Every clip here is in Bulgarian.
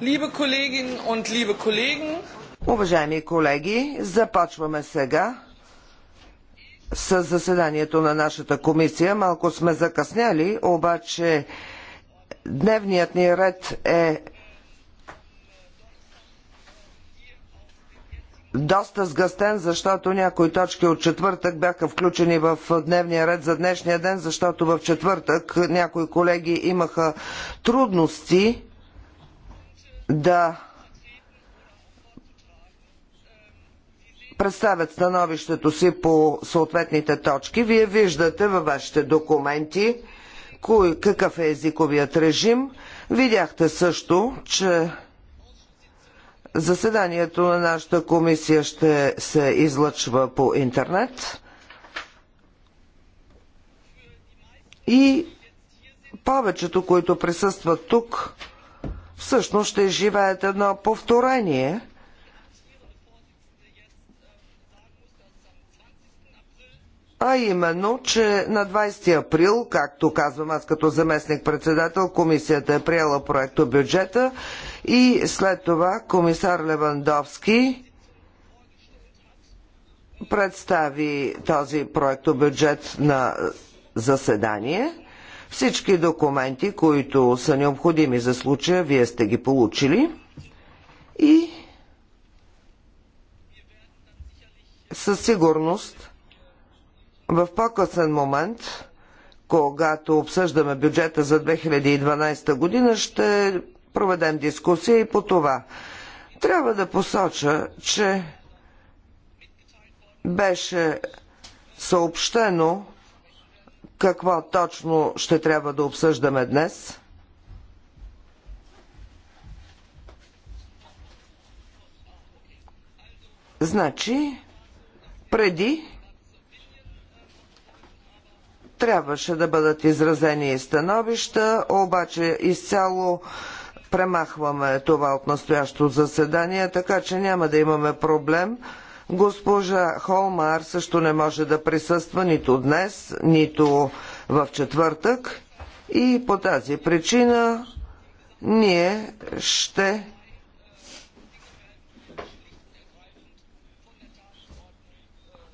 Liebe Kolleginnen und liebe Kollegen, Уважаеми колеги, започваме сега с заседанието на нашата комисия. Малко сме закъсняли, обаче дневният ни ред е доста сгъстен, защото някои точки от четвъртък бяха включени в дневния ред за днешния ден, защото в четвъртък някои колеги имаха трудности да представят становището си по съответните точки. Вие виждате във вашите документи кой, какъв е езиковият режим. Видяхте също, че заседанието на нашата комисия ще се излъчва по интернет. И повечето, които присъстват тук, всъщност ще живеят едно повторение. А именно, че на 20 април, както казвам аз като заместник-председател, комисията е приела проекто бюджета и след това комисар Левандовски представи този проекто бюджет на заседание. Всички документи, които са необходими за случая, вие сте ги получили и със сигурност в по-късен момент, когато обсъждаме бюджета за 2012 година, ще проведем дискусия и по това. Трябва да посоча, че беше съобщено какво точно ще трябва да обсъждаме днес. Значи, преди трябваше да бъдат изразени становища, обаче изцяло премахваме това от настоящото заседание, така че няма да имаме проблем Госпожа Холмар също не може да присъства нито днес, нито в четвъртък и по тази причина ние ще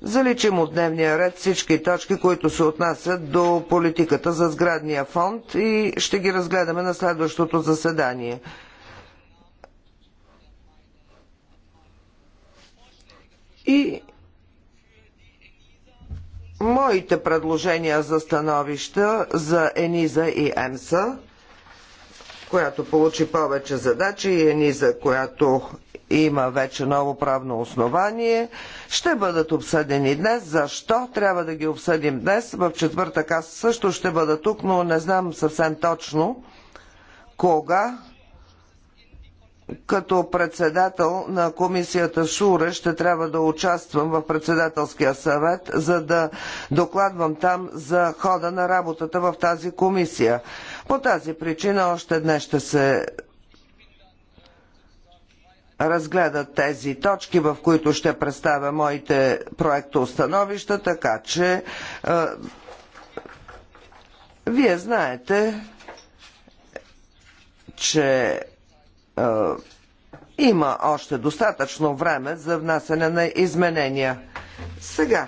Заличим от дневния ред всички точки, които се отнасят до политиката за сградния фонд и ще ги разгледаме на следващото заседание. И моите предложения за становища за Ениза и Емса, която получи повече задачи и Ениза, която има вече ново правно основание, ще бъдат обсъдени днес. Защо трябва да ги обсъдим днес? В четвъртък аз също ще бъда тук, но не знам съвсем точно кога като председател на комисията Шуре ще трябва да участвам в председателския съвет, за да докладвам там за хода на работата в тази комисия. По тази причина още днес ще се разгледат тези точки, в които ще представя моите проектоустановища, така че е, вие знаете, че е, има още достатъчно време за внасене на изменения. Сега.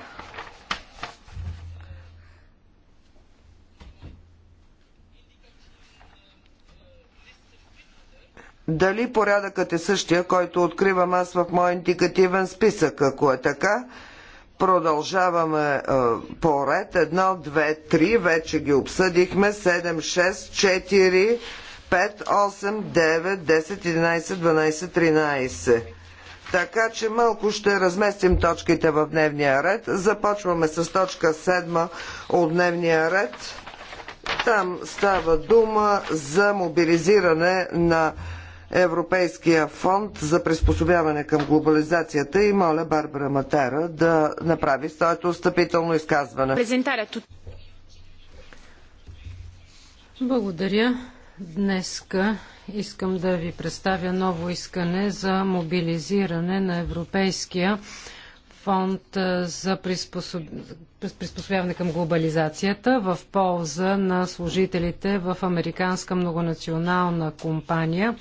Дали порядъкът е същия, който откривам аз в моя индикативен списък? Ако е така, продължаваме е, по ред. Едно, две, три, вече ги обсъдихме. Седем, шест, четири, 5, 8, 9, 10, 11, 12, 13. Така че малко ще разместим точките в дневния ред. Започваме с точка 7 от дневния ред. Там става дума за мобилизиране на Европейския фонд за приспособяване към глобализацията и моля Барбара Матера да направи своето отстъпително изказване. Благодаря. Днеска искам да ви представя ново искане за мобилизиране на Европейския фонд за приспособ... приспособяване към глобализацията в полза на служителите в американска многонационална компания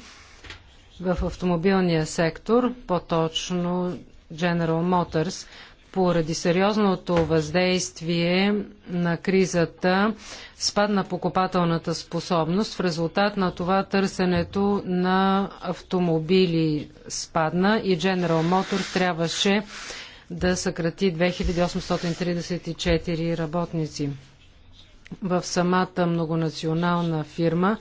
в автомобилния сектор, по-точно General Motors поради сериозното въздействие на кризата спадна покупателната способност. В резултат на това търсенето на автомобили спадна и General Motors трябваше да съкрати 2834 работници в самата многонационална фирма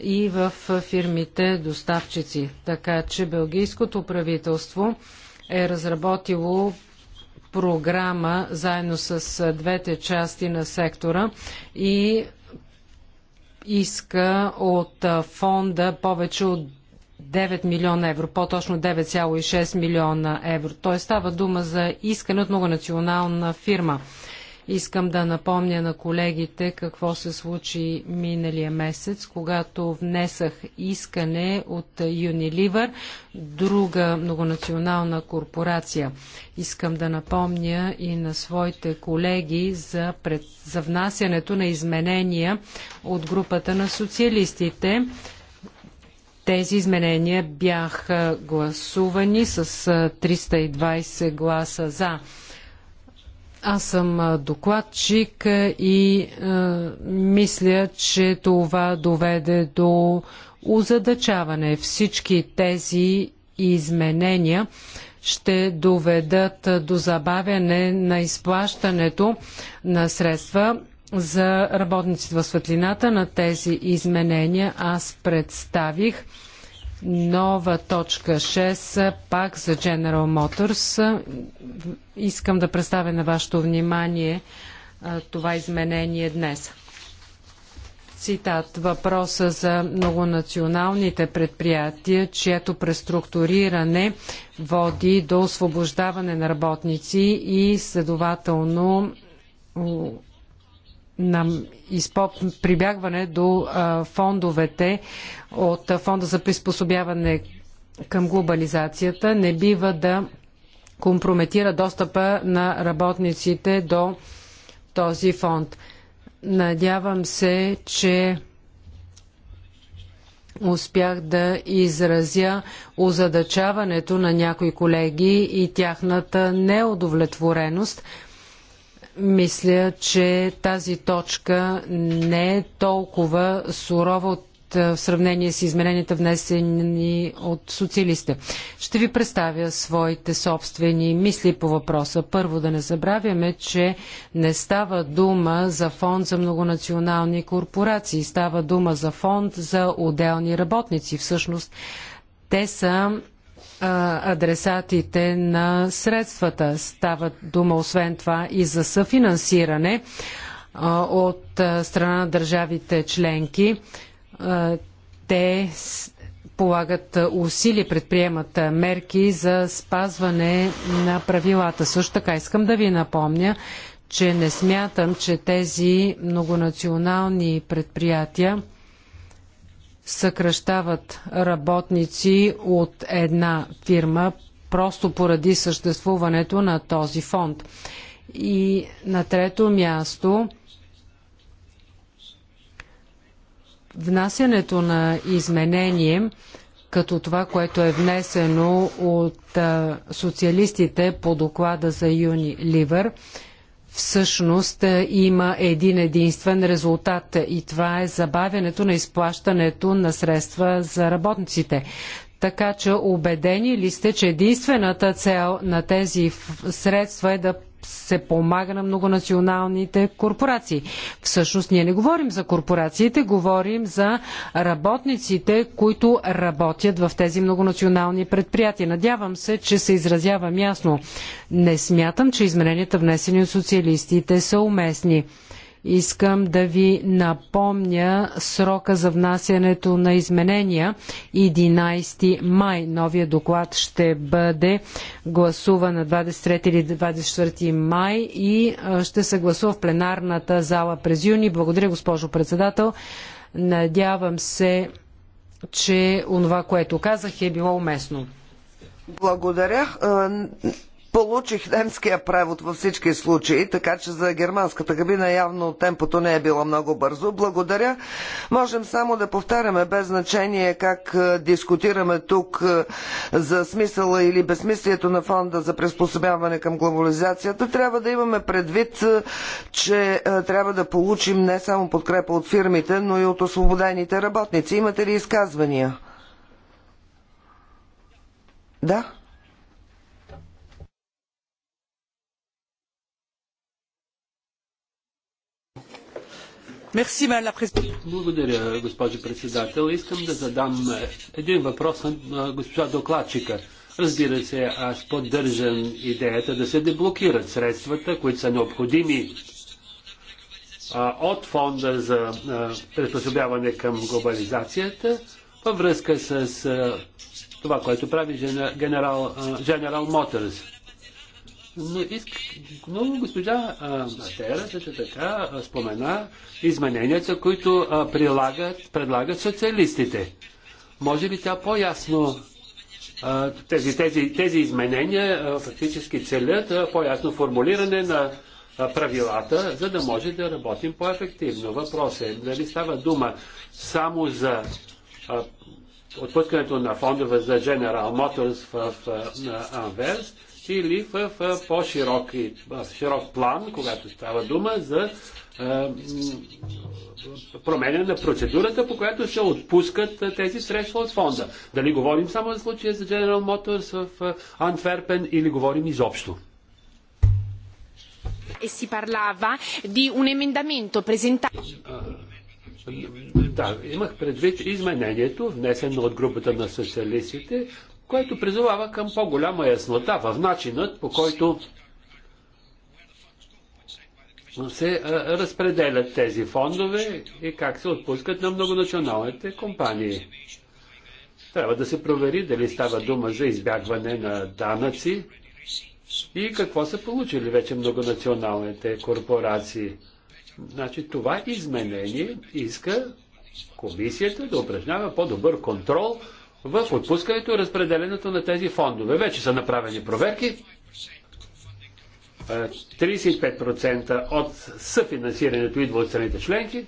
и в фирмите доставчици. Така че белгийското правителство е разработило програма заедно с двете части на сектора и иска от фонда повече от 9 милиона евро, по-точно 9,6 милиона евро. Тоест става дума за искане от многонационална фирма. Искам да напомня на колегите какво се случи миналия месец, когато внесах искане от Unilever, друга многонационална корпорация. Искам да напомня и на своите колеги за, пред... за внасянето на изменения от групата на социалистите. Тези изменения бяха гласувани с 320 гласа за. Аз съм докладчик и а, мисля, че това доведе до озадачаване. Всички тези изменения ще доведат до забавяне на изплащането на средства за работниците в светлината на тези изменения. Аз представих нова точка 6, пак за General Motors. Искам да представя на вашето внимание това изменение днес. Цитат. Въпроса за многонационалните предприятия, чието преструктуриране води до освобождаване на работници и следователно изпоп, прибягване до а, фондовете от а, фонда за приспособяване към глобализацията не бива да компрометира достъпа на работниците до този фонд. Надявам се, че успях да изразя озадачаването на някои колеги и тяхната неудовлетвореност – мисля, че тази точка не е толкова сурова от в сравнение с измененията внесени от социалистите. Ще ви представя своите собствени мисли по въпроса. Първо да не забравяме, че не става дума за фонд за многонационални корпорации, става дума за фонд за отделни работници. Всъщност те са адресатите на средствата. Става дума освен това и за съфинансиране от страна на държавите членки. Те полагат усилия, предприемат мерки за спазване на правилата. Също така искам да ви напомня, че не смятам, че тези многонационални предприятия съкръщават работници от една фирма просто поради съществуването на този фонд. И на трето място внасянето на изменение като това, което е внесено от а, социалистите по доклада за Юни Ливър, всъщност е, има един единствен резултат и това е забавянето на изплащането на средства за работниците. Така че убедени ли сте, че единствената цел на тези средства е да се помага на многонационалните корпорации. Всъщност ние не говорим за корпорациите, говорим за работниците, които работят в тези многонационални предприятия. Надявам се, че се изразявам ясно. Не смятам, че измененията внесени от социалистите са уместни. Искам да ви напомня срока за внасянето на изменения 11 май. Новия доклад ще бъде гласуван на 23 или 24 май и ще се гласува в пленарната зала през юни. Благодаря, госпожо председател. Надявам се, че онова, което казах е било уместно. Благодаря. Получих немския превод във всички случаи, така че за германската кабина явно темпото не е било много бързо. Благодаря. Можем само да повтаряме без значение как е, дискутираме тук е, за смисъла или безсмислието на фонда за приспособяване към глобализацията. Трябва да имаме предвид, е, че трябва да получим не само подкрепа от фирмите, но и от освободените работници. Имате ли изказвания? Да? Благодаря, госпожо председател. Искам да задам е, един въпрос на е, госпожа докладчика. Разбира се, аз поддържам идеята да се деблокират средствата, които са необходими е, от фонда за приспособяване към глобализацията във връзка с това, което прави генерал, генерал Моторс. Но, Но госпожа Стера също така спомена измененията, които а, прилагат, предлагат социалистите. Може би тя по-ясно тези, тези, тези изменения фактически целят по-ясно формулиране на правилата, за да може да работим по-ефективно. Въпрос е дали става дума само за отпускането на фондове за General Motors в, в, в Анверс сили в по-широк широк план, когато става дума за променя на процедурата, по която ще отпускат тези средства от фонда. Дали говорим само за случая за General Motors в Антверпен или говорим изобщо? E si parlava di un emendamento presentato. Да, имах предвид изменението, внесено от групата на социалистите, което призовава към по-голяма яснота в начинът, по който се е, разпределят тези фондове и как се отпускат на многонационалните компании. Трябва да се провери дали става дума за избягване на данъци и какво са получили вече многонационалните корпорации. Значи това изменение иска комисията да упражнява по-добър контрол в отпускането и разпределенето на тези фондове. Вече са направени проверки. 35% е, от съфинансирането идва от страните членки.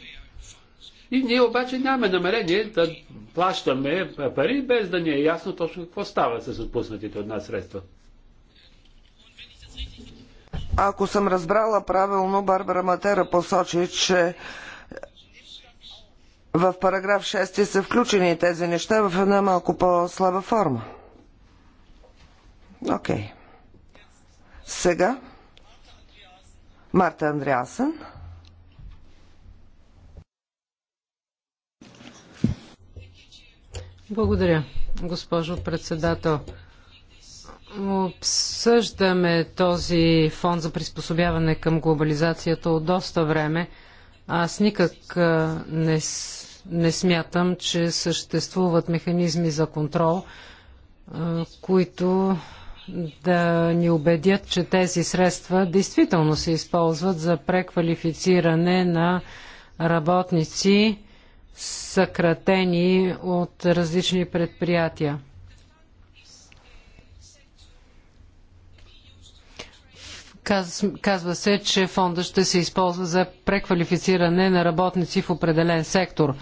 И ние обаче нямаме намерение да плащаме пари, без да ни е ясно точно какво става с отпуснатите от нас средства. Ако съм разбрала правилно, Барбара Матера посочи, че в параграф 6 са включени тези неща в една малко по-слаба форма. Окей. Okay. Сега Марта Андреасен. Благодаря, госпожо председател. Обсъждаме този фонд за приспособяване към глобализацията от доста време. Аз никак не, не смятам, че съществуват механизми за контрол, които да ни убедят, че тези средства действително се използват за преквалифициране на работници, съкратени от различни предприятия. Казва се, че фонда ще се използва за преквалифициране на работници в определен сектор.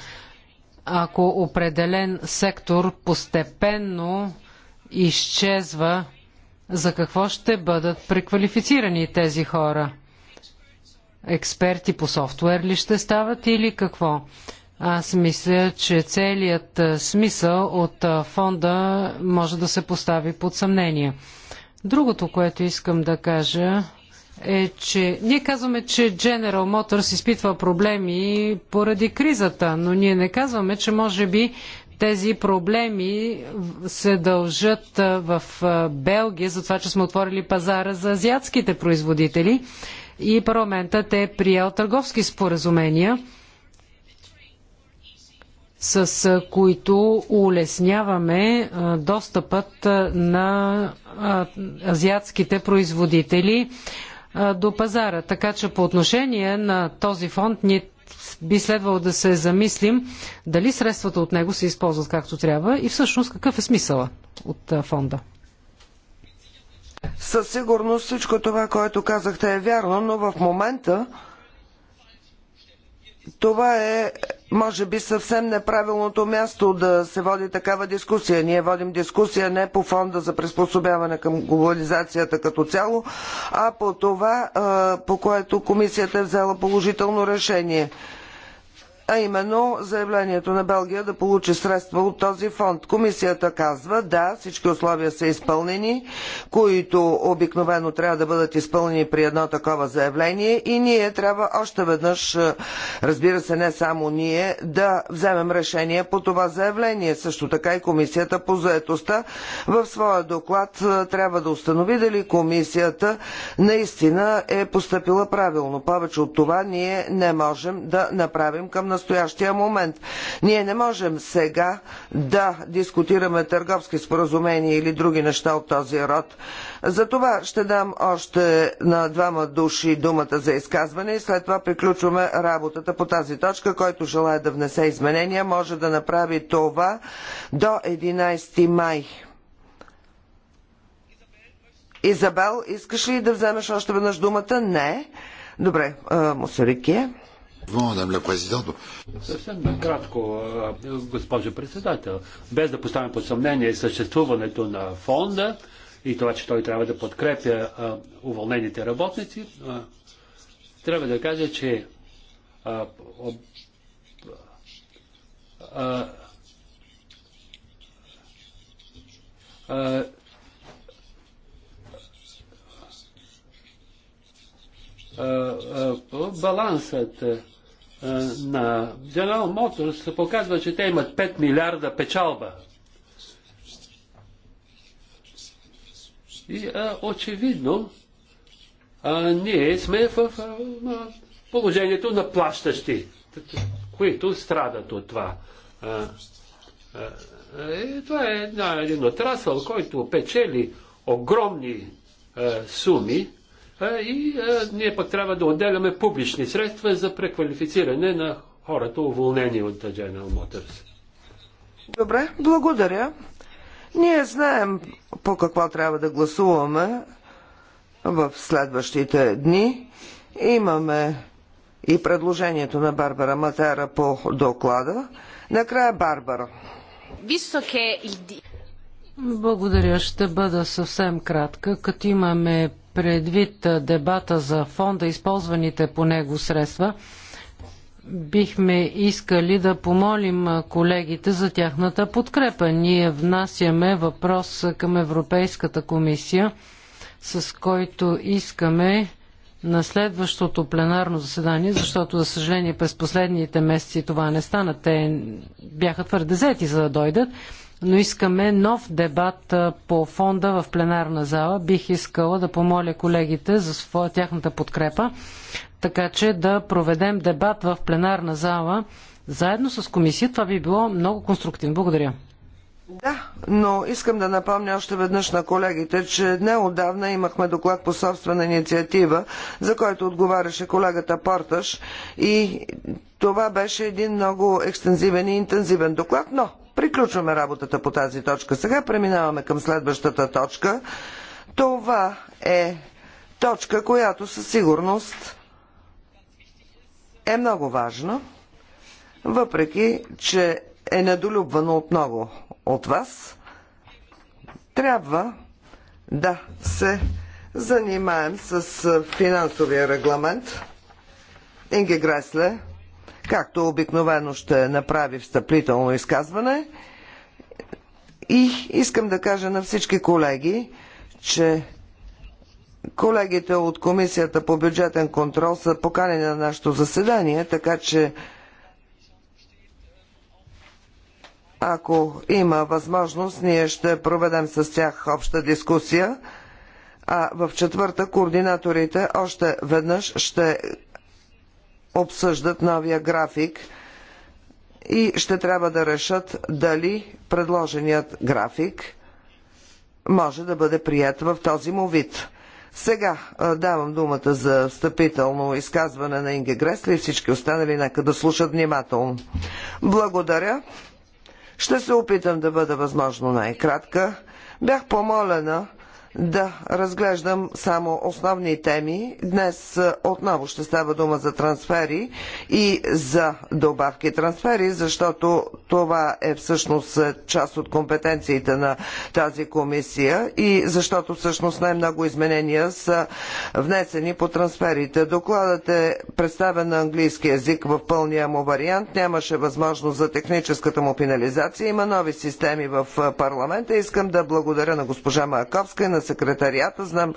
Ако определен сектор постепенно изчезва, за какво ще бъдат преквалифицирани тези хора? Експерти по софтуер ли ще стават или какво? Аз мисля, че целият смисъл от фонда може да се постави под съмнение. Другото, което искам да кажа е, че ние казваме, че General Motors изпитва проблеми поради кризата, но ние не казваме, че може би тези проблеми се дължат в Белгия за това, че сме отворили пазара за азиатските производители и парламентът е приел търговски споразумения с които улесняваме достъпът на азиатските производители до пазара. Така че по отношение на този фонд ни би следвало да се замислим дали средствата от него се използват както трябва и всъщност какъв е смисъла от фонда. Със сигурност всичко това, което казахте е вярно, но в момента това е може би съвсем неправилното място да се води такава дискусия. Ние водим дискусия не по фонда за приспособяване към глобализацията като цяло, а по това, по което комисията е взела положително решение а именно заявлението на Белгия да получи средства от този фонд. Комисията казва, да, всички условия са изпълнени, които обикновено трябва да бъдат изпълнени при едно такова заявление и ние трябва още веднъж, разбира се не само ние, да вземем решение по това заявление. Също така и Комисията по заетостта в своя доклад трябва да установи дали Комисията наистина е поступила правилно. Повече от това ние не можем да направим към настоящия момент. Ние не можем сега да дискутираме търговски споразумения или други неща от този род. Затова ще дам още на двама души думата за изказване и след това приключваме работата по тази точка. Който желая да внесе изменения, може да направи това до 11 май. Изабел, искаш ли да вземеш още веднъж думата? Не. Добре, Мусарикия. Е. Съвсем накратко, госпожо председател, без да поставим под съмнение съществуването на фонда и това, че той трябва да подкрепя уволнените работници, трябва да кажа, че а, а, а, балансът е, на General Motors се показва, че те имат 5 милиарда печалба. И а, е, очевидно, а, е, ние сме в а, положението на плащащи, които страдат от това. А, а, това е на един отрасъл, който печели огромни а, суми и ние пък трябва да отделяме публични средства за преквалифициране на хората, уволнени от General Motors. Добре, благодаря. Ние знаем по какво трябва да гласуваме в следващите дни. Имаме и предложението на Барбара Матера по доклада. Накрая Барбара. Благодаря, ще бъда съвсем кратка. Като имаме предвид дебата за фонда, използваните по него средства, бихме искали да помолим колегите за тяхната подкрепа. Ние внасяме въпрос към Европейската комисия, с който искаме на следващото пленарно заседание, защото, за съжаление, през последните месеци това не стана. Те бяха твърде зети, за да дойдат но искаме нов дебат по фонда в пленарна зала. Бих искала да помоля колегите за своя, тяхната подкрепа, така че да проведем дебат в пленарна зала заедно с комисия. Това би било много конструктивно. Благодаря. Да, но искам да напомня още веднъж на колегите, че отдавна имахме доклад по собствена инициатива, за който отговаряше колегата Порташ и това беше един много екстензивен и интензивен доклад, но Приключваме работата по тази точка. Сега преминаваме към следващата точка. Това е точка, която със сигурност е много важна, въпреки че е недолюбвано от много от вас. Трябва да се занимаем с финансовия регламент. Инге Гресле както обикновено ще направи встъплително изказване. И искам да кажа на всички колеги, че колегите от Комисията по бюджетен контрол са поканени на нашето заседание, така че ако има възможност, ние ще проведем с тях обща дискусия. А в четвърта координаторите още веднъж ще обсъждат новия график и ще трябва да решат дали предложеният график може да бъде прият в този му вид. Сега давам думата за встъпително изказване на Инге Гресли и всички останали нека да слушат внимателно. Благодаря. Ще се опитам да бъда възможно най-кратка. Бях помолена да разглеждам само основни теми. Днес е, отново ще става дума за трансфери и за добавки трансфери, защото това е всъщност е, част от компетенциите на тази комисия и защото всъщност най-много изменения са внесени по трансферите. Докладът е представен на английски язик в пълния му вариант. Нямаше възможност за техническата му финализация. Има нови системи в е, парламента. Искам да благодаря на госпожа Маяковска и на секретарията. Знам,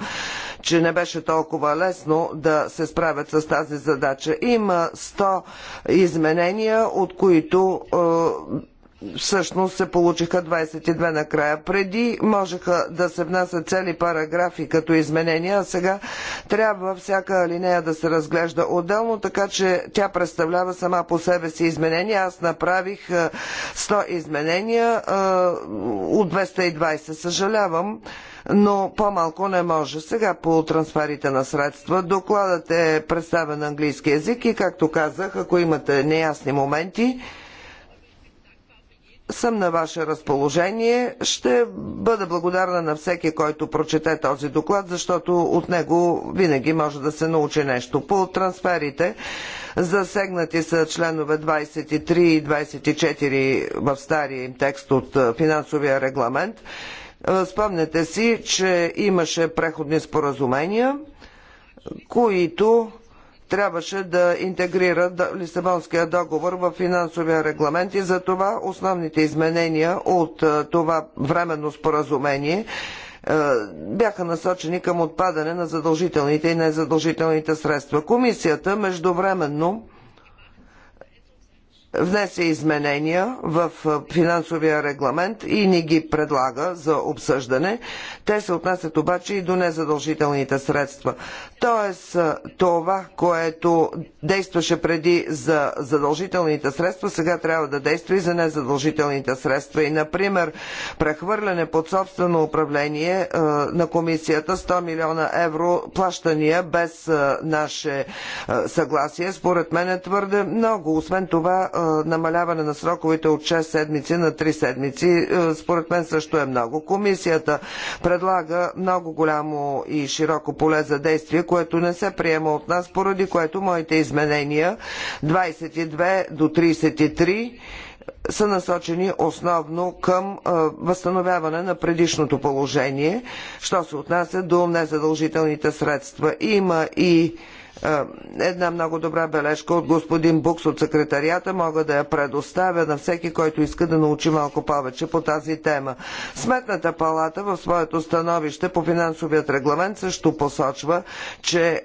че не беше толкова лесно да се справят с тази задача. Има 100 изменения, от които е, всъщност се получиха 22 накрая. Преди можеха да се внасят цели параграфи като изменения, а сега трябва всяка алинея да се разглежда отделно, така че тя представлява сама по себе си изменения. Аз направих 100 е, изменения е, от 220. Съжалявам, но по-малко не може. Сега по трансферите на средства. Докладът е представен на английски язик и, както казах, ако имате неясни моменти, съм на ваше разположение. Ще бъда благодарна на всеки, който прочете този доклад, защото от него винаги може да се научи нещо. По трансферите засегнати са членове 23 и 24 в стария им текст от финансовия регламент. Е, Спомнете си, че имаше преходни споразумения, които трябваше да интегрират Лисабонския договор в финансовия регламент и за това основните изменения от е, това временно споразумение е, бяха насочени към отпадане на задължителните и незадължителните средства. Комисията междувременно внесе изменения в финансовия регламент и ни ги предлага за обсъждане. Те се отнасят обаче и до незадължителните средства. Тоест, това, което действаше преди за задължителните средства, сега трябва да действа и за незадължителните средства. И, например, прехвърляне под собствено управление на комисията 100 милиона евро плащания без наше съгласие, според мен е твърде много. Освен това, е, намаляване на сроковете от 6 седмици на 3 седмици, е, според мен също е много. Комисията предлага много голямо и широко поле за действие, което не се приема от нас, поради което моите изменения 22 до 33 са насочени основно към е, възстановяване на предишното положение, що се отнася до незадължителните средства. Има и е, една много добра бележка от господин Букс от секретарията мога да я предоставя на всеки, който иска да научи малко повече по тази тема. Сметната палата в своето становище по финансовият регламент също посочва, че е,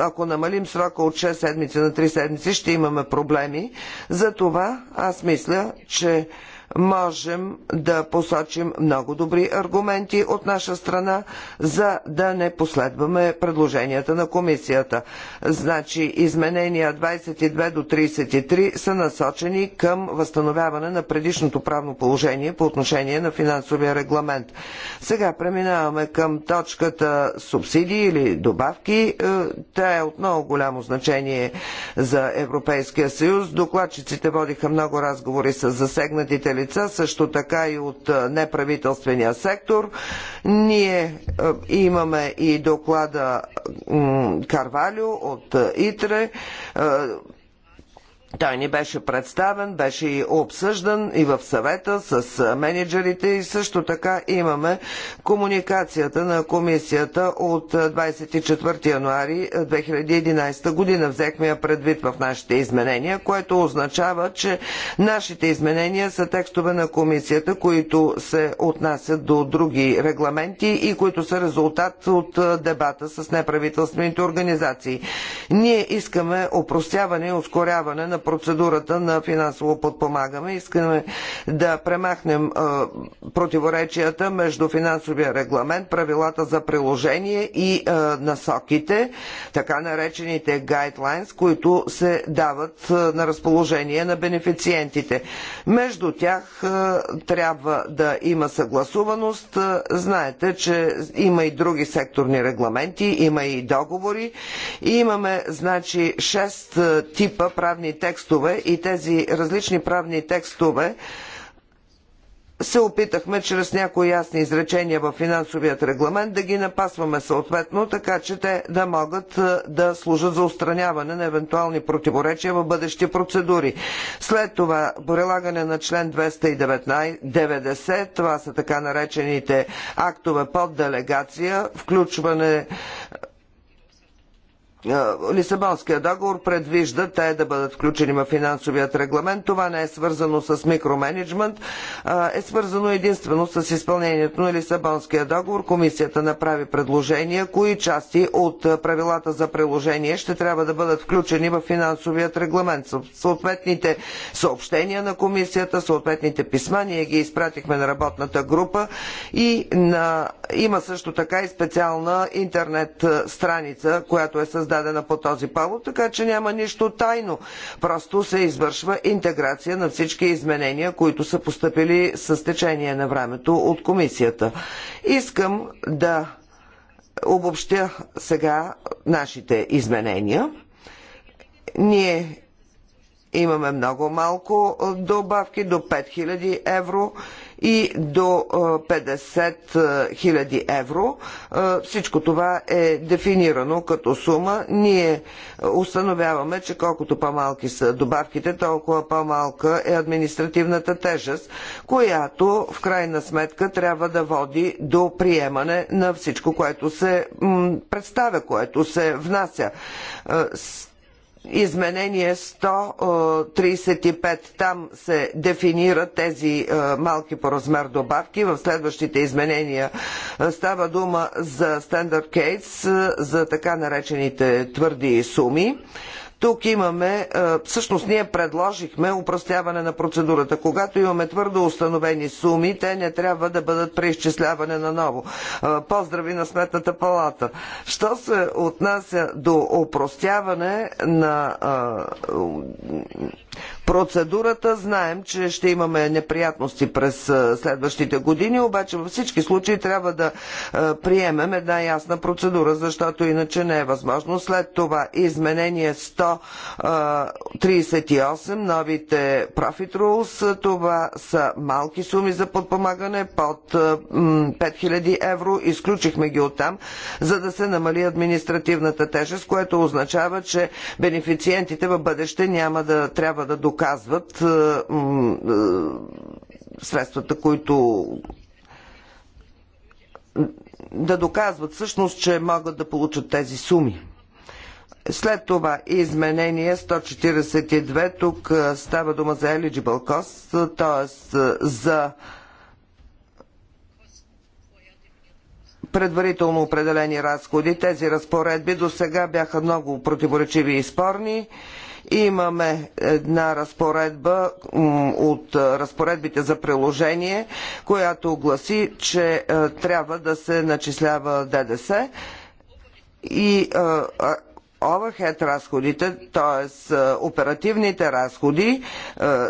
ако намалим срока от 6 седмици на 3 седмици, ще имаме проблеми. Затова аз мисля, че можем да посочим много добри аргументи от наша страна, за да не последваме предложенията на комисията. Значи изменения 22 до 33 са насочени към възстановяване на предишното правно положение по отношение на финансовия регламент. Сега преминаваме към точката субсидии или добавки. Е, тя е от много голямо значение за Европейския съюз. Докладчиците водиха много разговори с засегнатите лица, също така и от неправителствения сектор. Ние имаме и доклада Карвалю от ИТРЕ. Той ни беше представен, беше и обсъждан и в съвета с менеджерите и също така имаме комуникацията на комисията от 24 януари 2011 година. Взехме я предвид в нашите изменения, което означава, че нашите изменения са текстове на комисията, които се отнасят до други регламенти и които са резултат от дебата с неправителствените организации. Ние искаме опростяване и ускоряване на процедурата на финансово подпомагане. Искаме да премахнем противоречията между финансовия регламент, правилата за приложение и насоките, така наречените гайдлайнс, които се дават на разположение на бенефициентите. Между тях трябва да има съгласуваност. Знаете, че има и други секторни регламенти, има и договори. И имаме, значи, 6 типа правни текстове текстове и тези различни правни текстове се опитахме чрез някои ясни изречения в финансовият регламент да ги напасваме съответно, така че те да могат е, да служат за устраняване на евентуални противоречия в бъдещи процедури. След това прилагане на член 290, това са така наречените актове под делегация, включване Лисабонския договор предвижда те да бъдат включени в финансовият регламент. Това не е свързано с микроменеджмент, е свързано единствено с изпълнението на Лисабонския договор. Комисията направи предложения, кои части от правилата за приложение ще трябва да бъдат включени в финансовият регламент. Съответните съобщения на комисията, съответните писма, ние ги изпратихме на работната група и на... има също така и специална интернет страница, която е създадена създадена по този повод, така че няма нищо тайно. Просто се извършва интеграция на всички изменения, които са поступили с течение на времето от комисията. Искам да обобщя сега нашите изменения. Ние имаме много малко добавки до 5000 евро и до 50 000 евро. Всичко това е дефинирано като сума. Ние установяваме, че колкото по-малки са добавките, толкова по-малка е административната тежест, която в крайна сметка трябва да води до приемане на всичко, което се представя, което се внася. Изменение 135. Там се дефинират тези е, малки по размер добавки. В следващите изменения е, става дума за стандарт Кейс, за така наречените твърди суми. Тук имаме, е, всъщност ние предложихме упростяване на процедурата. Когато имаме твърдо установени суми, те не трябва да бъдат преизчисляване на ново. Е, поздрави на Сметната палата. Що се отнася до упростяване на е, процедурата. Знаем, че ще имаме неприятности през следващите години, обаче във всички случаи трябва да приемем една ясна процедура, защото иначе не е възможно. След това изменение 138, новите profit rules, това са малки суми за подпомагане под 5000 евро. Изключихме ги от там, за да се намали административната тежест, което означава, че бенефициентите в бъдеще няма да трябва трябва да доказват е, е, средствата, които да доказват всъщност, че могат да получат тези суми. След това изменение 142, тук е, става дума за eligible cost, т.е. за предварително определени разходи. Тези разпоредби до сега бяха много противоречиви и спорни. Имаме една разпоредба от разпоредбите за приложение, която гласи, че е, трябва да се начислява ДДС и е, overhead разходите, т.е. оперативните разходи е,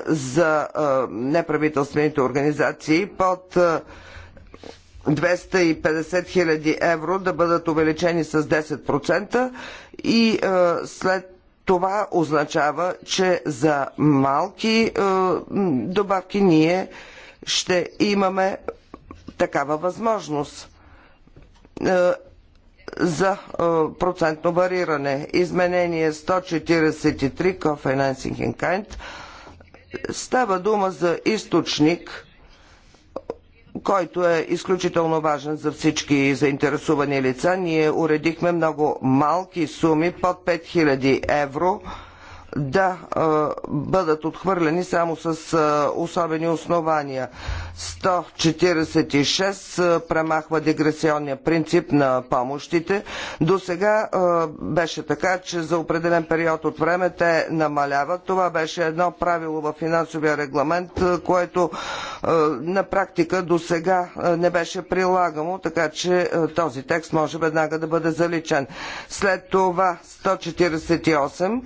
за неправителствените организации под 250 000 евро да бъдат увеличени с 10% и след това означава, че за малки е, добавки ние ще имаме такава възможност е, за е, процентно вариране. Изменение 143 Кофинансинг Kind. Става дума за източник който е изключително важен за всички заинтересувани лица. Ние уредихме много малки суми под 5000 евро да бъдат отхвърлени само с особени основания. 146 премахва дигресионния принцип на помощите. До сега беше така, че за определен период от време те намаляват. Това беше едно правило в финансовия регламент, което на практика до сега не беше прилагано, така че този текст може веднага да бъде заличен. След това 148,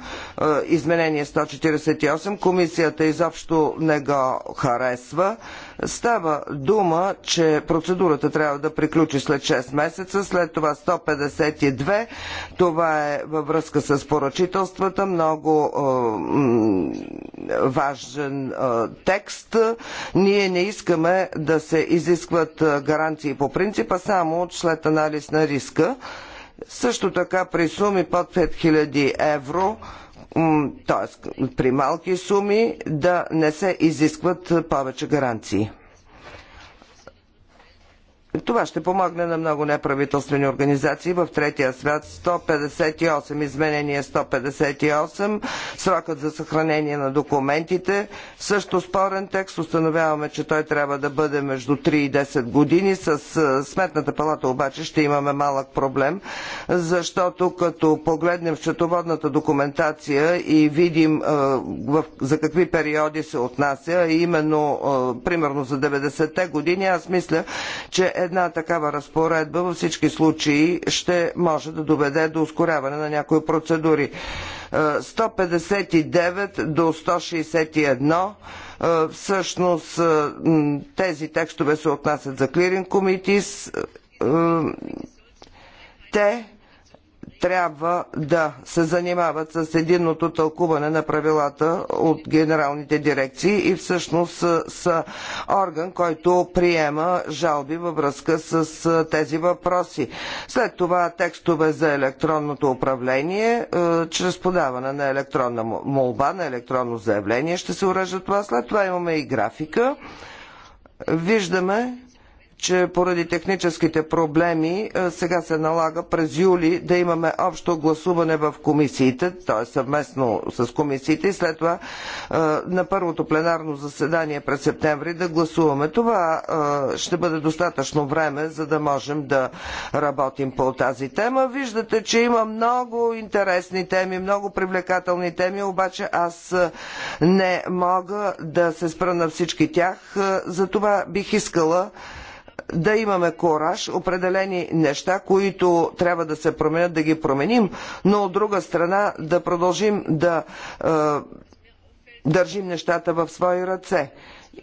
изменение 148, комисията изобщо не го харесва. Става дума, че процедурата трябва да приключи след 6 месеца, след това 152. Това е във връзка с поръчителствата, много е, важен е, текст. Ние не искаме да се изискват е, гаранции по принципа, само след анализ на риска. Също така при суми под 5000 евро т.е. при малки суми да не се изискват повече гаранции. Това ще помогне на много неправителствени организации в третия свят. 158, изменение 158, срокът за съхранение на документите. Също спорен текст, установяваме, че той трябва да бъде между 3 и 10 години. С Сметната палата обаче ще имаме малък проблем, защото като погледнем счетоводната документация и видим за какви периоди се отнася, именно примерно за 90-те години, аз мисля, че е една такава разпоредба във всички случаи ще може да доведе до ускоряване на някои процедури. 159 е, до 161 е, всъщност е, тези текстове се отнасят за клиринг комитис. Те трябва да се занимават с единното тълкуване на правилата от генералните дирекции и всъщност са орган, който приема жалби във връзка с тези въпроси. След това текстове за електронното управление, чрез подаване на електронна молба, на електронно заявление ще се урежда това. След това имаме и графика. Виждаме, че поради техническите проблеми е, сега се налага през юли да имаме общо гласуване в комисиите, т.е. съвместно с комисиите и след това е, на първото пленарно заседание през септември да гласуваме. Това е, ще бъде достатъчно време, за да можем да работим по тази тема. Виждате, че има много интересни теми, много привлекателни теми, обаче аз не мога да се спра на всички тях. Затова бих искала да имаме кораж, определени неща, които трябва да се променят, да ги променим, но от друга страна да продължим да е, държим нещата в свои ръце.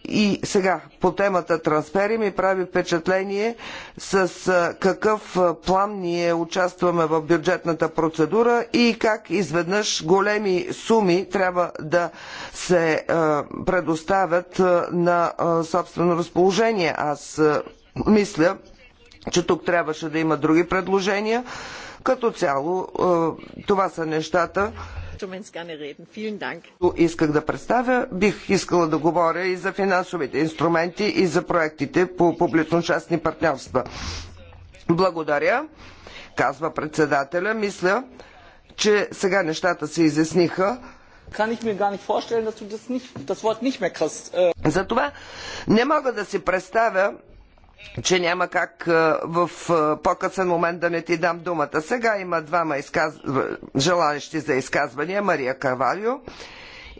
И сега по темата трансфери ми прави впечатление с е, какъв е, план ние участваме в бюджетната процедура и как изведнъж големи суми трябва да се е, предоставят на собствено разположение. Аз мисля, че тук трябваше да има други предложения. Като цяло, е, това са нещата, Исках да представя, бих искала да говоря и за финансовите инструменти и за проектите по публично-частни партньорства. Благодаря, казва председателя. Мисля, че сега нещата се изясниха. Äh, за това не мога да си представя че няма как в по-късен момент да не ти дам думата. Сега има двама изказ... желаящи за изказвания. Мария Кавалио,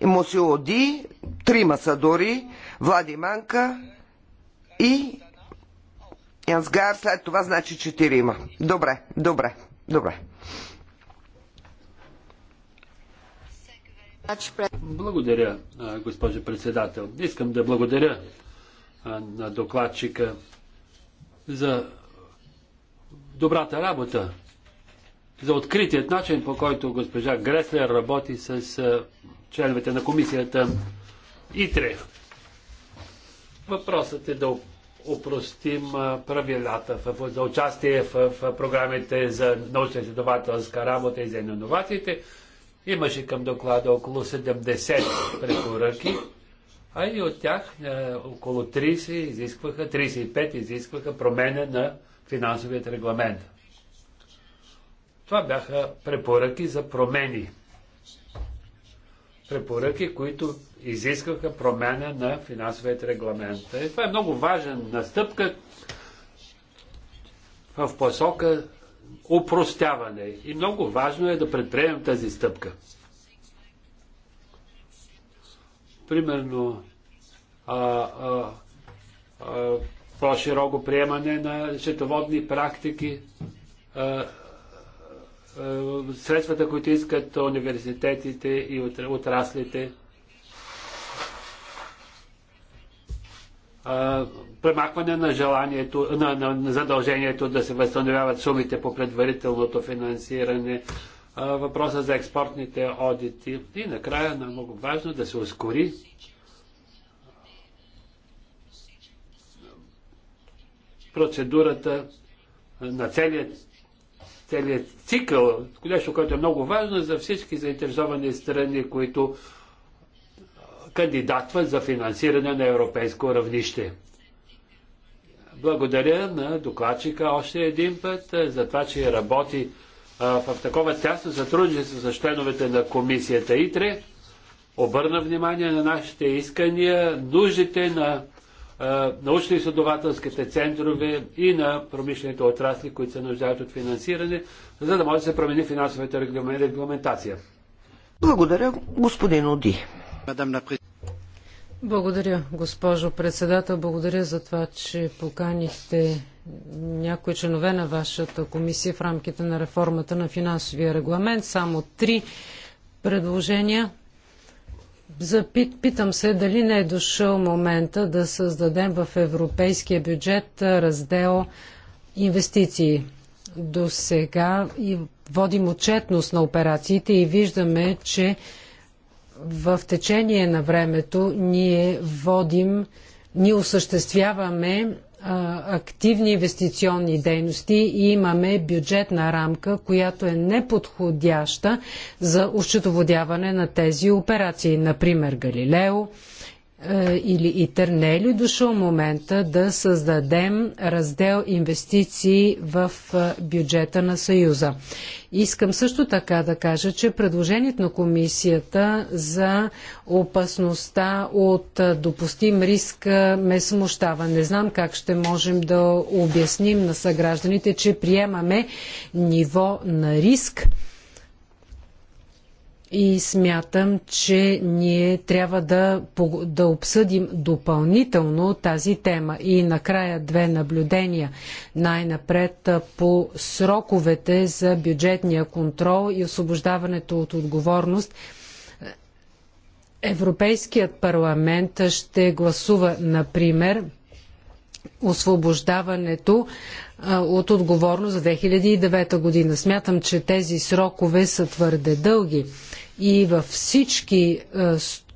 Мусиоди, трима са дори, Влади Манка и Янсгар, след това значи четирима. Добре, добре, добре. Благодаря, госпожо председател. Искам да благодаря на докладчика за добрата работа, за откритият начин, по който госпожа Греслер работи с членовете на комисията ИТРЕ. Въпросът е да упростим правилата за участие в, програмите за научно-изследователска работа и за инновациите, Имаше към доклада около 70 препоръки а и от тях е, около 30 изискваха, 35 изискваха промене на финансовият регламент. Това бяха препоръки за промени. Препоръки, които изискваха промяна на финансовият регламент. И това е много важен настъпка в посока упростяване. И много важно е да предприемем тази стъпка примерно а, а, а, по-широко приемане на счетоводни практики, а, а, средствата, които искат университетите и отраслите, а, премахване на желанието, на, на, на задължението да се възстановяват сумите по предварителното финансиране, въпроса за експортните одити и накрая на е много важно да се ускори процедурата на целият, целият цикъл, нещо, което е много важно за всички заинтересовани страни, които кандидатват за финансиране на европейско равнище. Благодаря на докладчика още един път за това, че работи в такова тясно сътрудничество с членовете на комисията ИТРЕ обърна внимание на нашите искания, нуждите на научно-изследователските центрове и на промишлените отрасли, които се нуждаят от финансиране, за да може да се промени финансовата регламентация. Благодаря, господин Оди. Благодаря, госпожо председател. Благодаря за това, че поканихте някои членове на вашата комисия в рамките на реформата на финансовия регламент. Само три предложения. Запит, питам се дали не е дошъл момента да създадем в европейския бюджет раздел инвестиции. До сега и водим отчетност на операциите и виждаме, че в течение на времето ние водим, ние осъществяваме а, активни инвестиционни дейности и имаме бюджетна рамка, която е неподходяща за ощетоводяване на тези операции. Например, Галилео, е, или ИТЕР, не е ли дошъл момента да създадем раздел инвестиции в е, бюджета на Съюза? Искам също така да кажа, че предложението на комисията за опасността от е, допустим риск ме смущава. Не знам как ще можем да обясним на съгражданите, че приемаме ниво на риск и смятам, че ние трябва да, да обсъдим допълнително тази тема. И накрая две наблюдения. Най-напред по сроковете за бюджетния контрол и освобождаването от отговорност. Европейският парламент ще гласува, например, освобождаването от отговорност за 2009 година. Смятам, че тези срокове са твърде дълги и във всички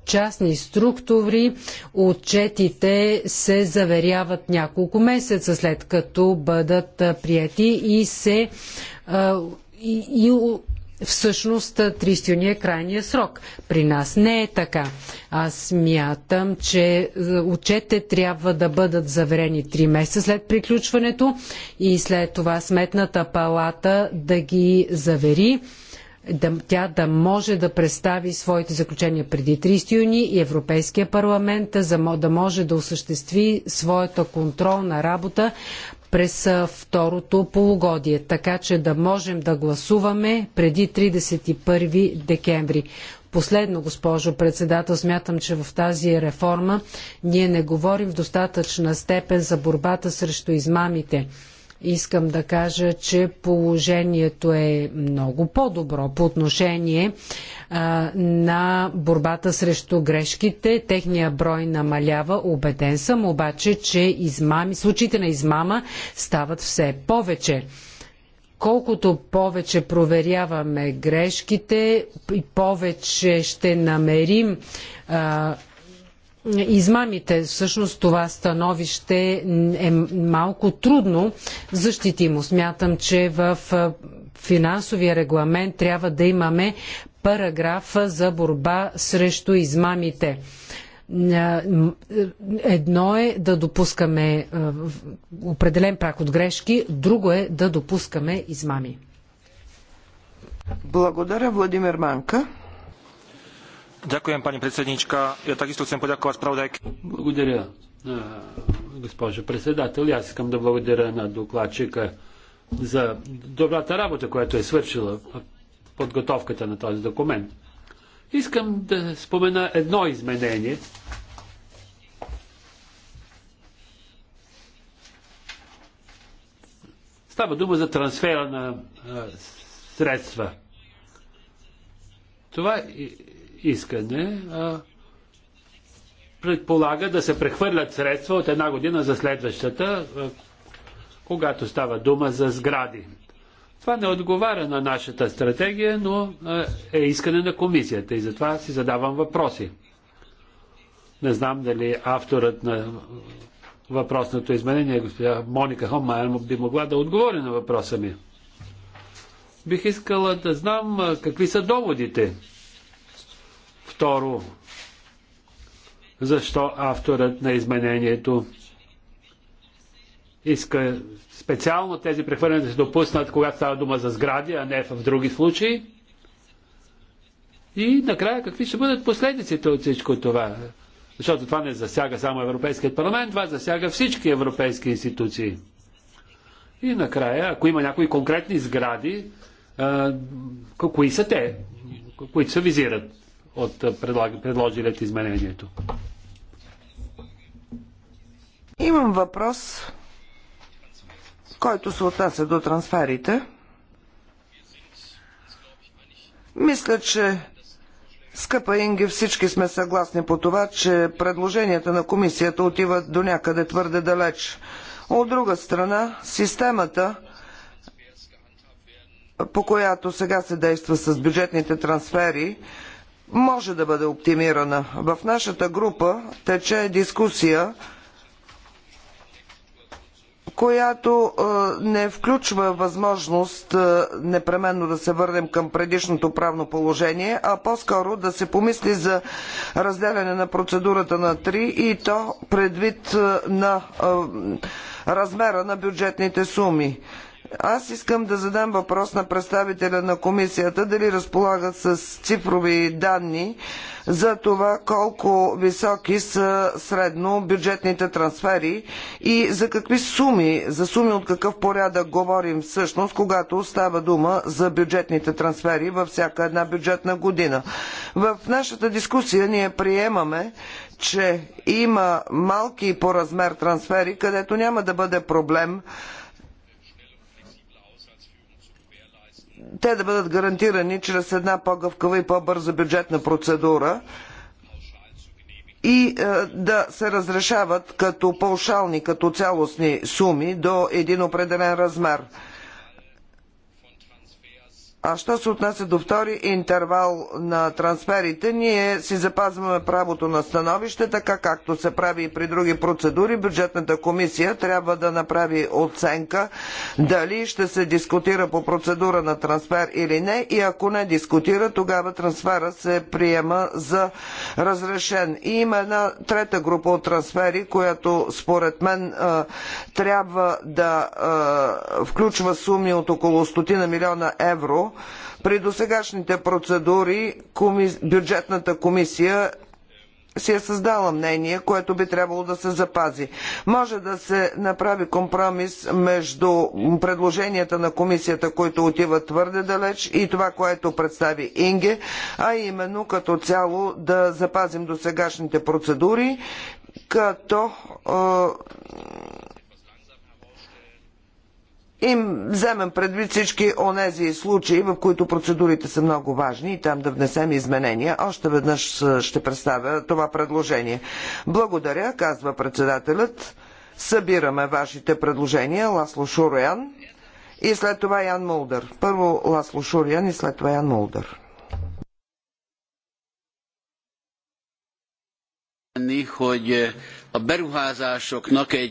частни структури отчетите се заверяват няколко месеца след като бъдат прияти и се и, и Всъщност 30 юни е крайния срок. При нас не е така. Аз смятам, че отчетите трябва да бъдат заверени 3 месеца след приключването и след това сметната палата да ги завери да, тя да може да представи своите заключения преди 30 юни и Европейския парламент да може да осъществи своята контролна работа през второто полугодие, така че да можем да гласуваме преди 31 декември. Последно, госпожо председател, смятам, че в тази реформа ние не говорим в достатъчна степен за борбата срещу измамите. Искам да кажа, че положението е много по-добро по отношение а, на борбата срещу грешките. Техния брой намалява. Обеден съм обаче, че измами, случаите на измама стават все повече колкото повече проверяваме грешките, повече ще намерим а, измамите. Всъщност това становище е малко трудно защитимо. Смятам, че в финансовия регламент трябва да имаме параграф за борба срещу измамите. Едно е да допускаме определен прак от грешки, друго е да допускаме измами. Благодаря, Владимир Манка chcem Благодаря, госпожо председател. Аз искам да благодаря на докладчика за добрата работа, която е свършила подготовката на този документ. Искам да спомена едно изменение, Става дума за трансфера на а, средства. Това искане а, предполага да се прехвърлят средства от една година за следващата, когато става дума за сгради. Това не отговаря на нашата стратегия, но е искане на комисията и затова си задавам въпроси. Не знам дали авторът на въпросното изменение, госпожа Моника Хоммайер, би могла да отговори на въпроса ми. Бих искала да знам какви са доводите Второ, защо авторът на изменението иска специално тези прехвърляния да се допуснат, когато става дума за сгради, а не в други случаи? И накрая какви ще бъдат последиците от всичко това? Защото това не засяга само Европейският парламент, това засяга всички европейски институции. И накрая, ако има някои конкретни сгради, а, кои са те, които се визират? от предложилите изменението. Имам въпрос, който се отнася до трансферите. Мисля, че Скъпа Инги, всички сме съгласни по това, че предложенията на комисията отиват до някъде твърде далеч. От друга страна, системата, по която сега се действа с бюджетните трансфери, може да бъде оптимирана. В нашата група тече дискусия, която не включва възможност непременно да се върнем към предишното правно положение, а по-скоро да се помисли за разделяне на процедурата на три и то предвид на размера на бюджетните суми. Аз искам да задам въпрос на представителя на комисията дали разполагат с цифрови данни за това колко високи са средно бюджетните трансфери и за какви суми, за суми от какъв порядък говорим всъщност, когато става дума за бюджетните трансфери във всяка една бюджетна година. В нашата дискусия ние приемаме, че има малки по размер трансфери, където няма да бъде проблем те да бъдат гарантирани чрез една по-гъвкава и по-бърза бюджетна процедура и е, да се разрешават като паушални, като цялостни суми до един определен размер. А що се отнася до втори интервал на трансферите, ние си запазваме правото на становище, така както се прави и при други процедури. Бюджетната комисия трябва да направи оценка дали ще се дискутира по процедура на трансфер или не и ако не дискутира, тогава трансфера се приема за разрешен. И има една трета група от трансфери, която според мен трябва да включва суми от около стотина милиона евро, при досегашните процедури коми... бюджетната комисия си е създала мнение, което би трябвало да се запази. Може да се направи компромис между предложенията на комисията, които отиват твърде далеч и това, което представи Инге, а именно като цяло да запазим досегашните процедури, като е, и вземем предвид всички онези случаи, в които процедурите са много важни и там да внесем изменения. Още веднъж е, ще представя това предложение. Благодаря, казва председателят. Събираме вашите предложения. Ласло Шуроян и след това Ян Мулдър. Първо Ласло Шуроян и след това Ян Мулдър. Е,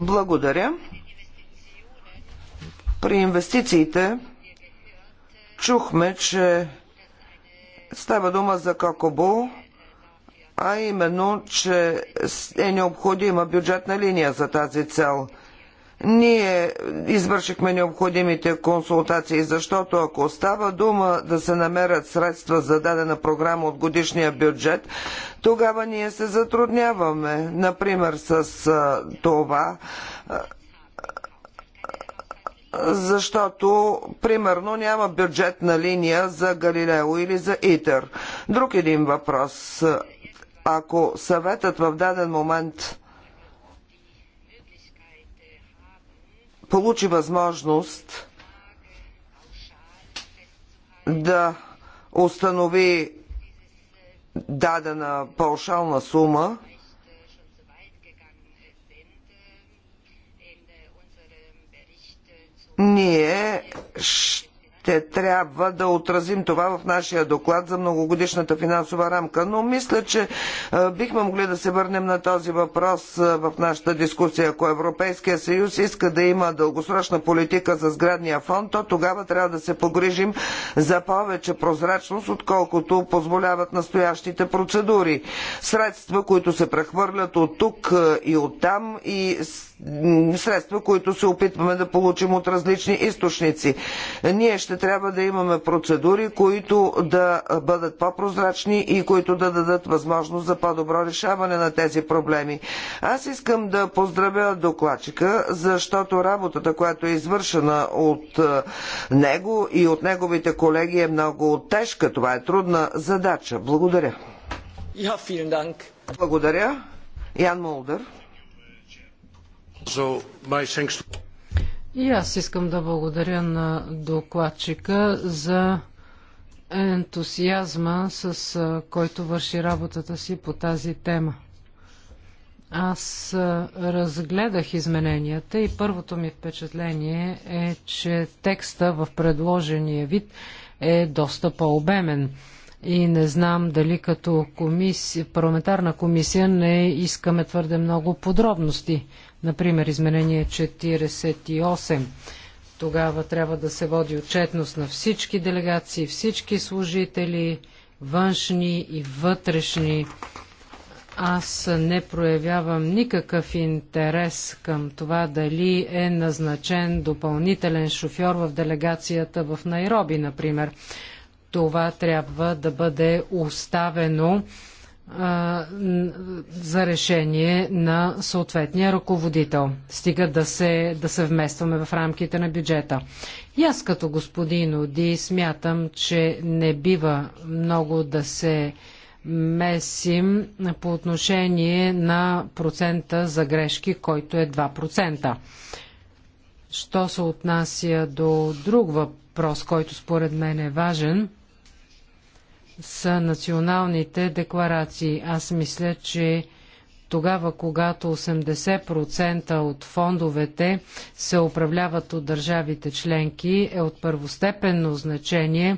Благодаря. При инвестициите чухме, че става дума за Кокобо, а именно, че е необходима бюджетна линия за тази цел. Ние извършихме необходимите консултации, защото ако става дума да се намерят средства за дадена програма от годишния бюджет, тогава ние се затрудняваме, например, с това защото, примерно, няма бюджетна линия за Галилео или за ИТЕР. Друг един въпрос. Ако съветът в даден момент получи възможност да установи дадена паушална сума, ние ще трябва да отразим това в нашия доклад за многогодишната финансова рамка. Но мисля, че бихме могли да се върнем на този въпрос в нашата дискусия. Ако Европейския съюз иска да има дългосрочна политика за сградния фонд, то тогава трябва да се погрижим за повече прозрачност, отколкото позволяват настоящите процедури. Средства, които се прехвърлят от тук и от там и средства, които се опитваме да получим от различни източници. Ние ще трябва да имаме процедури, които да бъдат по-прозрачни и които да дадат възможност за по-добро решаване на тези проблеми. Аз искам да поздравя докладчика, защото работата, която е извършена от е, него и от неговите колеги е много тежка. Това е трудна задача. Благодаря. Благодаря. Ян Молдър. И аз искам да благодаря на докладчика за ентусиазма, с който върши работата си по тази тема. Аз разгледах измененията и първото ми впечатление е, че текста в предложения вид е доста по-обемен. И не знам дали като комисия, парламентарна комисия не искаме твърде много подробности. Например, изменение 48. Тогава трябва да се води отчетност на всички делегации, всички служители, външни и вътрешни. Аз не проявявам никакъв интерес към това дали е назначен допълнителен шофьор в делегацията в Найроби, например. Това трябва да бъде оставено за решение на съответния ръководител. Стига да се, да се вместваме в рамките на бюджета. И аз като господин Оди смятам, че не бива много да се месим по отношение на процента за грешки, който е 2%. Що се отнася до друг въпрос, който според мен е важен – са националните декларации. Аз мисля, че тогава, когато 80% от фондовете се управляват от държавите членки, е от първостепенно значение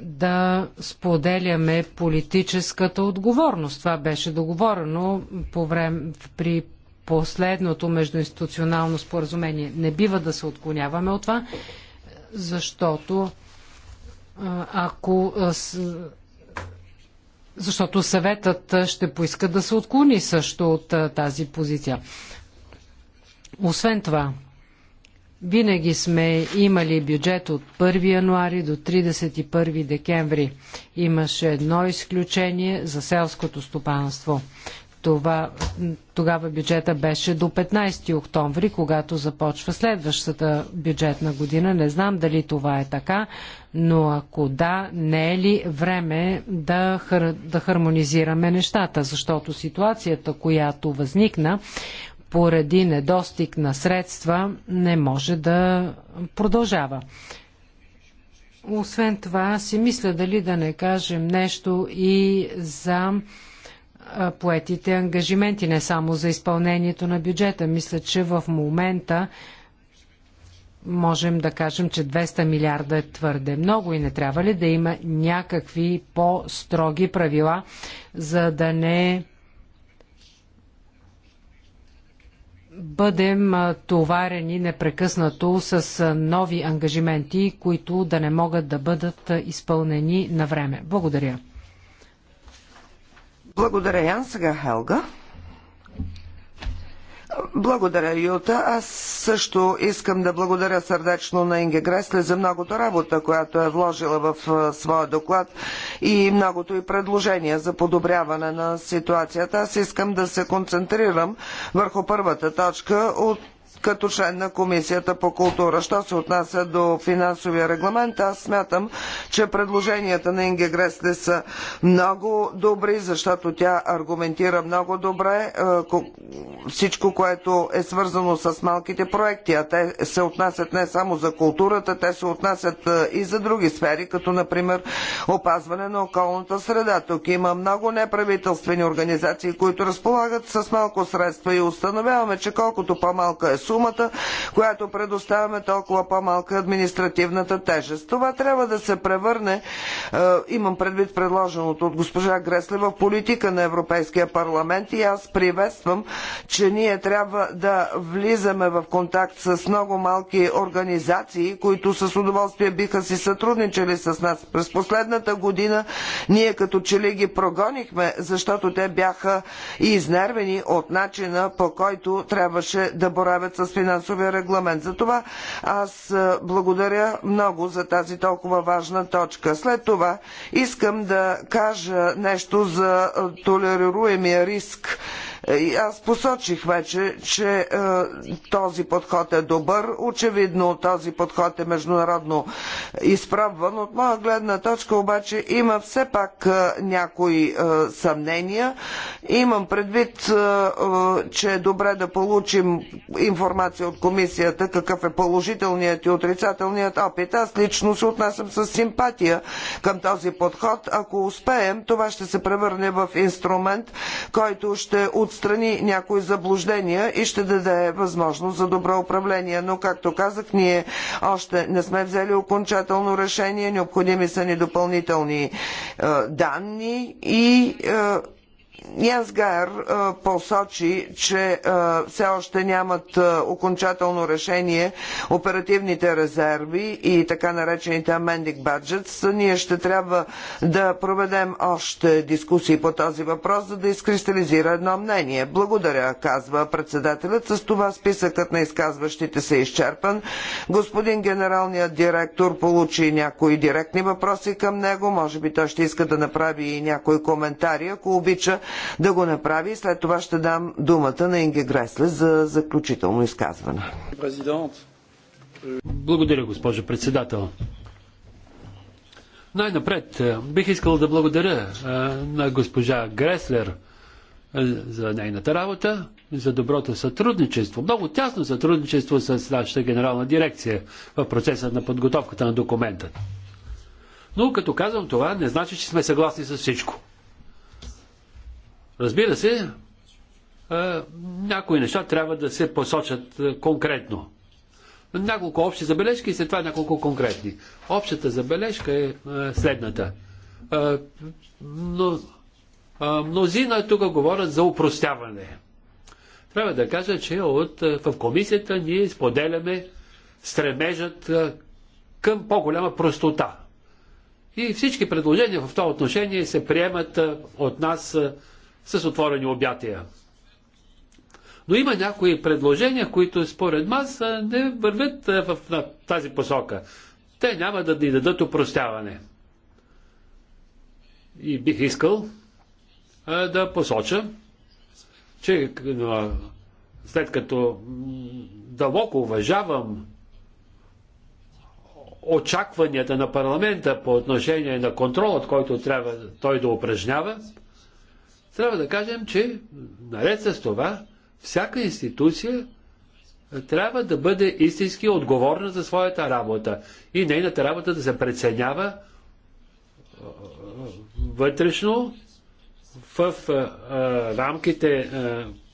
да споделяме политическата отговорност. Това беше договорено по време, при последното междуинституционално споразумение. Не бива да се отклоняваме от това, защото ако защото съветът ще поиска да се отклони също от тази позиция. Освен това, винаги сме имали бюджет от 1 януари до 31 декември. Имаше едно изключение за селското стопанство. Това, тогава бюджета беше до 15 октомври, когато започва следващата бюджетна година. Не знам дали това е така, но ако да, не е ли време да, хар... да хармонизираме нещата, защото ситуацията, която възникна, поради недостиг на средства не може да продължава. Освен това, си мисля дали да не кажем нещо и за поетите ангажименти, не само за изпълнението на бюджета. Мисля, че в момента можем да кажем, че 200 милиарда е твърде много и не трябва ли да има някакви по-строги правила, за да не бъдем товарени непрекъснато с нови ангажименти, които да не могат да бъдат изпълнени на време. Благодаря. Благодаря, Ян. Сега Хелга. Благодаря, Юта. Аз също искам да благодаря сърдечно на Инге Гресле за многото работа, която е вложила в своя доклад и многото и предложения за подобряване на ситуацията. Аз искам да се концентрирам върху първата точка от като член на Комисията по култура. Що се отнася до финансовия регламент, аз смятам, че предложенията на Инге Гресле са много добри, защото тя аргументира много добре е, всичко, което е свързано с малките проекти, а те се отнасят не само за културата, те се отнасят е, и за други сфери, като например опазване на околната среда. Тук има много неправителствени организации, които разполагат с малко средства и установяваме, че колкото по-малка е сума, сумата, която предоставяме, толкова по-малка е административната тежест. Това трябва да се превърне, е, имам предвид предложеното от госпожа Гресле, в политика на Европейския парламент и аз приветствам, че ние трябва да влизаме в контакт с много малки организации, които с удоволствие биха си сътрудничали с нас. През последната година ние като че ли ги прогонихме, защото те бяха и изнервени от начина по който трябваше да боравят с финансовия регламент. Затова аз благодаря много за тази толкова важна точка. След това искам да кажа нещо за толерируемия риск е, и аз посочих вече, че е, този подход е добър. Очевидно този подход е международно е, изправван. От моя гледна точка обаче има все пак е, някои е, съмнения. Имам предвид, е, че е добре да получим информация от комисията какъв е положителният и отрицателният опит. Аз лично се отнасям с симпатия към този подход. Ако успеем, това ще се превърне в инструмент, който ще отсъства отстрани някои заблуждения и ще даде възможност за добро управление. Но, както казах, ние още не сме взели окончателно решение, необходими са ни допълнителни е, данни и е, Язгар посочи, че все още нямат окончателно решение оперативните резерви и така наречените amending budgets. Ние ще трябва да проведем още дискусии по този въпрос, за да изкристализира едно мнение. Благодаря, казва председателят. С това списъкът на изказващите се е изчерпан. Господин генералният директор получи някои директни въпроси към него. Може би той ще иска да направи и някои коментари. Ако обича, да го направи. След това ще дам думата на Инге Гресле за заключително изказване. Благодаря, госпожо председател. Най-напред е, бих искал да благодаря е, на госпожа Греслер е, за нейната работа, за доброто сътрудничество, много тясно сътрудничество с нашата генерална дирекция в процеса на подготовката на документа. Но като казвам това, не значи, че сме съгласни с всичко. Разбира се, някои неща трябва да се посочат конкретно. Няколко общи забележки и след това няколко конкретни. Общата забележка е следната. Но, мнозина тук говорят за упростяване. Трябва да кажа, че от, в комисията ние споделяме стремежът към по-голяма простота. И всички предложения в това отношение се приемат от нас с отворени обятия. Но има някои предложения, които според нас не вървят в тази посока. Те няма да ни дадат упростяване. И бих искал да посоча, че след като дълбоко уважавам очакванията на парламента по отношение на контролът, който трябва той да упражнява, трябва да кажем, че наред с това, всяка институция трябва да бъде истински отговорна за своята работа и нейната работа да се преценява вътрешно в рамките,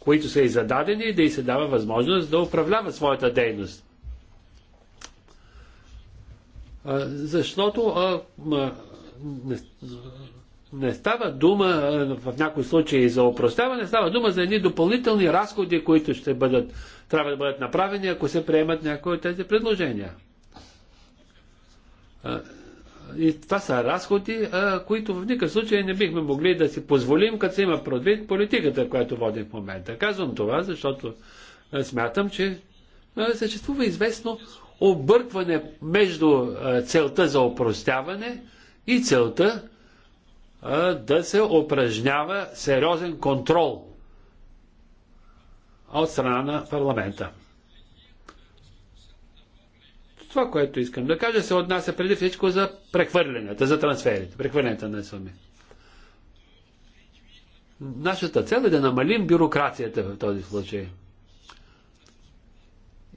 които са и зададени, да й се дава възможност да управлява своята дейност. Защото а, а, не става дума в някои случаи за опростяване, става дума за едни допълнителни разходи, които ще бъдат, трябва да бъдат направени, ако се приемат някои от тези предложения. И това са разходи, които в никакъв случай не бихме могли да си позволим, като се има предвид политиката, която водим в момента. Казвам това, защото смятам, че съществува известно объркване между целта за опростяване и целта да се упражнява сериозен контрол от страна на парламента. Това, което искам да кажа, се отнася преди всичко за прехвърлянето, за трансферите, прехвърлянето на суми. Нашата цел е да намалим бюрокрацията в този случай.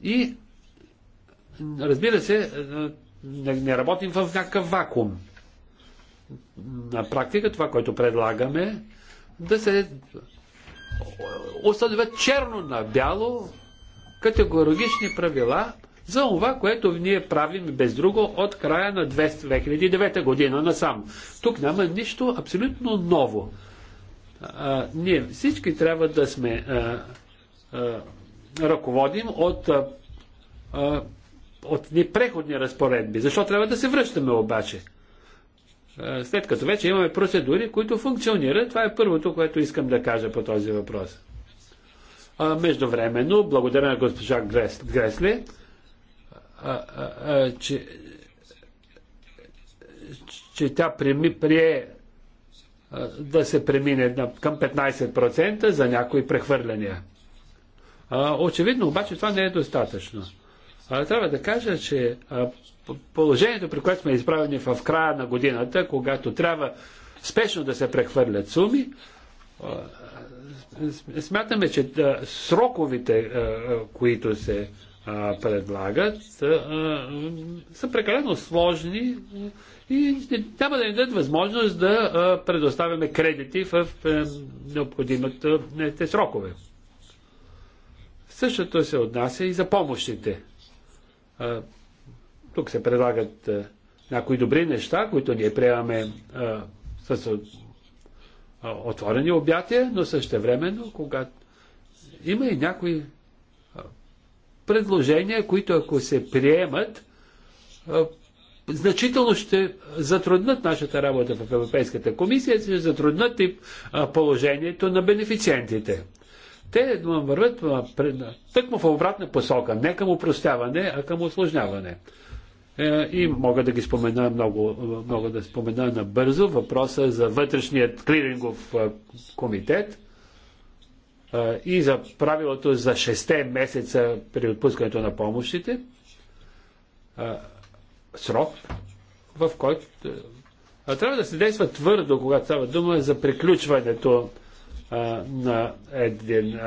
И, разбира се, е, не, не работим в някакъв вакуум на практика това, което предлагаме, да се установят черно на бяло категорични правила за това, което ние правим без друго от края на 2009 година насам. Тук няма нищо абсолютно ново. А, ние всички трябва да сме а, а, ръководим от, а, от непреходни разпоредби. Защо трябва да се връщаме обаче? Е, след като вече имаме процедури, които функционират, това е първото, което искам да кажа по този въпрос. А, междувременно, благодаря на госпожа Грес, Гресли, а, а, а, че, че тя прие а, да се премине на, към 15% за някои прехвърляния. А, очевидно, обаче това не е достатъчно. А, трябва да кажа, че а, положението, при което сме изправени в края на годината, когато трябва спешно да се прехвърлят суми, а, смятаме, че а, сроковите, а, които се а, предлагат, а, а, са прекалено сложни и няма да ни дадат възможност да а, предоставяме кредити в необходимите срокове. Същото се отнася и за помощите. Тук се предлагат някои добри неща, които ние приемаме с отворени обятия, но същевременно, когато има и някои предложения, които ако се приемат, значително ще затруднат нашата работа в Европейската комисия, ще затруднат и положението на бенефициентите те вървят тъкмо в обратна посока, не към упростяване, а към осложняване. Е, и мога да ги спомена много, мога да спомена набързо въпроса за вътрешният клирингов е, комитет е, и за правилото за 6 месеца при отпускането на помощите. Срок, в който трябва да се действа твърдо, когато става дума за приключването на един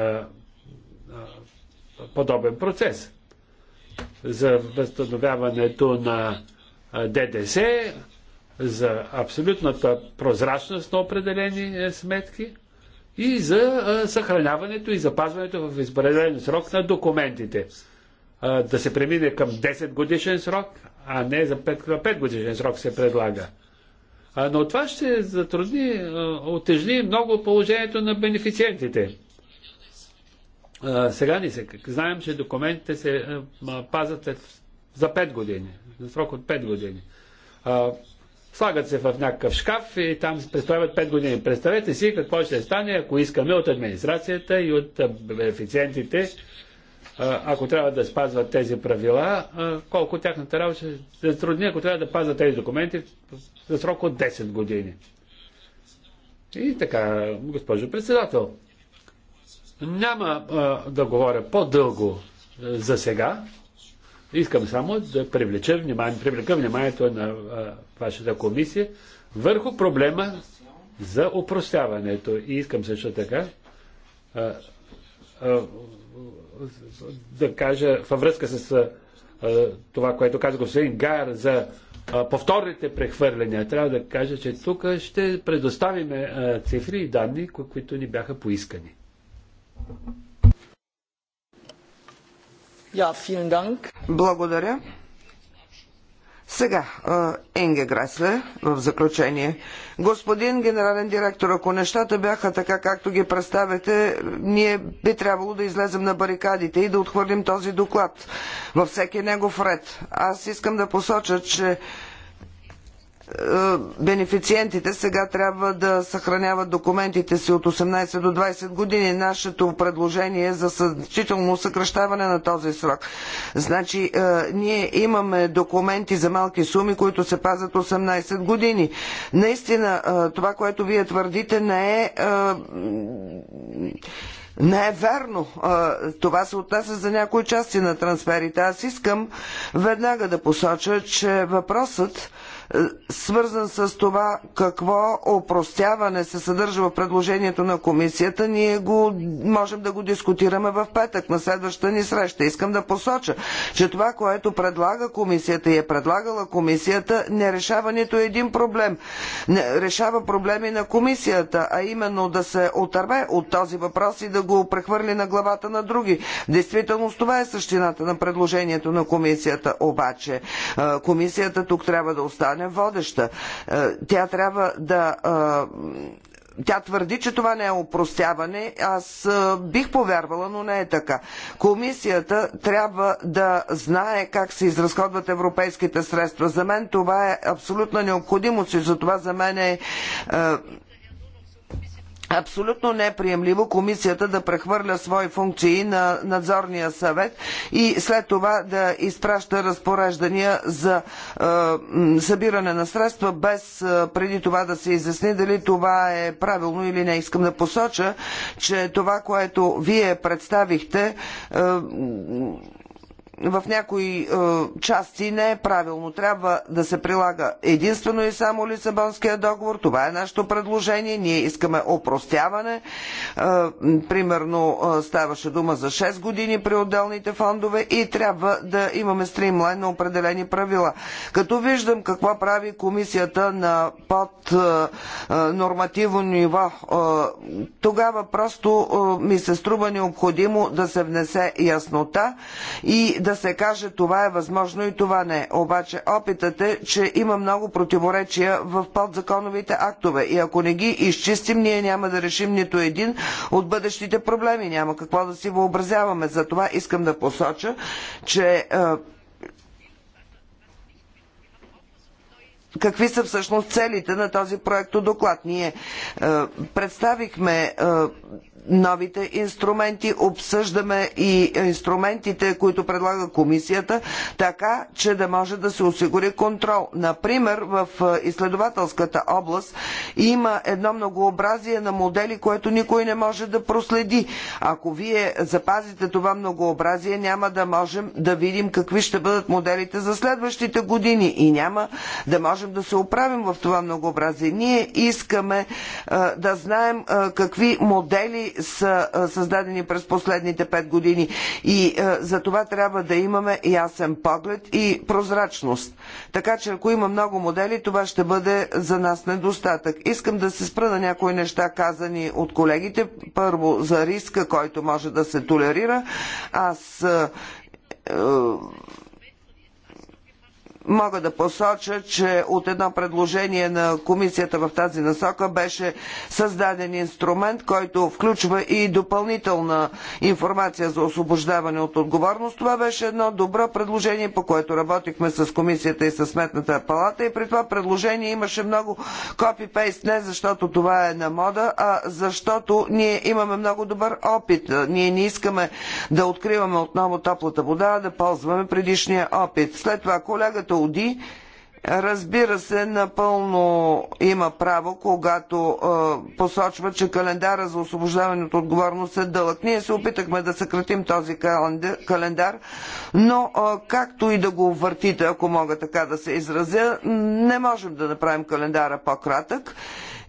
подобен процес. За възстановяването на ДДС, за абсолютната прозрачност на определени е, сметки и за съхраняването и запазването в изпределен срок на документите. Да се премине към 10 годишен срок, а не за 5, 5 годишен срок се предлага но това ще затрудни, отежни много положението на бенефициентите. Сега ни се, знаем, че документите се пазат е за 5 години, за срок от 5 години. Слагат се в някакъв шкаф и там се представят 5 години. Представете си какво ще стане, ако искаме от администрацията и от бенефициентите ако трябва да спазват тези правила, колко тяхната работа ще се затрудни, ако трябва да пазват тези документи за срок от 10 години. И така, госпожо председател, няма а, да говоря по-дълго за сега. Искам само да привлеча внимание, привлека вниманието на а, вашата комисия върху проблема за упростяването. И искам също така а, а, да кажа във връзка с това, което каза господин Гар за повторните прехвърляния. Трябва да кажа, че тук ще предоставим цифри и данни, които ни бяха поискани. Благодаря. Сега, Инге Гресле, в заключение. Господин генерален директор, ако нещата бяха така, както ги представяте, ние би трябвало да излезем на барикадите и да отхвърлим този доклад във всеки негов ред. Аз искам да посоча, че е, бенефициентите сега трябва да съхраняват документите си от 18 до 20 години. Нашето предложение е за значително съкръщаване на този срок. Значи, е, ние имаме документи за малки суми, които се пазят 18 години. Наистина, е, това, което вие твърдите, не е не е верно. Това се отнася за някои части на трансферите. Аз искам веднага да посоча, че въпросът свързан с това какво опростяване се съдържа в предложението на комисията, ние го можем да го дискутираме в петък на следващата ни среща. Искам да посоча, че това, което предлага комисията и е предлагала комисията, не решава нито един проблем. Не решава проблеми на комисията, а именно да се отърве от този въпрос и да го прехвърли на главата на други. Действително това е същината на предложението на комисията. Обаче комисията тук трябва да остане стане водеща. Е, тя трябва да е, тя твърди, че това не е упростяване. Аз е, бих повярвала, но не е така. Комисията трябва да знае как се изразходват европейските средства. За мен това е абсолютна необходимост и за това за мен е, е Абсолютно неприемливо комисията да прехвърля свои функции на надзорния съвет и след това да изпраща разпореждания за е, събиране на средства, без е, преди това да се изясни дали това е правилно или не. Искам да посоча, че това, което вие представихте. Е, в някои е, части не е правилно. Трябва да се прилага единствено и само Лисабонския договор. Това е нашето предложение. Ние искаме опростяване. Е, примерно е, ставаше дума за 6 години при отделните фондове и трябва да имаме стримлайн на определени правила. Като виждам какво прави комисията на под е, е нормативно ниво, е, тогава просто е, ми се струва необходимо да се внесе яснота и да да се каже това е възможно и това не. Обаче опитът е, че има много противоречия в подзаконовите актове и ако не ги изчистим, ние няма да решим нито един от бъдещите проблеми. Няма какво да си въобразяваме. Затова искам да посоча, че е, какви са всъщност целите на този доклад. Ние е, представихме е, новите инструменти, обсъждаме и инструментите, които предлага комисията, така че да може да се осигури контрол. Например, в изследователската област има едно многообразие на модели, което никой не може да проследи. Ако вие запазите това многообразие, няма да можем да видим какви ще бъдат моделите за следващите години и няма да можем да се оправим в това многообразие. Ние искаме да знаем какви модели са създадени през последните 5 години. И за това трябва да имаме ясен поглед и прозрачност. Така че ако има много модели, това ще бъде за нас недостатък. Искам да се спра на някои неща, казани от колегите. Първо, за риска, който може да се толерира. Аз е, мога да посоча, че от едно предложение на комисията в тази насока беше създаден инструмент, който включва и допълнителна информация за освобождаване от отговорност. Това беше едно добро предложение, по което работихме с комисията и с сметната палата и при това предложение имаше много копипейст, не защото това е на мода, а защото ние имаме много добър опит. Ние не искаме да откриваме отново топлата вода, а да ползваме предишния опит. След това колегата Сауди. Разбира се, напълно има право, когато е, посочва, че календара за освобождаване от отговорност е дълъг. Ние се опитахме да съкратим този календар, но е, както и да го въртите, ако мога така да се изразя, не можем да направим календара по-кратък.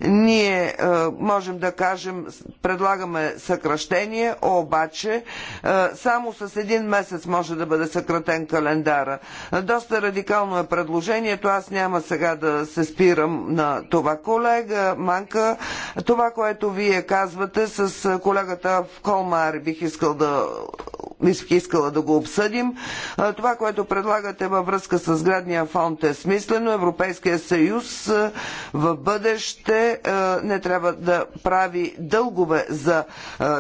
Ние е, можем да кажем, предлагаме съкръщение, обаче е, само с един месец може да бъде съкратен календара. Доста радикално е предложението, аз няма сега да се спирам на това колега, Манка. Това, което вие казвате с е, колегата в Колмар, бих искал да бих искала да го обсъдим. Това, което предлагате във връзка с градния фонд е смислено. Европейския съюз в бъдеще е, не трябва да прави дългове за е,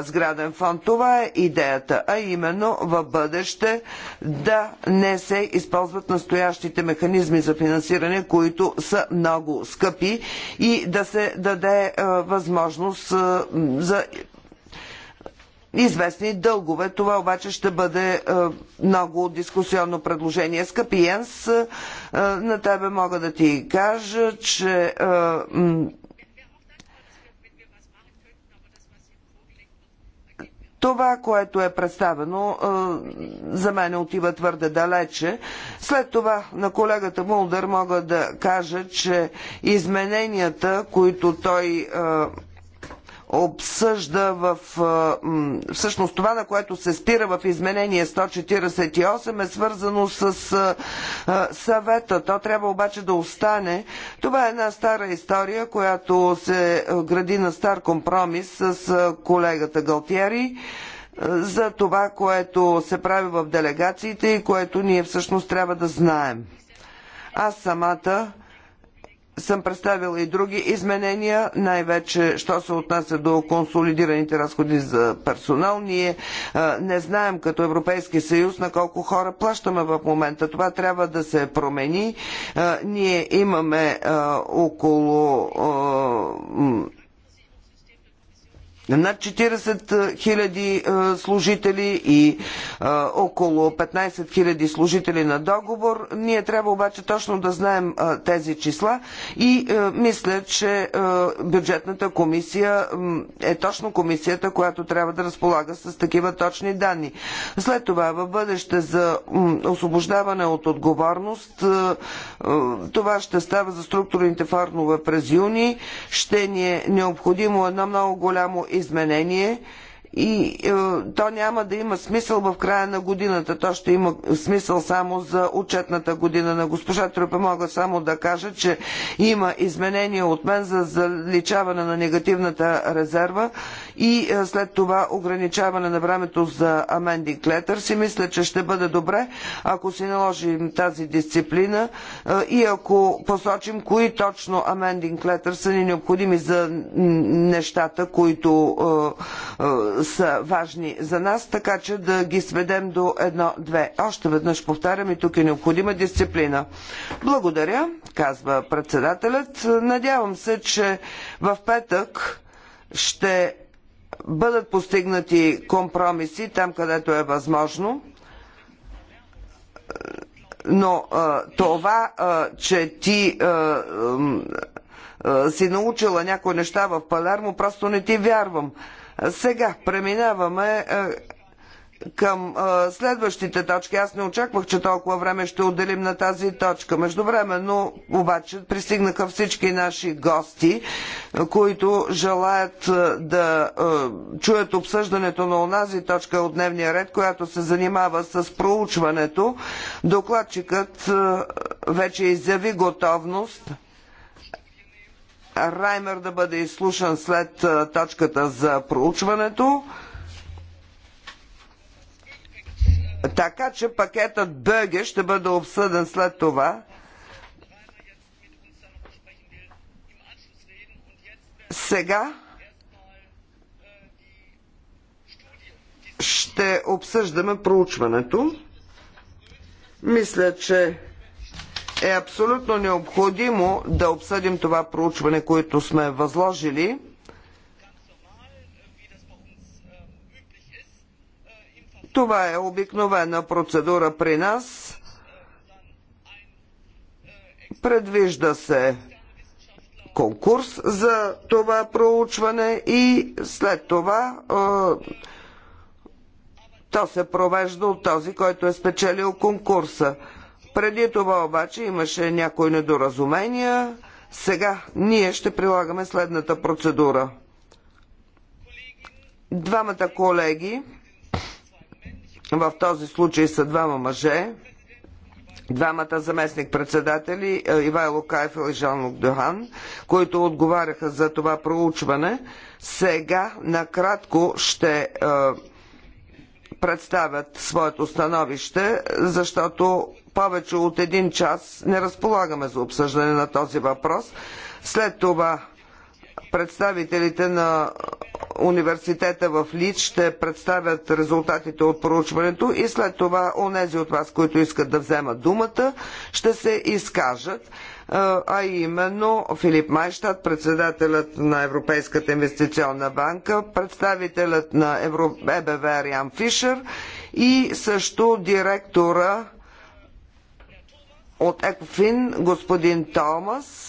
сграден фонд. Това е идеята, а именно в бъдеще да не се използват настоящите механизми за финансиране, които са много скъпи и да се даде е, възможност за известни дългове. Това обаче ще бъде много дискусионно предложение. Скъпи Енс, на тебе мога да ти кажа, че Това, което е представено, е, за мен отива твърде далече. След това на колегата Мулдър мога да кажа, че измененията, които той е, обсъжда в... Всъщност това, на което се спира в изменение 148 е свързано с съвета. То трябва обаче да остане. Това е една стара история, която се гради на стар компромис с колегата Галтиери за това, което се прави в делегациите и което ние всъщност трябва да знаем. Аз самата съм представила и други изменения, най-вече, що се отнася до консолидираните разходи за персонал. Ние не знаем като Европейски съюз на колко хора плащаме в момента. Това трябва да се промени. ние имаме около над 40 000 служители и около 15 000 служители на договор. Ние трябва обаче точно да знаем тези числа и мисля, че бюджетната комисия е точно комисията, която трябва да разполага с такива точни данни. След това в бъдеще за освобождаване от отговорност това ще става за структурните фарнове през юни. Ще ни е необходимо едно много голямо изменение и е, то няма да има смисъл в края на годината. То ще има смисъл само за отчетната година на госпожа Трупе. Мога само да кажа, че има изменение от мен за заличаване на негативната резерва и е, след това ограничаване на времето за Амендинг Летърс и мисля, че ще бъде добре, ако си наложим тази дисциплина е, и ако посочим кои точно Амендинг клетър са ни необходими за нещата, които е, са важни за нас, така че да ги сведем до едно-две. Още веднъж повтарям и тук е необходима дисциплина. Благодаря, казва председателят. Надявам се, че в петък ще бъдат постигнати компромиси там, където е възможно но а, това, а, че ти а, а, си научила някои неща в Палермо, просто не ти вярвам. Сега преминаваме а, към а, следващите точки. Аз не очаквах, че толкова време ще отделим на тази точка. Междувременно обаче пристигнаха всички наши гости, които желаят да а, чуят обсъждането на онази точка от дневния ред, която се занимава с проучването. Докладчикът а, вече изяви готовност. Раймер да бъде изслушан след а, точката за проучването. Така че пакетът Бъге ще бъде обсъден след това. Сега ще обсъждаме проучването. Мисля, че е абсолютно необходимо да обсъдим това проучване, което сме възложили. Това е обикновена процедура при нас. Предвижда се конкурс за това проучване и след това е, то се провежда от този, който е спечелил конкурса. Преди това обаче имаше някои недоразумения. Сега ние ще прилагаме следната процедура. Двамата колеги в този случай са двама мъже, двамата заместник-председатели е, Ивайло Кайфел и Жан Лук Дохан, които отговаряха за това проучване. Сега накратко ще е, представят своето становище, защото повече от един час не разполагаме за обсъждане на този въпрос. След това представителите на университета в Лид ще представят резултатите от проучването и след това онези от вас, които искат да вземат думата, ще се изкажат а именно Филип Майштад, председателят на Европейската инвестиционна банка, представителят на Евро... ЕБВ Ариан Фишер и също директора от ЕКОФИН, господин Томас.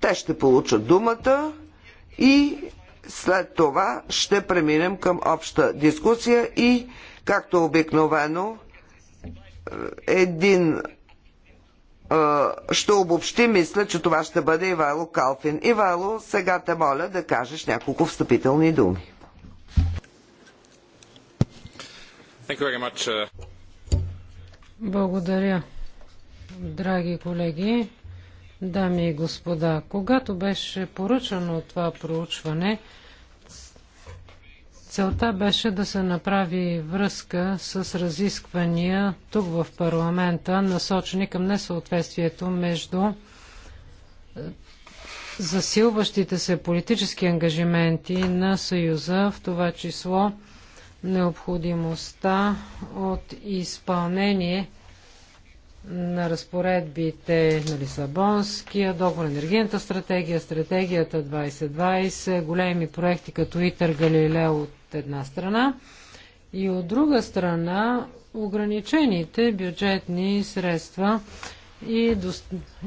Те ще получат думата и след това ще преминем към обща дискусия и, както обикновено, е, един е, ще обобщи, мисля, че това ще бъде Ивайло Калфин. Ивайло, сега те моля да кажеш няколко встъпителни думи. Uh, Благодаря, драги колеги. Дами и господа, когато беше поръчано това проучване, целта беше да се направи връзка с разисквания тук в парламента, насочени към несъответствието между е, засилващите се политически ангажименти на Съюза, в това число необходимостта от изпълнение – на разпоредбите на Лисабонския договор, енергийната стратегия, стратегията 2020, големи проекти като ИТър Галилео от една страна и от друга страна ограничените бюджетни средства и, до...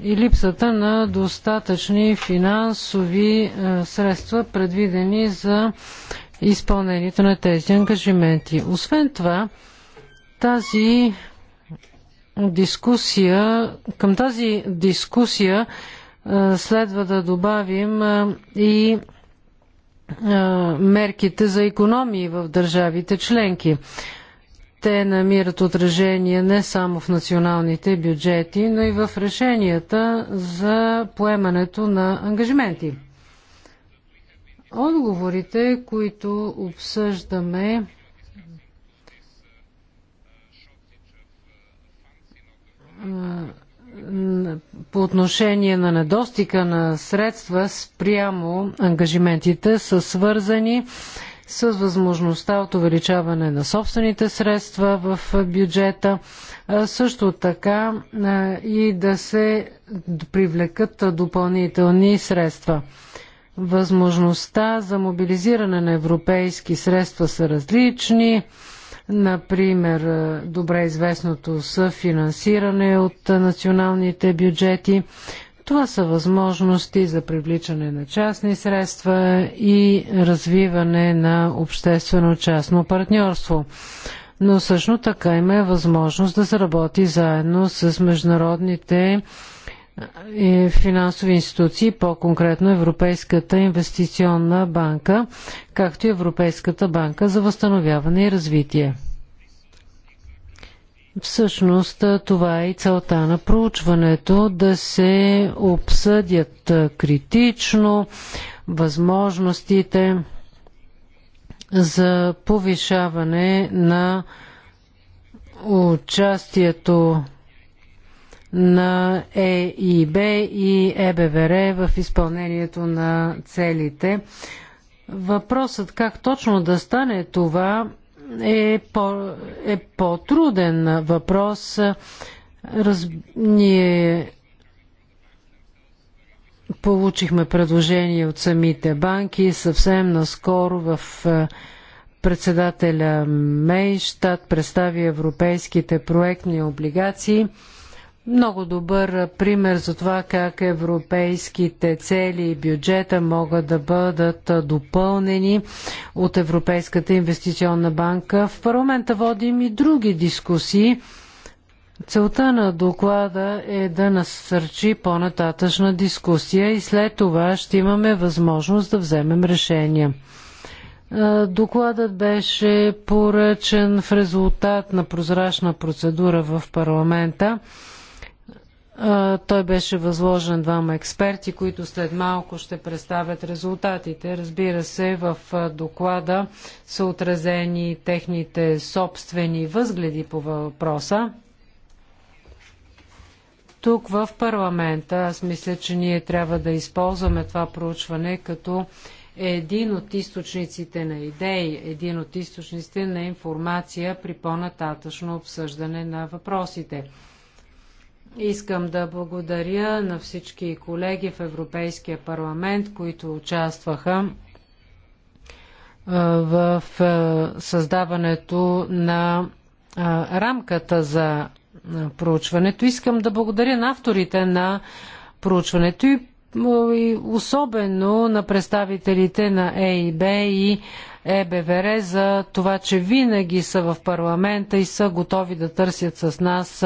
и липсата на достатъчни финансови е, средства, предвидени за изпълнението на тези ангажименти. Освен това, тази дискусия, към тази дискусия следва да добавим и мерките за економии в държавите членки. Те намират отражение не само в националните бюджети, но и в решенията за поемането на ангажименти. Отговорите, които обсъждаме, по отношение на недостига на средства спрямо ангажиментите са свързани с възможността от увеличаване на собствените средства в бюджета, също така и да се привлекат допълнителни средства. Възможността за мобилизиране на европейски средства са различни Например, е, добре известното съфинансиране от националните бюджети. Това са възможности за привличане на частни средства и развиване на обществено-частно партньорство. Но също така има е възможност да се работи заедно с международните финансови институции, по-конкретно Европейската инвестиционна банка, както и Европейската банка за възстановяване и развитие. Всъщност това е и целта на проучването да се обсъдят критично възможностите за повишаване на участието на ЕИБ и ЕБВР в изпълнението на целите. Въпросът как точно да стане това е, по, е по-труден въпрос. Раз, ние получихме предложение от самите банки съвсем наскоро в е, председателя Мейштад представи европейските проектни облигации – много добър пример за това как европейските цели и бюджета могат да бъдат допълнени от Европейската инвестиционна банка. В парламента водим и други дискусии. Целта на доклада е да насърчи по-нататъчна дискусия и след това ще имаме възможност да вземем решения. Докладът беше поръчен в резултат на прозрачна процедура в парламента. Той беше възложен двама експерти, които след малко ще представят резултатите. Разбира се, в доклада са отразени техните собствени възгледи по въпроса. Тук в парламента, аз мисля, че ние трябва да използваме това проучване като един от източниците на идеи, един от източниците на информация при по-нататъчно обсъждане на въпросите. Искам да благодаря на всички колеги в Европейския парламент, които участваха в създаването на рамката за проучването. Искам да благодаря на авторите на проучването и особено на представителите на ЕИБ и ЕБВР за това, че винаги са в парламента и са готови да търсят с нас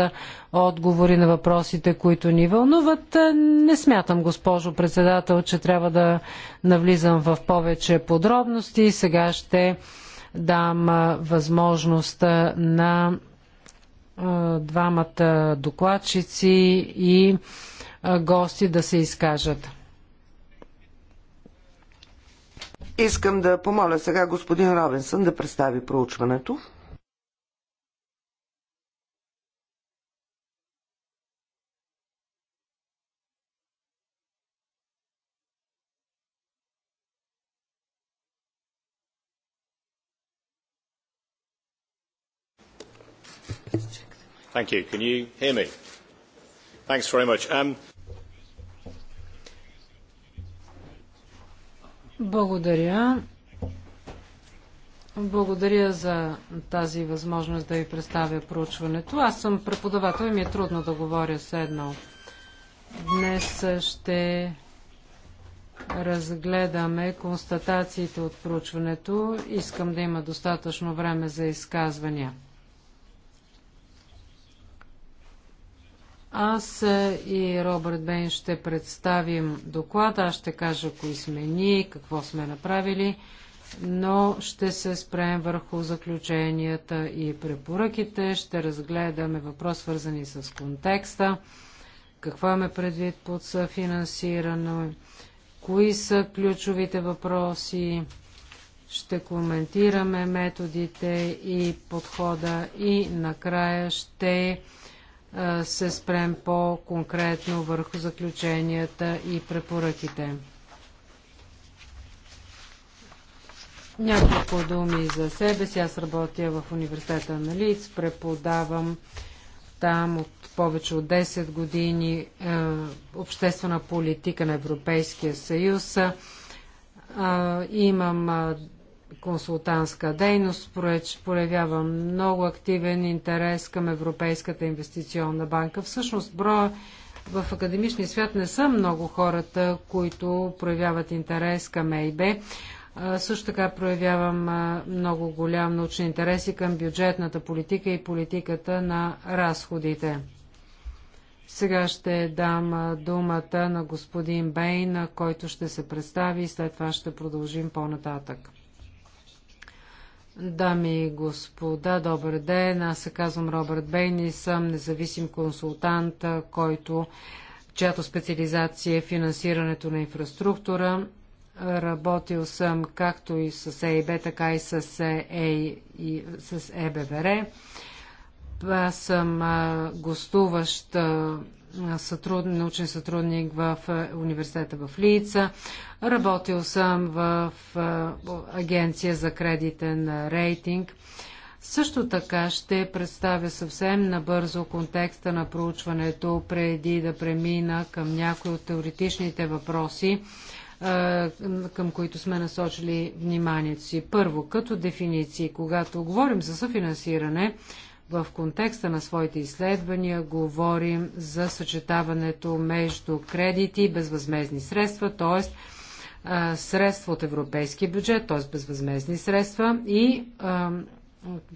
отговори на въпросите, които ни вълнуват. Не смятам, госпожо председател, че трябва да навлизам в повече подробности. Сега ще дам възможност на двамата докладчици и гости да се изкажат. Искам да помоля сега господин Робинсън да представи проучването. Thank you. Can you hear me? Thanks very much. Um, Благодаря. Благодаря за тази възможност да ви представя проучването. Аз съм преподавател и ми е трудно да говоря едно. Днес ще разгледаме констатациите от проучването. Искам да има достатъчно време за изказвания. Аз и Робърт Бейн ще представим доклада, аз ще кажа кои сме ние, какво сме направили, но ще се спрем върху заключенията и препоръките, ще разгледаме въпрос свързани с контекста, какво имаме предвид под съфинансиране, кои са ключовите въпроси, ще коментираме методите и подхода и накрая ще се спрем по-конкретно върху заключенията и препоръките. Няколко думи за себе си. Аз работя в университета на Лиц, преподавам там от повече от 10 години е, обществена политика на Европейския съюз. Е, имам консултантска дейност. Проявява много активен интерес към Европейската инвестиционна банка. Всъщност, броя в академичния свят не са много хората, които проявяват интерес към ЕИБ. Също така проявявам много голям научен интерес и към бюджетната политика и политиката на разходите. Сега ще дам думата на господин Бейн, който ще се представи и след това ще продължим по-нататък. Дами и господа, добър ден. Аз се казвам Робърт Бейн и съм независим консултант, който, чиято специализация е финансирането на инфраструктура. Работил съм както и с ЕИБ, така и с, е, е и с ЕББР. Аз съм гостуващ сътруд... научен сътрудник в е, университета в Лица. Работил съм в е, агенция за кредитен рейтинг. Също така ще представя съвсем набързо контекста на проучването, преди да премина към някои от теоретичните въпроси, е, към които сме насочили вниманието си. Първо, като дефиниции, когато говорим за съфинансиране, в контекста на своите изследвания говорим за съчетаването между кредити и безвъзмезни средства, т.е. средства от европейския бюджет, т.е. безвъзмезни средства и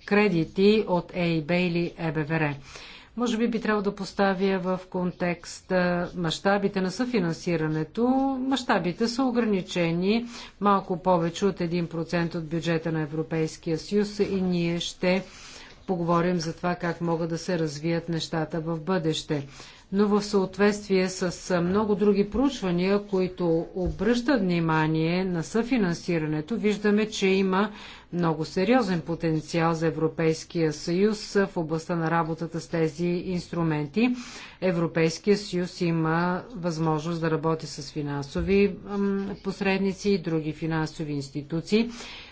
кредити от ЕИБ или ЕБВР. Може би би трябвало да поставя в контекст мащабите на съфинансирането. Мащабите са ограничени малко повече от 1% от бюджета на Европейския съюз и ние ще поговорим за това как могат да се развият нещата в бъдеще. Но в съответствие с много други проучвания, които обръщат внимание на съфинансирането, виждаме, че има много сериозен потенциал за Европейския съюз в областта на работата с тези инструменти. Европейския съюз има възможност да работи с финансови посредници и други финансови институции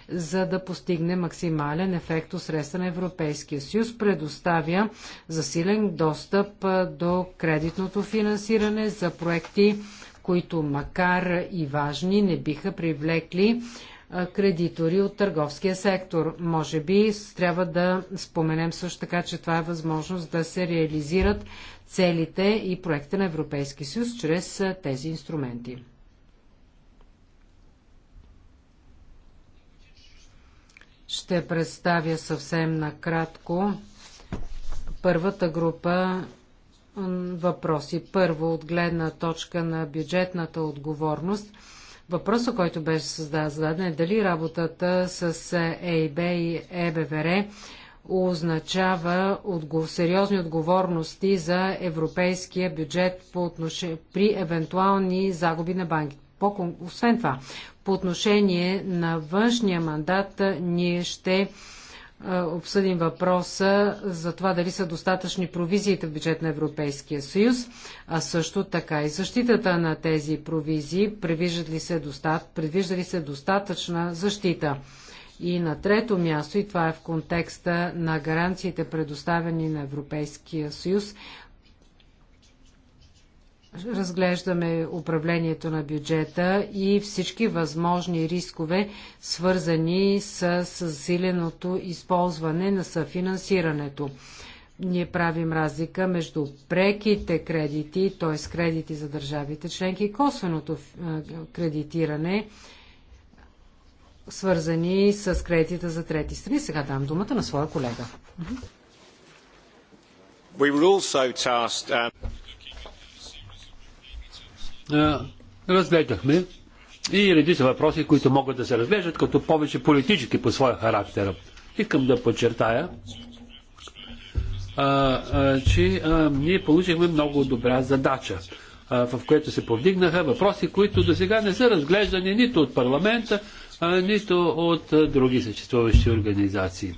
за да постигне максимален ефект от средства на Европейския съюз. Предоставя засилен достъп до кредитното финансиране за проекти, които макар и важни, не биха привлекли кредитори от търговския сектор. Може би трябва да споменем също така, че това е възможност да се реализират целите и проекта на Европейски съюз чрез тези инструменти. Ще представя съвсем накратко първата група въпроси. Първо, от гледна точка на бюджетната отговорност, въпросът, който беше зададен е дали работата с ЕИБ и ЕБВР означава отгов... сериозни отговорности за европейския бюджет по отнош... при евентуални загуби на банките по Освен това, по отношение на външния мандат, ние ще обсъдим въпроса за това дали са достатъчни провизиите в бюджет на Европейския съюз, а също така и защитата на тези провизии, предвижда ли се, достат, предвижда ли се достатъчна защита. И на трето място, и това е в контекста на гаранциите предоставени на Европейския съюз разглеждаме управлението на бюджета и всички възможни рискове, свързани с, засиленото използване на съфинансирането. Ние правим разлика между преките кредити, т.е. кредити за държавите членки и косвеното кредитиране, свързани с кредитите за трети страни. Сега дам думата на своя колега. We were also tasked, uh... Е, разгледахме и редица въпроси, които могат да се разглеждат като повече политически по своя характер. Искам да подчертая, а, а, че а, ние получихме много добра задача, а, в която се повдигнаха въпроси, които до сега не са разглеждани нито от парламента, а, нито от а, други съществуващи организации.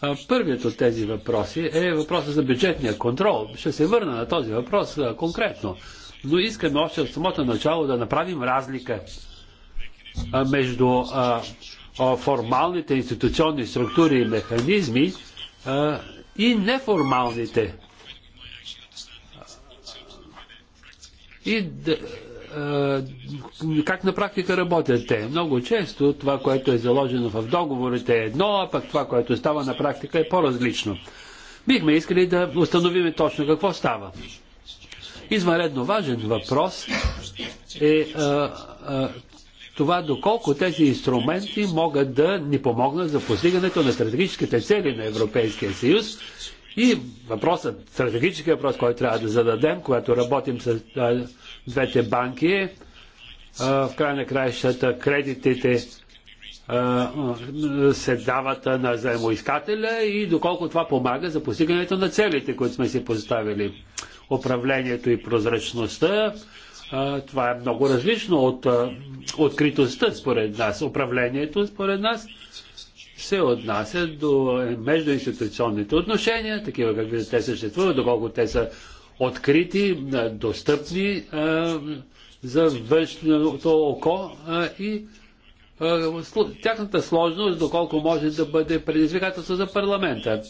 А, първият от тези въпроси е въпроса за бюджетния контрол. Ще се върна на този въпрос а, конкретно но искаме още от самото начало да направим разлика между формалните институционни структури и механизми и неформалните. И как на практика работят те. Много често това, което е заложено в договорите е едно, а пък това, което става на практика е по-различно. Бихме искали да установим точно какво става. Извънредно важен въпрос е а, а, това доколко тези инструменти могат да ни помогнат за постигането на стратегическите цели на Европейския съюз и въпросът, стратегическия въпрос, който трябва да зададем, когато работим с а, двете банки е в край на краищата кредитите се дават на заемоискателя и доколко това помага за постигането на целите, които сме си поставили управлението и прозрачността. Това е много различно от откритостта според нас. Управлението според нас се отнася до е, междуинституционните отношения, такива какви те съществуват, доколко те са открити, достъпни за външното око и тяхната сложност, доколко може да бъде предизвикателство за парламента.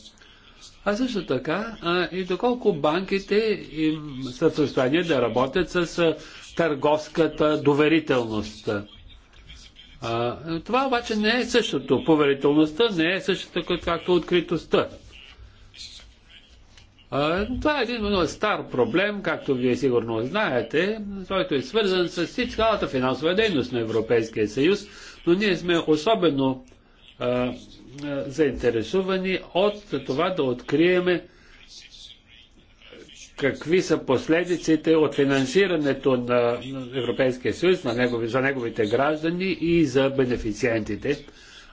А също така а, и доколко банките им са в състояние да работят с търговската доверителност. А, това обаче не е същото. Поверителността не е същото, както откритостта. А, това е един много стар проблем, както вие сигурно знаете, който е свързан с цялата финансова дейност на Европейския съюз, но ние сме особено заинтересувани от това да откриеме какви са последиците от финансирането на Европейския съюз на негови, за неговите граждани и за бенефициентите.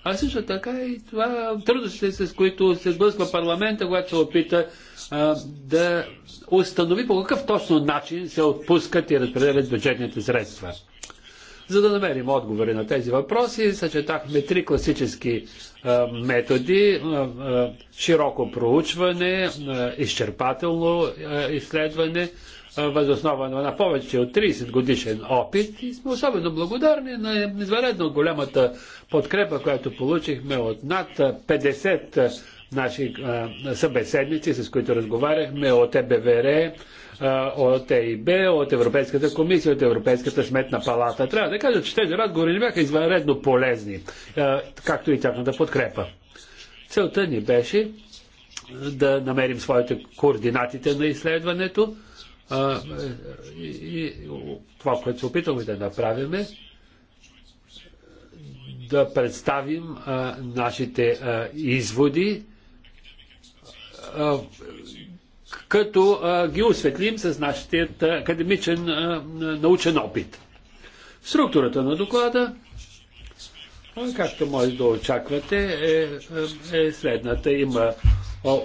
А също така и това трудностите, с които се сблъсква парламента, когато се опита а, да установи по какъв точно начин се отпускат и разпределят бюджетните средства. За да намерим отговори на тези въпроси, съчетахме три класически методи, широко проучване, изчерпателно изследване, възоснова на повече от 30 годишен опит и сме особено благодарни на изваредно голямата подкрепа, която получихме от над 50 наши събеседници, с които разговаряхме от ЕБВР, от ЕИБ, от Европейската комисия, от Европейската сметна палата. Трябва да кажа, че тези разговори не бяха извънредно полезни, както и тяхната подкрепа. Целта ни беше да намерим своите координатите на изследването. и, това, което се опитваме да направим е да представим а, нашите а, изводи а, като а, ги осветлим с нашия академичен а, научен опит. Структурата на доклада, а, както може да очаквате, е, е, е следната. Има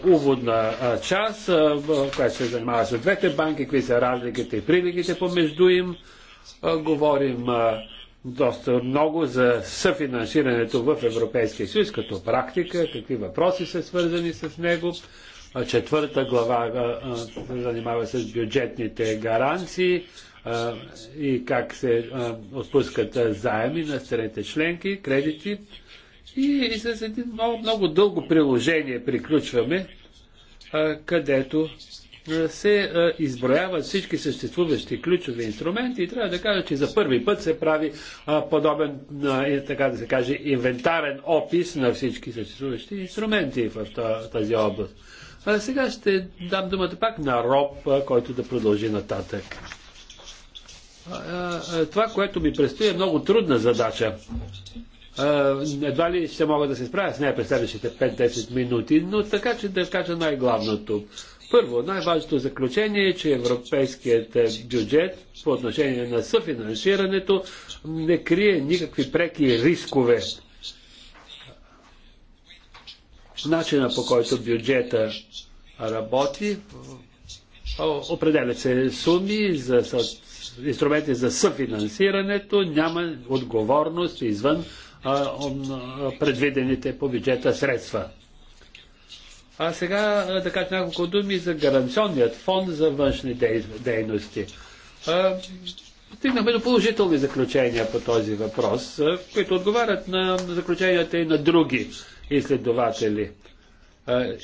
уводна а, част, а, която се занимава с двете банки, какви са разликите и приликите помежду им. А, говорим а, доста много за съфинансирането в Европейския съюз като практика, какви въпроси са свързани с него четвърта глава занимава се с бюджетните гаранции и как се отпускат заеми на страните членки, кредити. И с един много, много дълго приложение приключваме, където се изброяват всички съществуващи ключови инструменти и трябва да кажа, че за първи път се прави подобен, така да се каже, инвентарен опис на всички съществуващи инструменти в тази област. А сега ще дам думата пак на Роб, който да продължи нататък. Това, което ми предстои е много трудна задача. Едва ли ще мога да се справя с нея през следващите 5-10 минути, но така че да кажа най-главното. Първо, най-важното заключение е, че европейският бюджет по отношение на съфинансирането не крие никакви преки рискове начина по който бюджета работи. Определят се суми за инструменти за съфинансирането, няма отговорност извън предвидените по бюджета средства. А сега да кажа няколко думи за гаранционният фонд за външни дейности стигнахме до положителни заключения по този въпрос, които отговарят на заключенията и на други изследователи.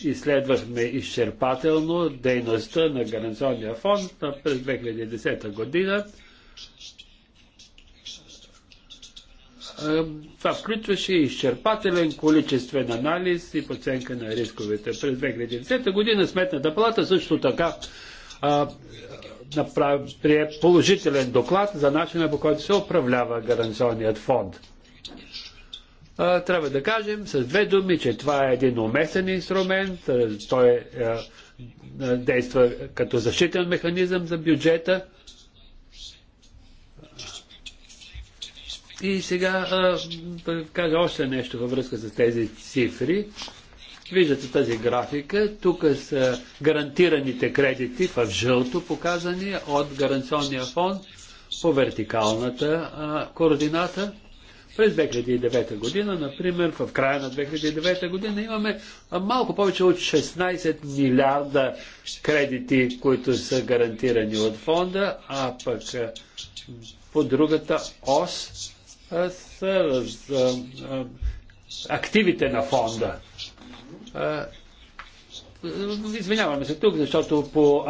Изследвахме изчерпателно дейността на Гаранционния фонд през 2010 година. Това включваше изчерпателен количествен анализ и оценка на рисковете. През 2010 година Сметната палата също така направи, прие положителен доклад за начина по който се управлява гаранционният фонд. Трябва да кажем с две думи, че това е един уместен инструмент, е, той е, е, действа като защитен механизъм за бюджета. И сега да кажа още нещо във връзка с тези цифри. Виждате тази графика. Тук са гарантираните кредити в жълто показани от гаранционния фонд по вертикалната а, координата. През 2009 година, например, в края на 2009 година имаме малко повече от 16 милиарда кредити, които са гарантирани от фонда, а пък по другата ос са активите на фонда. Извиняваме се тук, защото по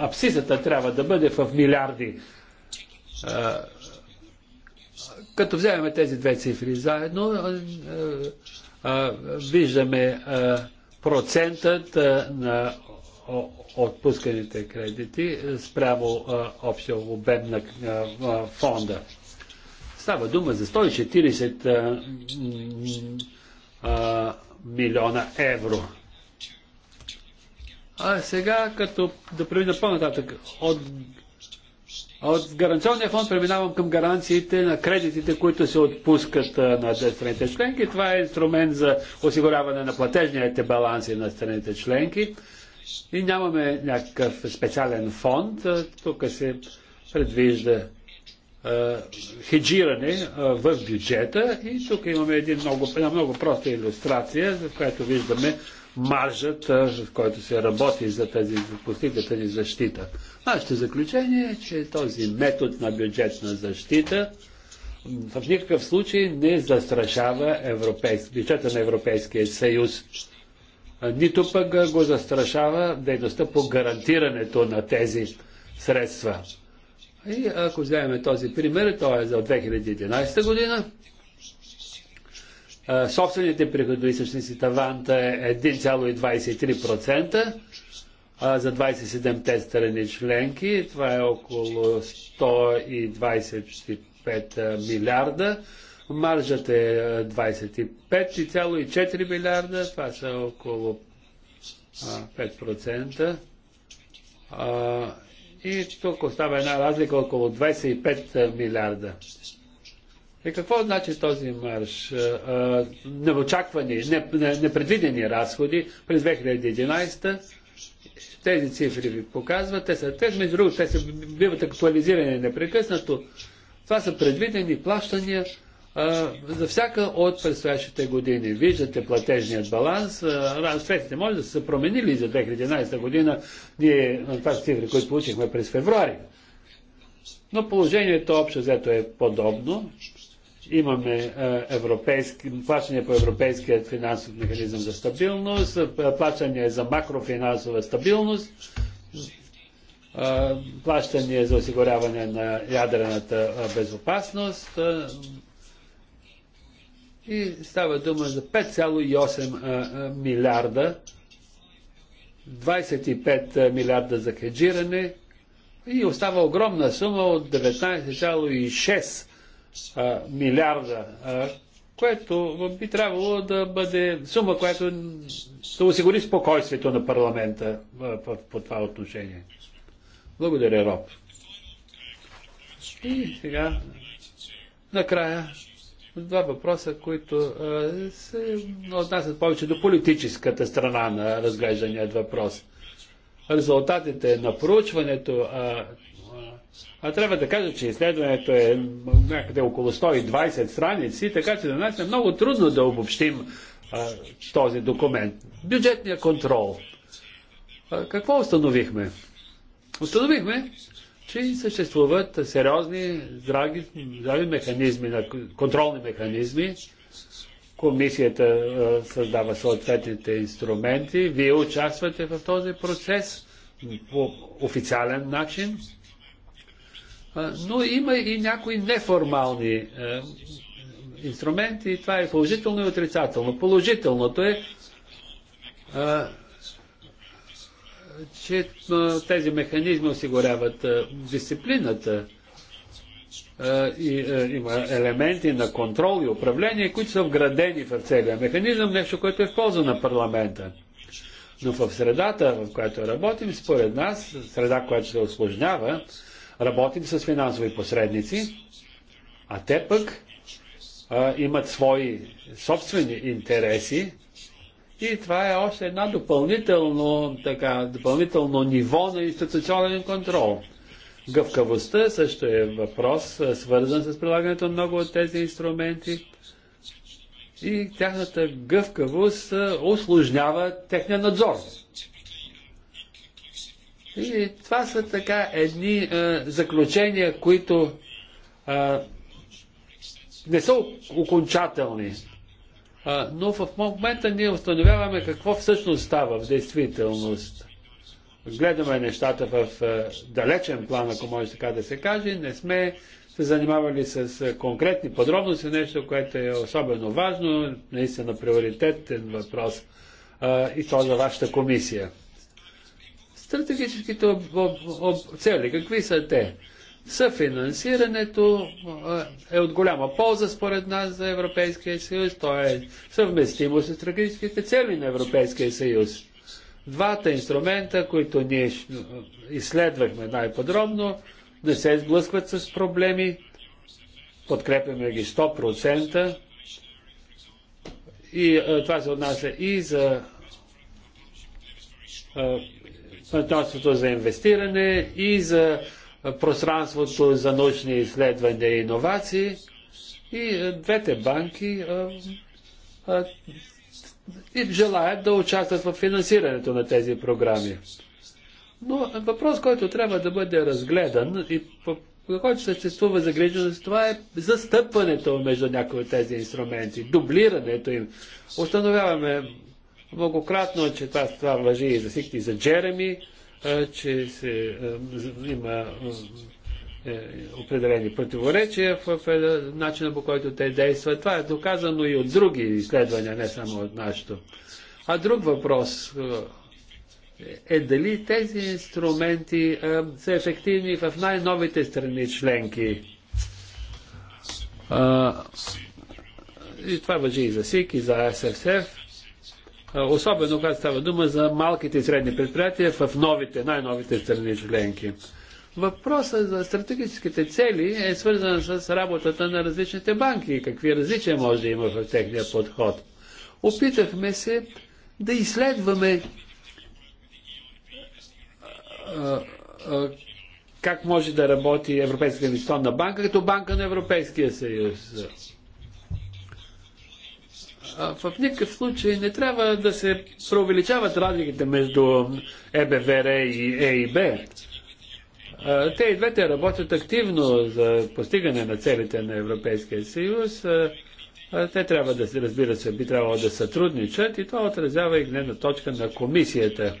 абсисата трябва да бъде в милиарди. Като вземем тези две цифри заедно, виждаме процентът на отпусканите кредити спрямо общия обем на фонда. Става дума за 140 милиона евро. А сега, като да премина по-нататък, от, от гаранционния фонд преминавам към гаранциите на кредитите, които се отпускат на страните членки. Това е инструмент за осигуряване на платежните баланси на страните членки. И нямаме някакъв специален фонд. Тук се предвижда хеджиране в бюджета. И тук имаме един много, една много проста иллюстрация, за която виждаме маржът, в който се работи за тази постига ни защита. Нашето заключение е, че този метод на бюджетна защита в никакъв случай не застрашава европейс... бюджета на Европейския съюз. Нито пък го застрашава дейността по гарантирането на тези средства. И ако вземем този пример, то е за 2011 година. Собствените приходоисточници таванта е 1,23% за 27-те страни членки. Това е около 125 милиарда. Маржът е 25,4 милиарда. Това са около 5%. И тук остава една разлика около 25 милиарда. И какво значи този марш? Неочаквани, непредвидени разходи през 2011 тези цифри ви показват. Те са, те, между другото, те са, биват актуализирани непрекъснато. Това са предвидени плащания за всяка от предстоящите години. Виждате платежният баланс. Разпетите може да са се променили за 2011 година. Ние на това цифри, които получихме през февруари. Но положението общо взето е подобно. Имаме европейски, плащане по Европейския финансов механизъм за стабилност, плащане за макрофинансова стабилност, плащане за осигуряване на ядрената безопасност, и става дума за 5,8 милиарда, 25 милиарда за хеджиране и остава огромна сума от 19,6 милиарда, което би трябвало да бъде сума, която да осигури спокойствието на парламента по това отношение. Благодаря, Роб. И сега, накрая, два въпроса, които се отнасят повече до политическата страна на разглежданият въпрос. Резултатите на проучването, а, а трябва да кажа, че изследването е някъде около 120 страници, така че за нас е много трудно да обобщим а, този документ. Бюджетния контрол. А, какво установихме? Установихме, че съществуват сериозни здрави, здрави механизми, контролни механизми. Комисията създава съответните инструменти. Вие участвате в този процес по официален начин. но има и някои неформални инструменти това е положително и отрицателно. Положителното е че тези механизми осигуряват дисциплината и има елементи на контрол и управление, които са вградени в целия механизъм, нещо, което е в полза на парламента. Но в средата, в която работим, според нас, среда, която се осложнява, работим с финансови посредници, а те пък а, имат свои собствени интереси и това е още една допълнително, така, допълнително ниво на институционален контрол. Гъвкавостта също е въпрос, свързан с прилагането на много от тези инструменти. И тяхната гъвкавост осложнява е, техния надзор. И това са така едни е, заключения, които е, не са окончателни но в момента ние установяваме какво всъщност става в действителност. Гледаме нещата в далечен план, ако може така да се каже. Не сме се занимавали с конкретни подробности, нещо, което е особено важно, наистина приоритетен въпрос и то за вашата комисия. Стратегическите цели, какви са те? Съфинансирането е, е от голяма полза според нас за Европейския съюз. То е съвместимо с стратегическите цели на Европейския съюз. Двата инструмента, които ние изследвахме най-подробно, не се сблъскват с проблеми. Подкрепяме ги 100%. И е, това се отнася и за е, партньорството за инвестиране, и за пространството за научни изследвания и иновации. И е, двете банки е, е, и желаят да участват в финансирането на тези програми. Но въпрос, който трябва да бъде разгледан и по който съществува загриженост, това е застъпването между някои от тези инструменти, дублирането им. Установяваме многократно, че това, това въжи и за всички, и за Джереми, че се, има е, определени противоречия в е, начина по който те действат. Това е доказано и от други изследвания, не само от нашето. А друг въпрос е, е дали тези инструменти са ефективни в най-новите страни членки. и това въжи и за СИК, и за ССФ. Особено когато става дума за малките и средни предприятия в новите, най-новите страни членки. Въпросът за стратегическите цели е свързан с работата на различните банки и какви различия може да има в техния подход. Опитахме се да изследваме как може да работи Европейска инвестиционна банка като банка на Европейския съюз в никакъв случай не трябва да се преувеличават разликите между ЕБВР и ЕИБ. Те и двете работят активно за постигане на целите на Европейския съюз. Те трябва да се, разбира се, би трябвало да сътрудничат и това отразява и гледна точка на комисията.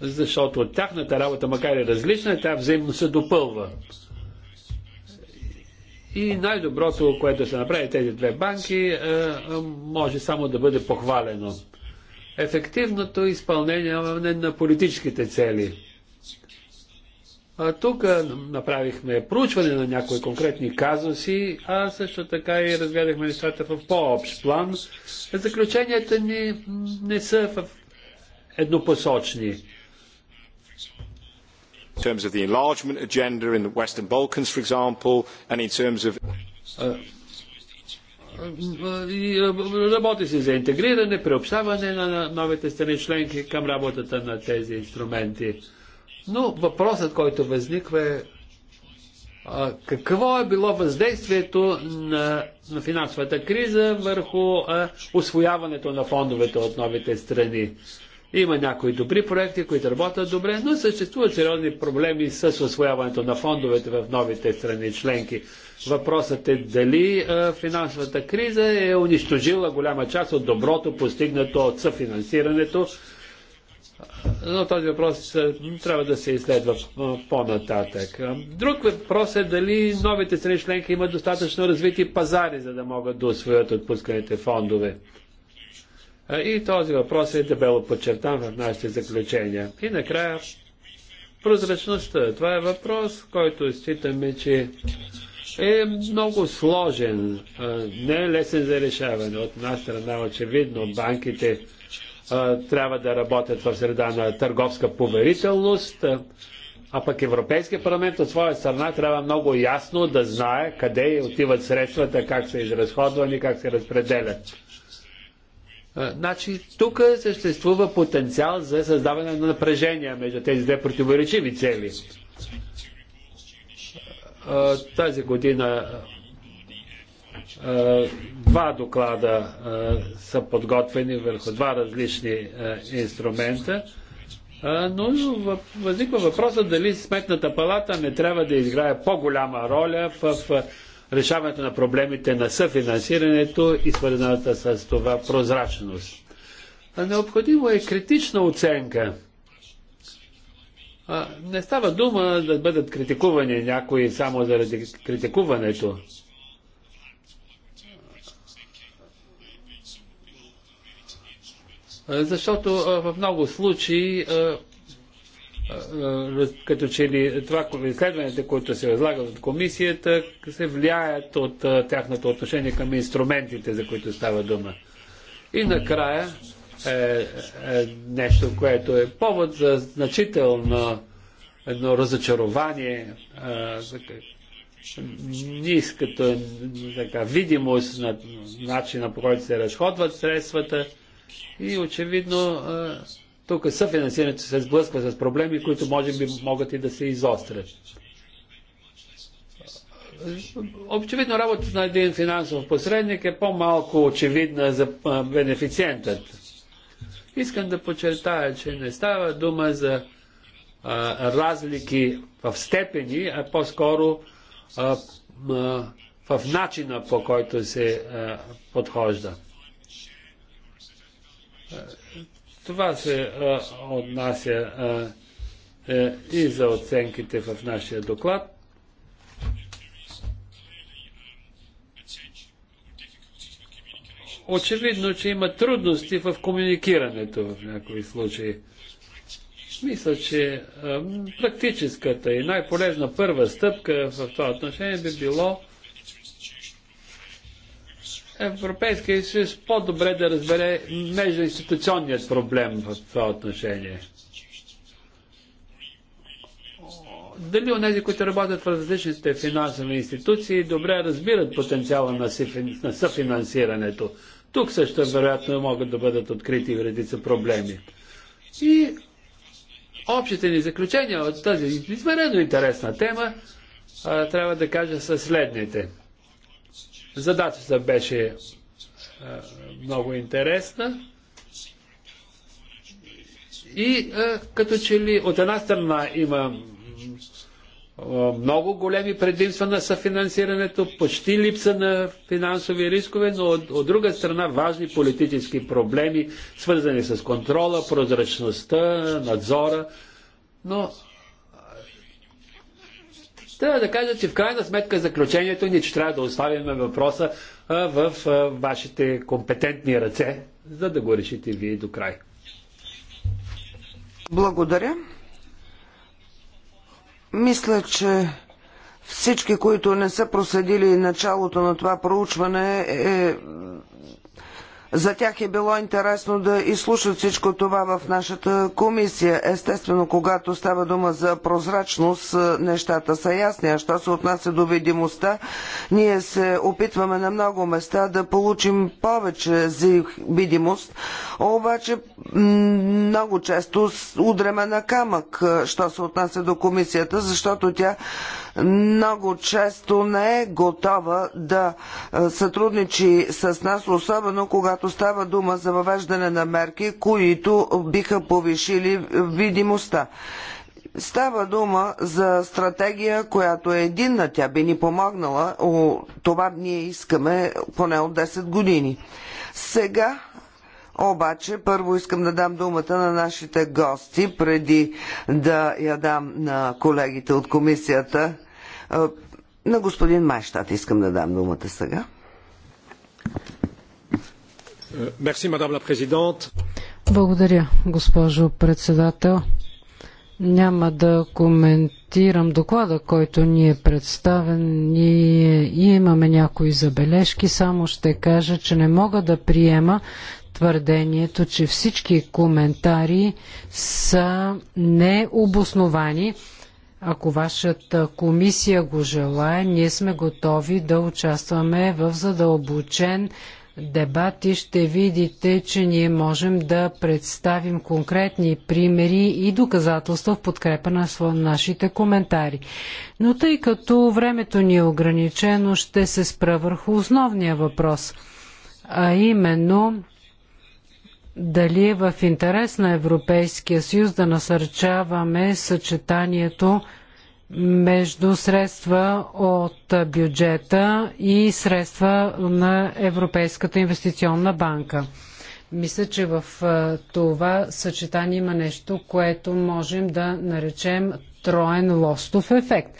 Защото тяхната работа, макар и различна, тя взаимно се допълва. И най-доброто, което ще направи тези две банки, е, е, може само да бъде похвалено. Ефективното изпълнение на политическите цели. А тук направихме проучване на някои конкретни казуси, а също така и разгледахме нещата в по-общ план. Заключенията ни не са в еднопосочни in terms of the enlargement agenda in the Western Balkans, for example, and in terms of... Работи се за интегриране, приобщаване на новите страни членки към работата на тези инструменти. Но въпросът, който възниква е какво е било въздействието на, на финансовата криза върху а, освояването на фондовете от новите страни. Има някои добри проекти, които работят добре, но съществуват сериозни проблеми с освояването на фондовете в новите страни членки. Въпросът е дали финансовата криза е унищожила голяма част от доброто, постигнато от съфинансирането. Но този въпрос трябва да се изследва по-нататък. Друг въпрос е дали новите страни членки имат достатъчно развити пазари, за да могат да освоят отпусканите фондове. И този въпрос е дебело подчертан в нашите заключения. И накрая, прозрачността. Това е въпрос, който считаме, че е много сложен, не е лесен за решаване. От една страна, очевидно, банките трябва да работят в среда на търговска поверителност, а пък Европейския парламент от своя страна трябва много ясно да знае къде отиват средствата, как са изразходвани, как се разпределят. Е, значи, тук съществува потенциал за създаване на напрежение между тези две противоречиви цели. Е, тази година е, два доклада са подготвени върху два различни инструмента, но възниква въпроса дали Сметната палата не трябва да играе по-голяма роля в решаването на проблемите на съфинансирането и свързаната с това прозрачност. Необходимо е критична оценка. Не става дума да бъдат критикувани някои само заради критикуването. Защото в много случаи като че ли това, изследването, които се възлага от комисията, се влияят от тяхното отношение към инструментите, за които става дума. И накрая е, е нещо, което е повод за значително едно разочарование, е, ниската така, видимост на начина по който се разходват средствата и очевидно е, тук съфинансирането се сблъсква с проблеми, които може би могат и да се изострят. Очевидно работата на един финансов посредник е по-малко очевидна за бенефициентът. Искам да подчертая, че не става дума за а, разлики в степени, а по-скоро в начина по който се а, подхожда. Това се а, отнася а, е, и за оценките в нашия доклад. Очевидно, че има трудности в комуникирането в някои случаи. Мисля, че а, практическата и най-полезна първа стъпка в това отношение би било Европейския съюз по-добре да разбере междуинституционният проблем в това отношение. Дали онези, които работят в различните финансови институции, добре разбират потенциала на, съфинансирането. Тук също вероятно могат да бъдат открити редица проблеми. И общите ни заключения от тази измерено интересна тема трябва да кажа са следните – Задачата беше а, много интересна. И а, като че ли от една страна има много големи предимства на съфинансирането, почти липса на финансови рискове, но от, от друга страна важни политически проблеми, свързани с контрола, прозрачността, надзора. Но трябва да кажа, че в крайна сметка заключението ни, е, че трябва да оставим въпроса в вашите компетентни ръце, за да го решите вие до край. Благодаря. Мисля, че всички, които не са проследили началото на това проучване, е, за тях е било интересно да изслушат всичко това в нашата комисия. Естествено, когато става дума за прозрачност, е, нещата са ясни. А що се отнася до видимостта, ние се опитваме на много места да получим повече за видимост, обаче много често удреме на камък, е, що се отнася до комисията, защото тя много често не е готова да сътрудничи с нас, особено когато става дума за въвеждане на мерки, които биха повишили видимостта. Става дума за стратегия, която е единна. Тя би ни помогнала. Това ние искаме поне от 10 години. Сега обаче, първо искам да дам думата на нашите гости, преди да я дам на колегите от комисията. На господин Майштат искам да дам думата сега. Благодаря, госпожо председател. Няма да коментирам доклада, който ни е представен. Ние имаме някои забележки, само ще кажа, че не мога да приема твърдението, че всички коментари са необосновани. Ако вашата комисия го желая, ние сме готови да участваме в задълбочен дебат и ще видите, че ние можем да представим конкретни примери и доказателства в подкрепа на нашите коментари. Но тъй като времето ни е ограничено, ще се спра върху основния въпрос, а именно дали е в интерес на Европейския съюз да насърчаваме съчетанието между средства от бюджета и средства на Европейската инвестиционна банка. Мисля, че в това съчетание има нещо, което можем да наречем троен лостов ефект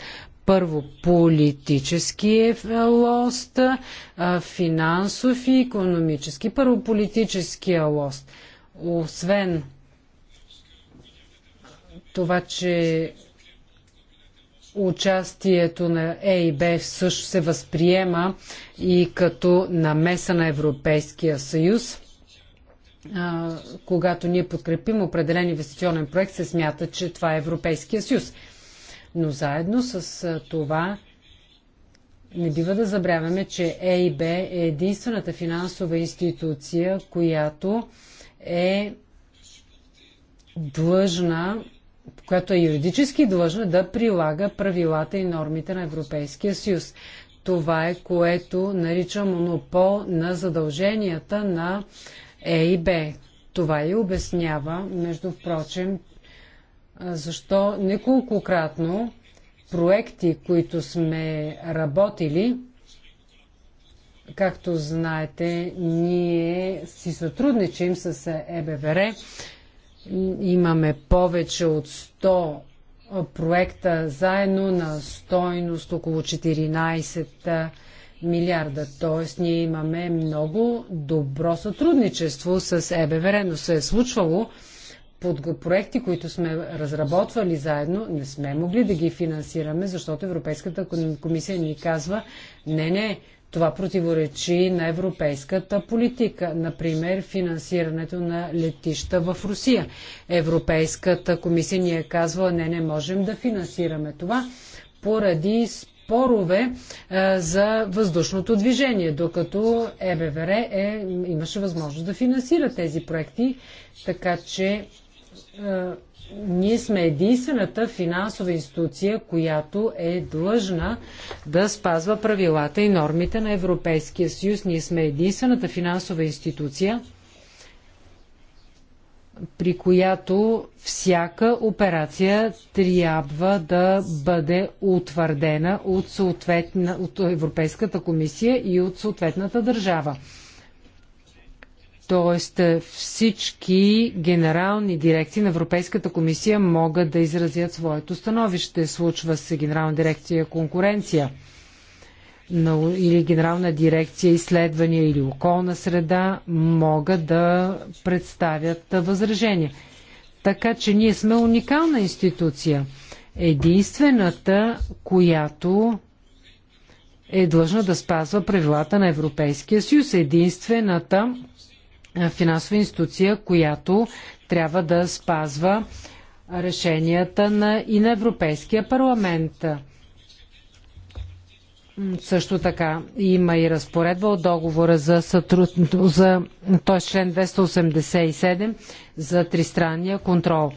първо политически е лост, финансов и економически. Първо политически е лост. Освен това, че участието на ЕИБ също се възприема и като намеса на Европейския съюз. когато ние подкрепим определен инвестиционен проект, се смята, че това е Европейския съюз. Но заедно с това не бива да забравяме, че ЕИБ е единствената финансова институция, която е длъжна, която е юридически длъжна да прилага правилата и нормите на Европейския съюз. Това е което нарича монопол на задълженията на ЕИБ. Това и обяснява, между прочим, защо неколкократно проекти, които сме работили, както знаете, ние си сътрудничим с ЕБВР. Имаме повече от 100 проекта заедно на стойност около 14 милиарда. Тоест ние имаме много добро сътрудничество с ЕБВР, но се е случвало под проекти, които сме разработвали заедно, не сме могли да ги финансираме, защото Европейската комисия ни казва, не, не, това противоречи на европейската политика. Например, финансирането на летища в Русия. Европейската комисия ни е казвала, не, не можем да финансираме това поради спорове а, е, за въздушното движение, докато ЕБВР е, имаше възможност да финансира тези проекти, така че е, ние сме единствената финансова институция, която е длъжна да спазва правилата и нормите на Европейския съюз. Ние сме единствената финансова институция, при която всяка операция трябва да бъде утвърдена от, от Европейската комисия и от съответната държава т.е. всички генерални дирекции на Европейската комисия могат да изразят своето становище. Случва се генерална дирекция конкуренция или генерална дирекция изследвания или околна среда могат да представят възражения. Така че ние сме уникална институция. Единствената, която е длъжна да спазва правилата на Европейския съюз. Единствената, е, финансова институция, която трябва да спазва решенията на, и на Европейския парламент. Също така има и разпоредба от договора за, сътруд... за т.е. член 287 за тристранния контрол.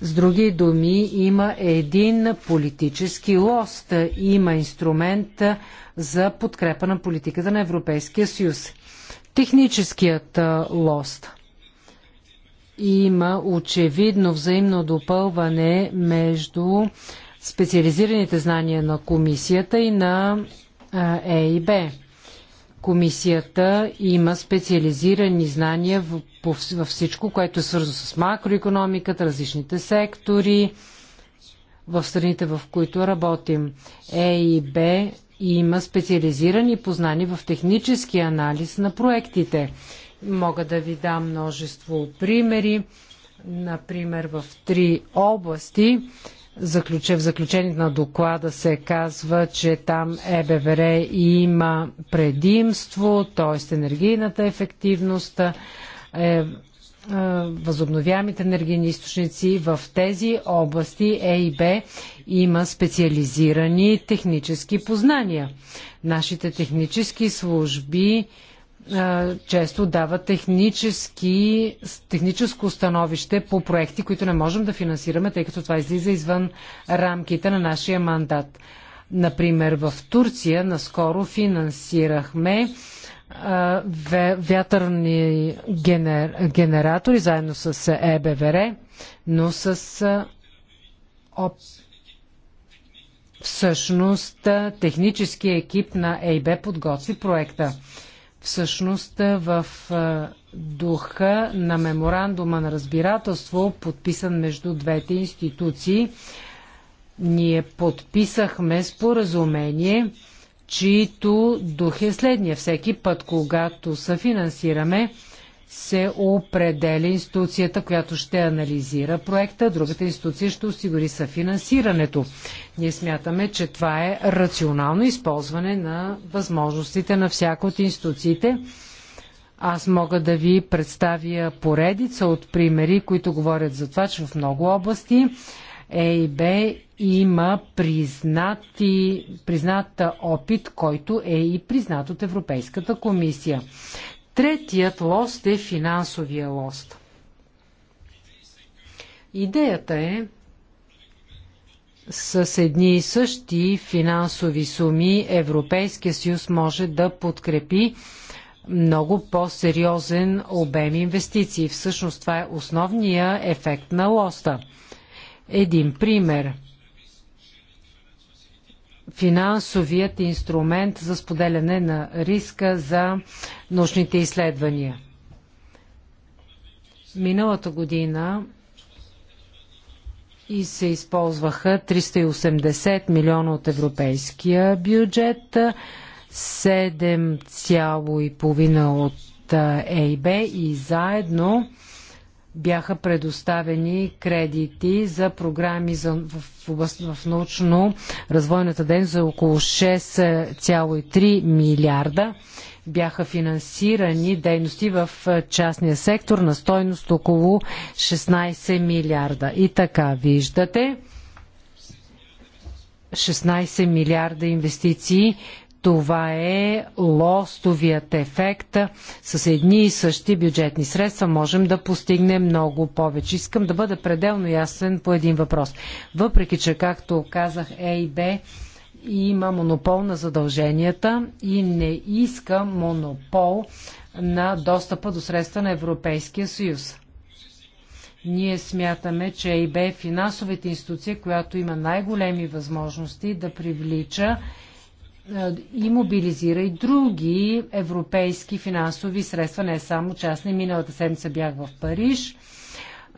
С други думи, има един политически лост, има инструмент за подкрепа на политиката на Европейския съюз техническият лост. Има очевидно взаимно допълване между специализираните знания на комисията и на Е и Б. Комисията има специализирани знания във всичко, което е свързано с макроекономиката, различните сектори, в страните, в които работим. Е и Б има специализирани познани в технически анализ на проектите. Мога да ви дам множество примери. Например, в три области в заключението на доклада се казва, че там ЕБВР има предимство, т.е. енергийната ефективност, е възобновяемите енергийни източници в тези области Е и Б има специализирани технически познания. Нашите технически служби често дават технически, техническо становище по проекти, които не можем да финансираме, тъй като това излиза извън рамките на нашия мандат. Например, в Турция наскоро финансирахме вятърни генер... генератори заедно с ЕБВР, но с ОП. Всъщност, техническия екип на ЕИБ подготви проекта. Всъщност, в духа на меморандума на разбирателство, подписан между двете институции, ние подписахме споразумение, чието дух е следния. Всеки път, когато съфинансираме, се определя институцията, която ще анализира проекта, другата институция ще осигури съфинансирането. Ние смятаме, че това е рационално използване на възможностите на всяка от институциите. Аз мога да ви представя поредица от примери, които говорят за това, че в много области ЕИБ има признати, признат опит, който е и признат от Европейската комисия. Третият лост е финансовия лост. Идеята е с едни и същи финансови суми Европейския съюз може да подкрепи много по-сериозен обем инвестиции. Всъщност това е основния ефект на лоста – един пример. Финансовият инструмент за споделяне на риска за научните изследвания. Миналата година и се използваха 380 милиона от европейския бюджет, 7,5 от ЕИБ и заедно бяха предоставени кредити за програми за, в, област, в научно-развойната дейност за около 6,3 милиарда. Бяха финансирани дейности в частния сектор на стойност около 16 милиарда. И така виждате. 16 милиарда инвестиции това е лостовият ефект. С едни и същи бюджетни средства можем да постигнем много повече. Искам да бъда пределно ясен по един въпрос. Въпреки, че, както казах, Е и Б има монопол на задълженията и не иска монопол на достъпа до средства на Европейския съюз. Ние смятаме, че ЕИБ е финансовата институция, която има най-големи възможности да привлича е, и мобилизира и други европейски финансови средства, не само частни. Миналата седмица бях в Париж.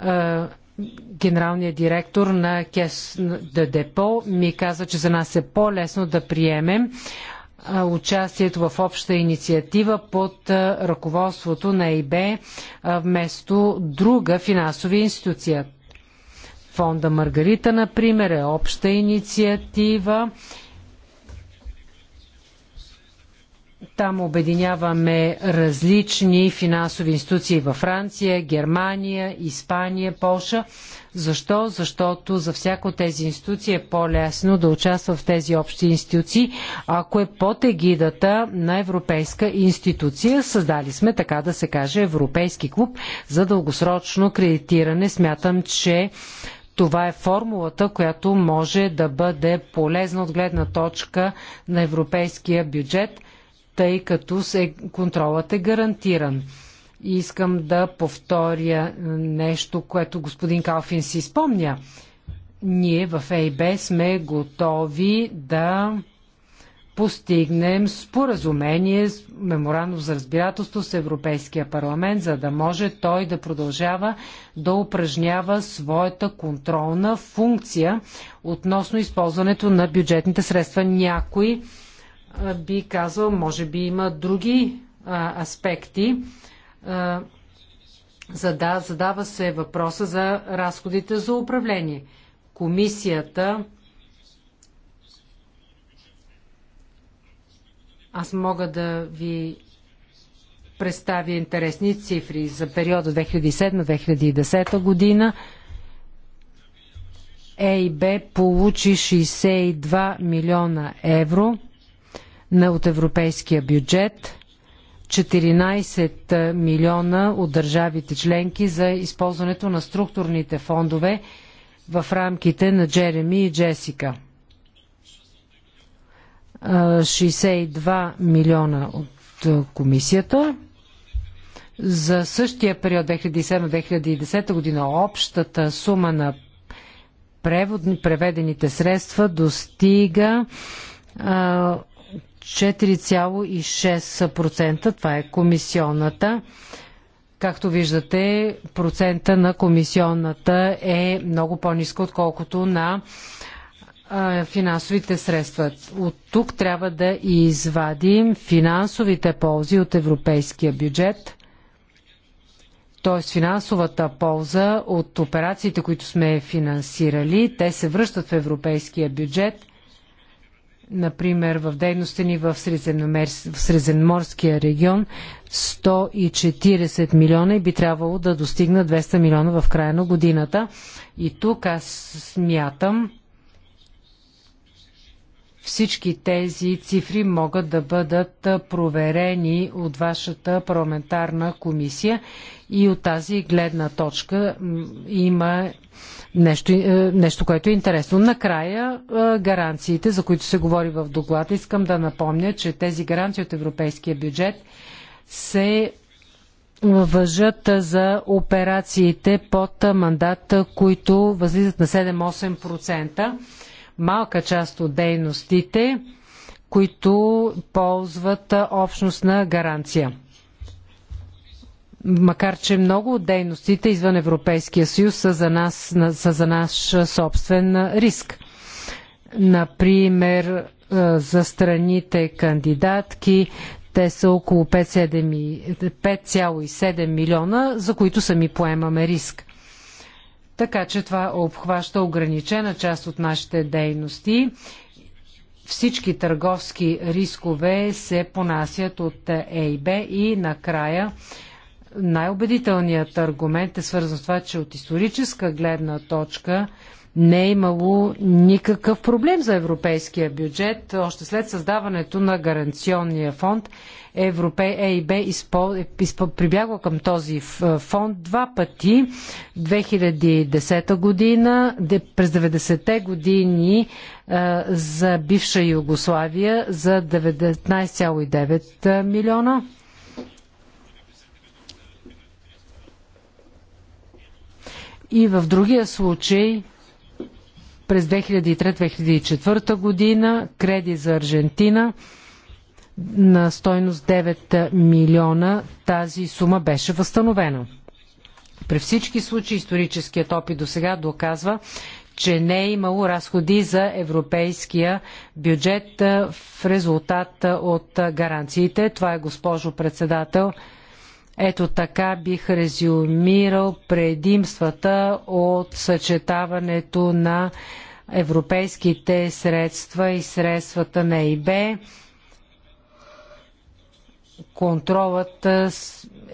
Е, генералният директор на Кес де Депо ми каза, че за нас е по-лесно да приемем е, участието в обща инициатива под ръководството на ИБ вместо друга финансова институция. Фонда Маргарита, например, е обща инициатива Там обединяваме различни финансови институции във Франция, Германия, Испания, Полша. Защо? Защото за всяко от тези институции е по-лесно да участва в тези общи институции, ако е под егидата на европейска институция. Създали сме, така да се каже, Европейски клуб за дългосрочно кредитиране. Смятам, че това е формулата, която може да бъде полезна от гледна точка на европейския бюджет – тъй като се, контролът е гарантиран. Искам да повторя е, нещо, което господин Калфин си спомня. Ние в ЕИБ сме готови да постигнем споразумение, меморандум за разбирателство с Европейския парламент, за да може той да продължава да упражнява своята контролна функция относно използването на бюджетните средства. Някои би казал, може би има други а, аспекти. А, зада, задава се въпроса за разходите за управление. Комисията. Аз мога да ви представя интересни цифри за периода 2007-2010 година. ЕИБ получи 62 милиона евро на, от европейския бюджет, 14 милиона от държавите членки за използването на структурните фондове в рамките на Джереми и Джесика. 62 милиона от комисията. За същия период 2007-2010 година общата сума на преведените средства достига 4,6%. Това е комисионната. Както виждате, процента на комисионната е много по-ниска, отколкото на финансовите средства. От тук трябва да извадим финансовите ползи от европейския бюджет, т.е. финансовата полза от операциите, които сме финансирали. Те се връщат в европейския бюджет – Например, в дейността ни в, Средземномер... в Средземноморския регион 140 милиона и би трябвало да достигна 200 милиона в края на годината. И тук аз смятам, всички тези цифри могат да бъдат проверени от вашата парламентарна комисия и от тази гледна точка има нещо, е, нещо, което е интересно. Накрая е, гаранциите, за които се говори в доклада, искам да напомня, че тези гаранции от европейския бюджет се въжат за операциите под мандата, които възлизат на 7-8%. Малка част от дейностите, които ползват общностна гаранция макар че много от дейностите извън Европейския съюз са за, нас, са за наш собствен риск. Например, за страните кандидатки, те са около 5,7 милиона, за които сами поемаме риск. Така че това обхваща ограничена част от нашите дейности. Всички търговски рискове се понасят от ЕИБ и накрая най-убедителният аргумент е свързан с това, че от историческа гледна точка не е имало никакъв проблем за европейския бюджет. Още след създаването на гаранционния фонд Европе ЕИБ прибягва към този фонд два пъти. 2010 година, през 90-те години за бивша Югославия за 19,9 милиона И в другия случай през 2003-2004 година кредит за Аржентина на стойност 9 милиона тази сума беше възстановена. При всички случаи историческият опит до сега доказва, че не е имало разходи за европейския бюджет в резултат от гаранциите. Това е, госпожо председател, ето така бих резюмирал предимствата от съчетаването на европейските средства и средствата на ИБ. Контролът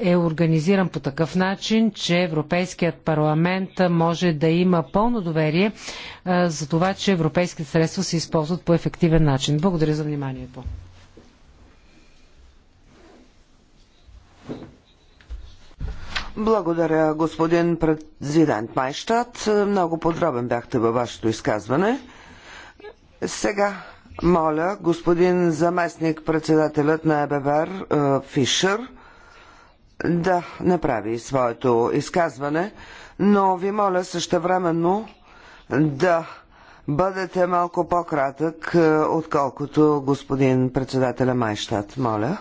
е организиран по такъв начин, че Европейският парламент може да има пълно доверие за това, че европейските средства се използват по ефективен начин. Благодаря за вниманието. Благодаря, господин президент Майштад. Много подробен бяхте във вашето изказване. Сега моля господин заместник председателят на ЕБВР е, Фишер да направи своето изказване, но ви моля същевременно да бъдете малко по-кратък, е, отколкото господин председателя Майштад. Моля.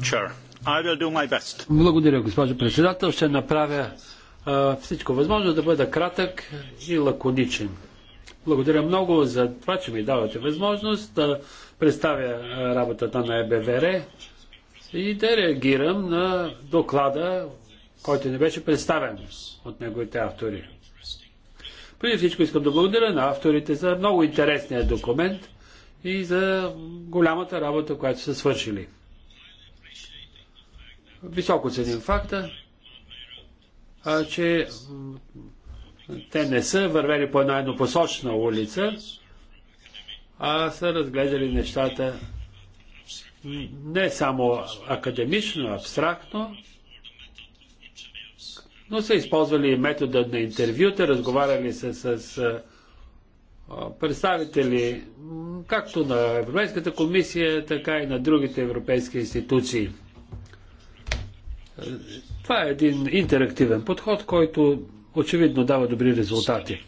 Sure. I will do my best. Благодаря, госпожо председател. Ще направя а, всичко възможно да бъда кратък и лаконичен. Благодаря много за това, че ми давате възможност да представя работата на ЕБВР и да реагирам на доклада, който не беше представен от неговите автори. Преди всичко искам да благодаря на авторите за много интересния документ и за голямата работа, която са свършили. Високо ценим факта, а, че те не са вървели по една еднопосочна улица, а са разгледали нещата не само академично, абстрактно, но са използвали и метода на интервюта, разговаряли се с, с представители както на Европейската комисия, така и на другите европейски институции. Това е един интерактивен подход, който очевидно дава добри резултати.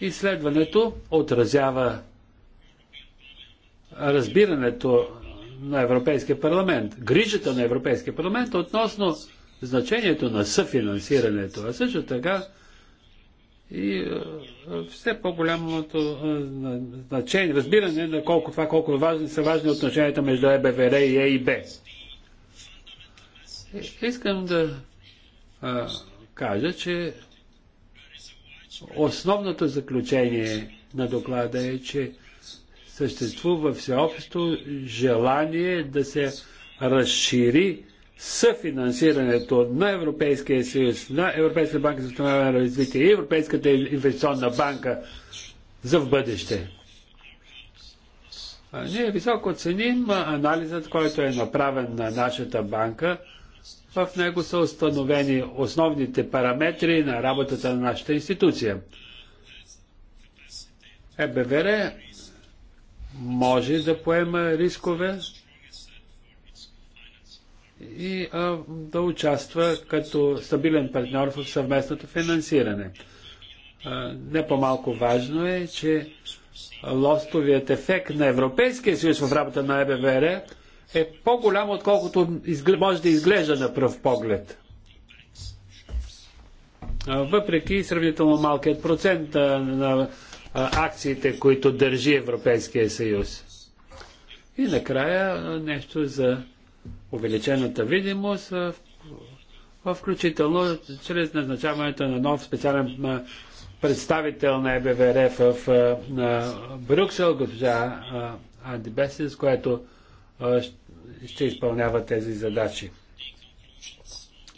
Изследването отразява разбирането на Европейския парламент, грижата на Европейския парламент относно значението на съфинансирането, а също така и е, все по-голямото е, значение, разбиране на колко това, колко важни са важни отношенията между ЕБВР и ЕИБ. Искам да а, кажа, че основното заключение на доклада е, че съществува всеобщо желание да се разшири съфинансирането на Европейския съюз, на Европейска банка за възстановяване на развитие и Европейската инвестиционна банка за в бъдеще. Ние високо ценим анализът, който е направен на нашата банка в него са установени основните параметри на работата на нашата институция. ЕБВР може да поема рискове и а, да участва като стабилен партньор в съвместното финансиране. А, не по-малко важно е, че лостовият ефект на Европейския съюз в работа на ЕБВР е по голям отколкото може да изглежда на пръв поглед. Въпреки сравнително малкият процент на акциите, които държи Европейския съюз. И накрая нещо за увеличената видимост, включително чрез назначаването на нов специален представител на ЕБВРФ в Брюксел, госпожа Анди Бесис, което ще изпълнява тези задачи.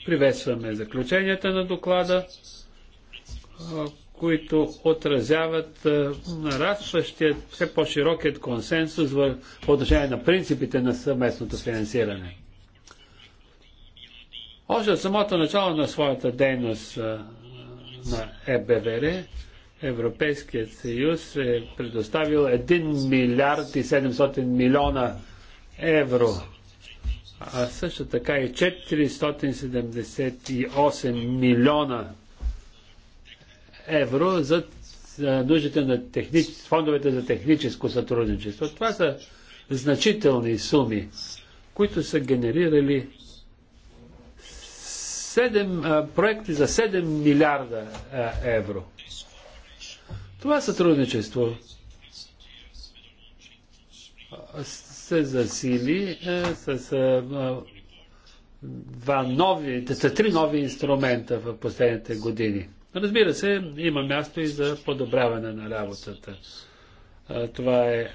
Приветстваме заключенията на доклада, които отразяват нарастващият, все по-широкият консенсус в отношение на принципите на съвместното финансиране. Още от самото начало на своята дейност на ЕБВР, Европейският съюз е предоставил 1 милиард и 700 милиона евро. А също така и 478 милиона евро за нуждите на технич... фондовете за техническо сътрудничество. Това са значителни суми, които са генерирали 7, проекти за 7 милиарда евро. Това сътрудничество се засили е, с е, е, два нови, с три нови инструмента в последните години. Разбира се, има място и за подобряване на работата. това е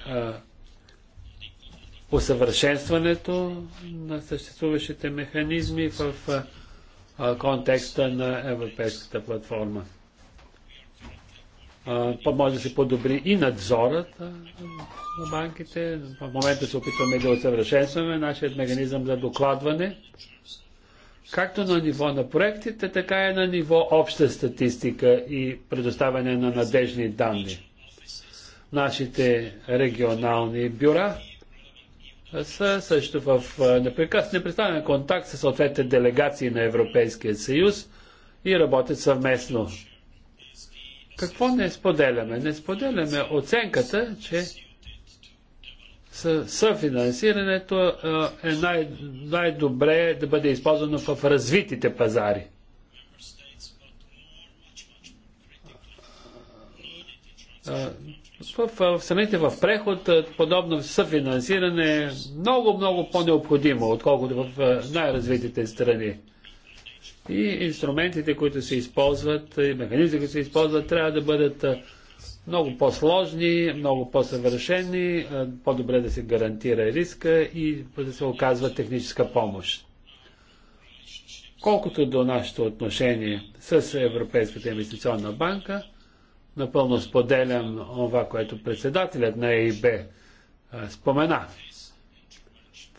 усъвършенстването на съществуващите механизми в контекста на Европейската платформа може да се подобри и надзорът на банките. В момента се опитваме да усъвършенстваме нашия механизъм за докладване, както на ниво на проектите, така и на ниво обща статистика и предоставяне на надежни данни. Нашите регионални бюра са също в непрестанен контакт с съответните делегации на Европейския съюз и работят съвместно какво не споделяме? Не споделяме оценката, че съфинансирането е най- най-добре да бъде използвано в развитите пазари. В, в страните в преход подобно съфинансиране е много, много по-необходимо, отколкото в най-развитите страни и инструментите, които се използват, и механизмите, които се използват, трябва да бъдат много по-сложни, много по-съвършени, по-добре да се гарантира риска и да се оказва техническа помощ. Колкото до нашето отношение с Европейската инвестиционна банка, напълно споделям това, което председателят на ЕИБ спомена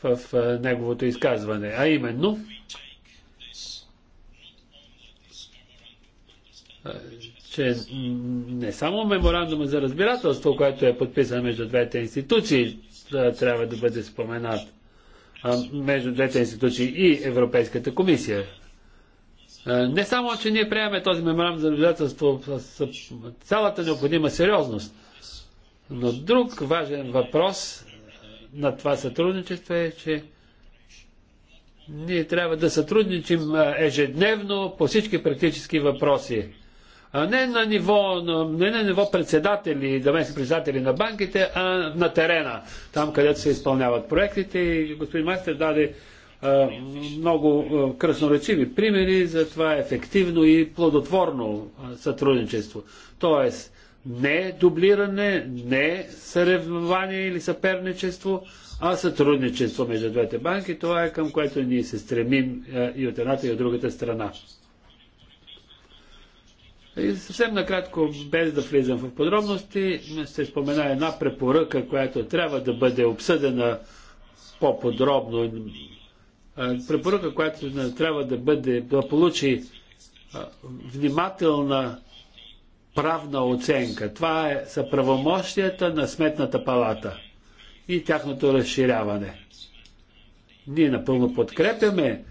в неговото изказване, а именно, че не само меморандума за разбирателство, което е подписан между двете институции, трябва да бъде споменат между двете институции и Европейската комисия. Не само, че ние приемаме този меморандум за разбирателство с цялата необходима сериозност, но друг важен въпрос на това сътрудничество е, че ние трябва да сътрудничим ежедневно по всички практически въпроси не на ниво, не на ниво председатели, заместни председатели на банките, а на терена, там където се изпълняват проектите. И господин Майстер даде много красноречиви примери за това ефективно и плодотворно сътрудничество. Тоест, не дублиране, не съревнование или съперничество, а сътрудничество между двете банки. Това е към което ние се стремим и от едната и от другата страна. И съвсем накратко, без да влизам в подробности, се спомена една препоръка, която трябва да бъде обсъдена по-подробно. Препоръка, която трябва да бъде, да получи внимателна правна оценка. Това е, са правомощията на Сметната палата и тяхното разширяване. Ние напълно подкрепяме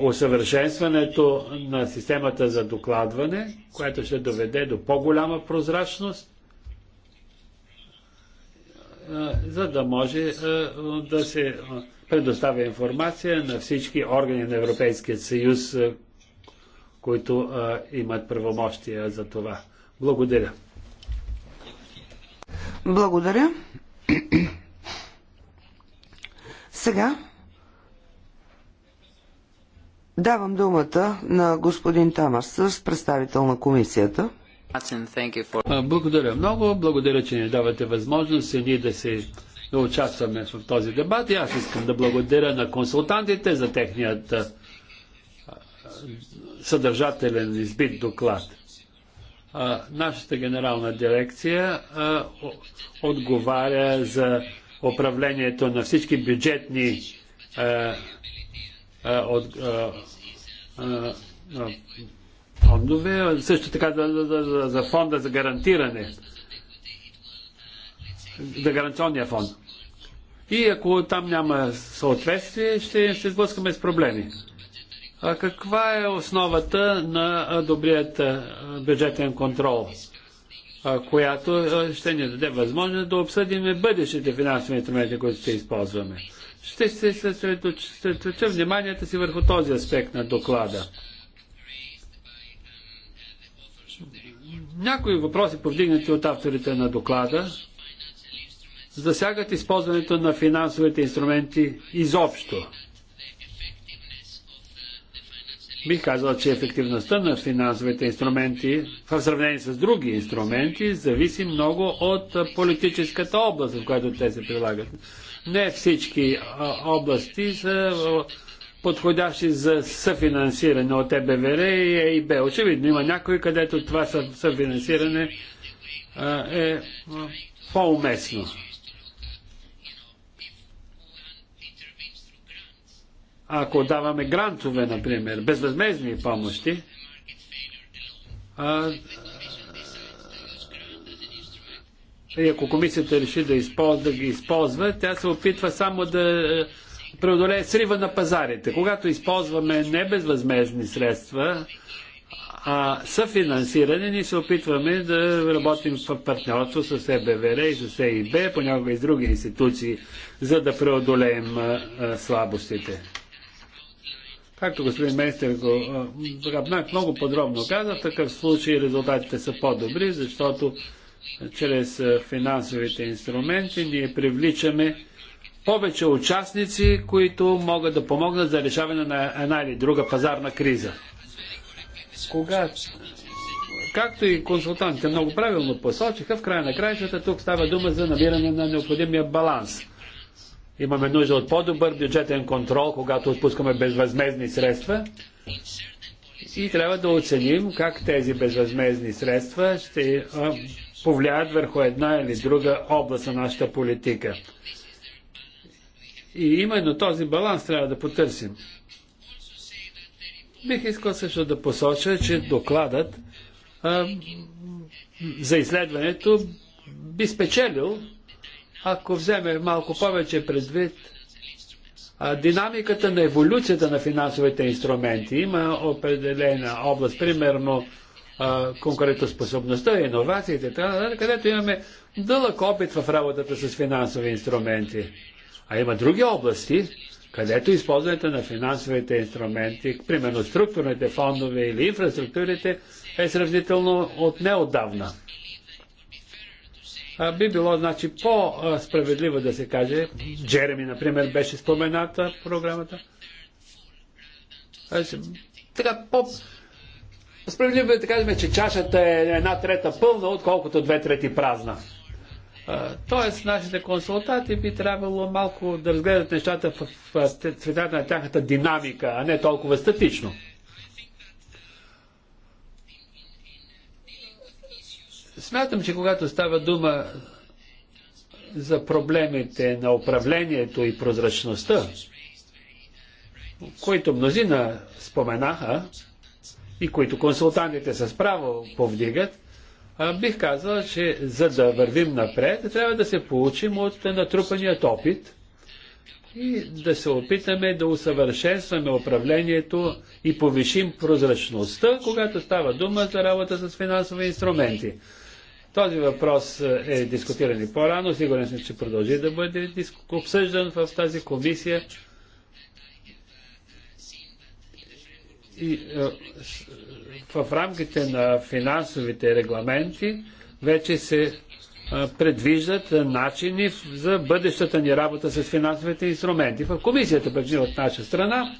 усъвършенстването на системата за докладване, което ще доведе до по-голяма прозрачност, за да може да се предоставя информация на всички органи на Европейския съюз, които имат правомощия за това. Благодаря. Благодаря. Сега Давам думата на господин Тамас, представител на комисията. Благодаря много. Благодаря, че ни давате възможност и ние да се да участваме в този дебат. И аз искам да благодаря на консултантите за техният съдържателен избит доклад. нашата генерална дирекция отговаря за управлението на всички бюджетни от фондове, също така за, за, за фонда за гарантиране, за гаранционния фонд. И ако там няма съответствие, ще се сблъскаме с проблеми. А каква е основата на добрият бюджетен контрол, която ще ни даде възможност да обсъдим бъдещите финансови инструменти, които ще използваме? Ще се съсредоточа вниманието си върху този аспект на доклада. Някои въпроси, повдигнати от авторите на доклада, засягат използването на финансовите инструменти изобщо. Бих казал, че ефективността на финансовите инструменти в сравнение с други инструменти зависи много от политическата област, в която те се прилагат. Не всички области са подходящи за съфинансиране от ЕБВР и ЕИБ. Очевидно има някои, където това съфинансиране е по-уместно. Ако даваме грантове, например, безвъзмезни помощи, И ако комисията реши да, използва, да ги използва, тя се опитва само да е, преодолее срива на пазарите. Когато използваме не безвъзмезни средства, а съфинансиране, ние се опитваме да работим в партньорство с ЕБВР и с ЕИБ, понякога и с други институции, за да преодолеем а, е, а, е, слабостите. Както господин Мейстер го много подробно каза, в такъв случай резултатите са по-добри, защото чрез финансовите инструменти ние привличаме повече участници, които могат да помогнат за решаване на една или друга пазарна криза. Кога, както и консултантите много правилно посочиха, в края на краищата тук става дума за набиране на необходимия баланс. Имаме нужда от по-добър бюджетен контрол, когато отпускаме безвъзмезни средства и трябва да оценим как тези безвъзмезни средства ще повлияят върху една или друга област на нашата политика. И именно този баланс трябва да потърсим. Бих искал също да посоча, че докладът а, за изследването би спечелил, ако вземе малко повече предвид а, динамиката на еволюцията на финансовите инструменти. Има определена област, примерно конкурентоспособността, иновациите, така, където имаме дълъг опит в работата с финансови инструменти. А има други области, където използването на финансовите инструменти, примерно структурните фондове или инфраструктурите, е сравнително от неодавна. А, би било значи, по-справедливо да се каже, Джереми, например, беше спомената програмата, а, така по Справедливо е да кажем, че чашата е една трета пълна, отколкото две трети празна. Тоест, нашите консултати би трябвало малко да разгледат нещата в, цветата на тяхната динамика, а не толкова статично. Смятам, че когато става дума за проблемите на управлението и прозрачността, които мнозина споменаха, и които консултантите с право повдигат, бих казал, че за да вървим напред, трябва да се получим от натрупаният опит и да се опитаме да усъвършенстваме управлението и повишим прозрачността, когато става дума за работа с финансови инструменти. Този въпрос е дискутиран и по-рано. Сигурен съм, че продължи да бъде обсъждан в тази комисия и е, в рамките на финансовите регламенти вече се е, предвиждат начини за бъдещата ни работа с финансовите инструменти. В комисията пък от наша страна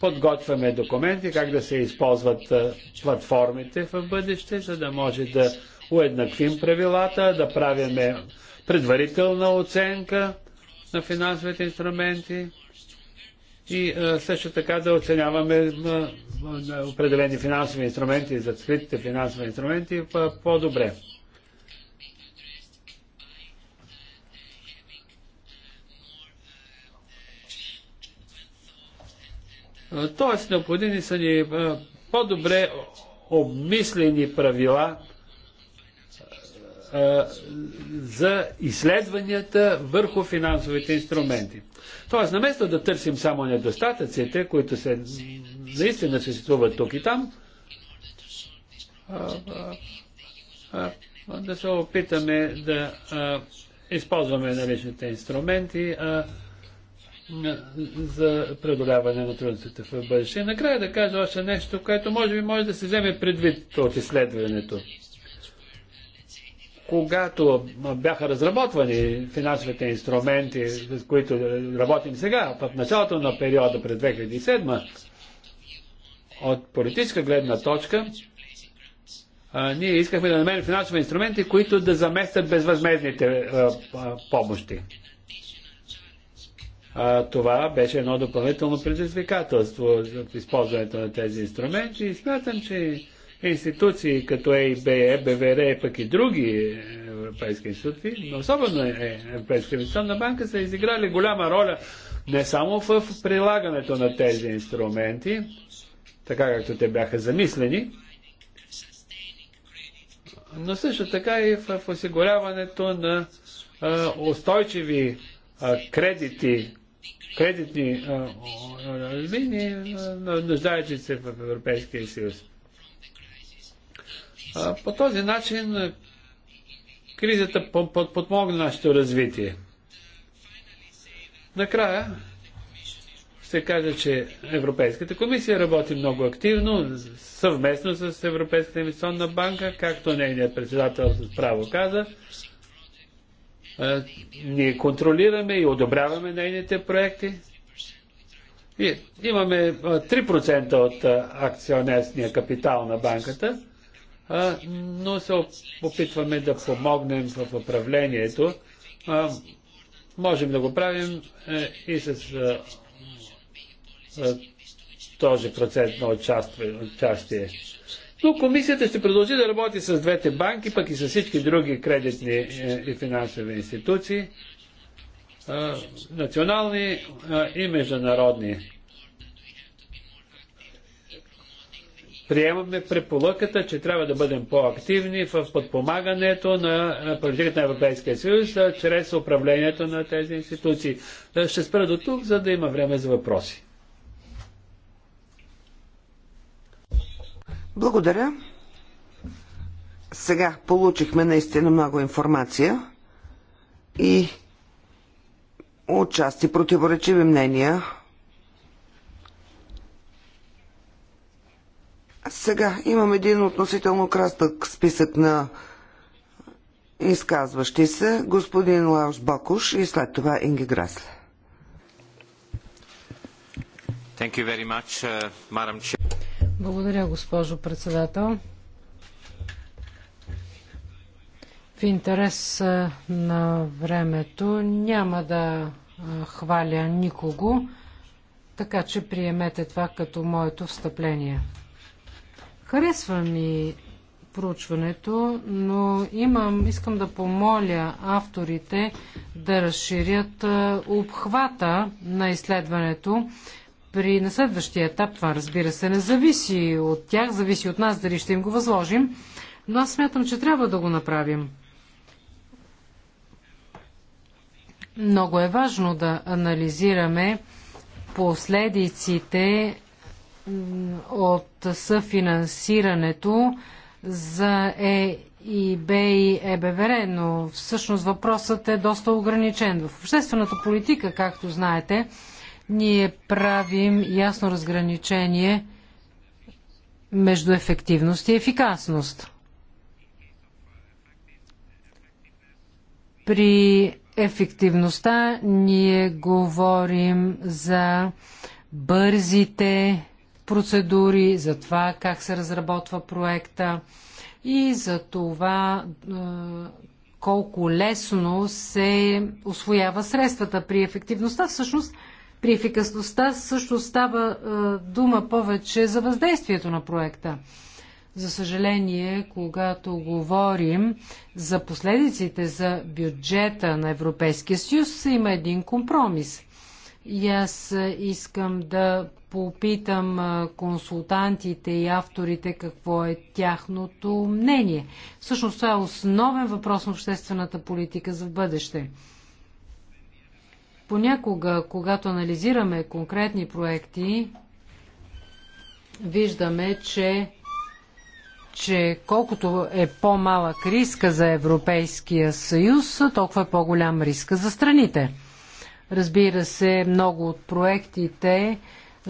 подготвяме документи как да се използват е, платформите в бъдеще, за да може да уеднаквим правилата, да правиме предварителна оценка на финансовите инструменти, и е, също така да оценяваме е, е, определени финансови инструменти, за скритите финансови инструменти по-добре. Тоест, необходими са ни по-добре обмислени правила, за изследванията върху финансовите инструменти. Тоест, наместо да търсим само недостатъците, които се наистина съществуват тук и там, да се опитаме да използваме наличните инструменти за преодоляване на трудностите в бъдеще. И накрая да кажа още нещо, което може би може да се вземе предвид от изследването когато бяха разработвани финансовите инструменти, с които работим сега, в началото на периода през 2007, от политическа гледна точка, ние искахме да намерим финансови инструменти, които да заместят безвъзмезните помощи. А, това беше едно допълнително предизвикателство за използването на тези инструменти и смятам, че институции като ЕИБ, e, БВР, е, пък и други европейски институции, но особено е, е, Европейска инвестиционна банка, са изиграли голяма роля не само в прилагането на тези инструменти, така както те бяха замислени, но също така и в осигуряването на устойчиви кредити, кредитни линии, нуждаещи се в Европейския съюз. По този начин е, кризата подпомогна нашето развитие. Накрая ще кажа, че Европейската комисия работи много активно, съвместно с Европейската инвестиционна банка, както нейният председател с право каза. Е, ние контролираме и одобряваме нейните проекти. И имаме 3% е, от акционерния капитал на банката – но се опитваме да помогнем в управлението. Можем да го правим е, и с този процент на участие. Но комисията ще продължи да работи с двете банки, пък и с всички други кредитни е, и финансови институции, национални и международни. приемаме препоръката, че трябва да бъдем по-активни в подпомагането на, политиката на Европейския съюз чрез управлението на тези институции. Ще спра до тук, за да има време за въпроси. Благодаря. Сега получихме наистина много информация и отчасти противоречиви мнения Сега имам един относително крастък списък на изказващи се. Господин Лаус Бакуш и след това Инги Грасле. Much, uh, Благодаря, госпожо председател. В интерес на времето няма да хваля никого, така че приемете това като моето встъпление. Харесва ми проучването, но имам, искам да помоля авторите да разширят обхвата на изследването. При на следващия етап това, разбира се, не зависи от тях, зависи от нас дали ще им го възложим, но аз смятам, че трябва да го направим. Много е важно да анализираме последиците от съфинансирането за ЕИБ и ЕБВР, но всъщност въпросът е доста ограничен. В обществената политика, както знаете, ние правим ясно разграничение между ефективност и ефикасност. При ефективността ние говорим за бързите процедури, за това как се разработва проекта и за това колко лесно се освоява средствата при ефективността. Всъщност, при ефикасността също става дума повече за въздействието на проекта. За съжаление, когато говорим за последиците за бюджета на Европейския съюз, има един компромис. И аз искам да попитам консултантите и авторите какво е тяхното мнение. Всъщност това е основен въпрос на обществената политика за бъдеще. Понякога, когато анализираме конкретни проекти, виждаме, че, че колкото е по-малък риска за Европейския съюз, толкова е по-голям риска за страните. Разбира се, много от проектите е,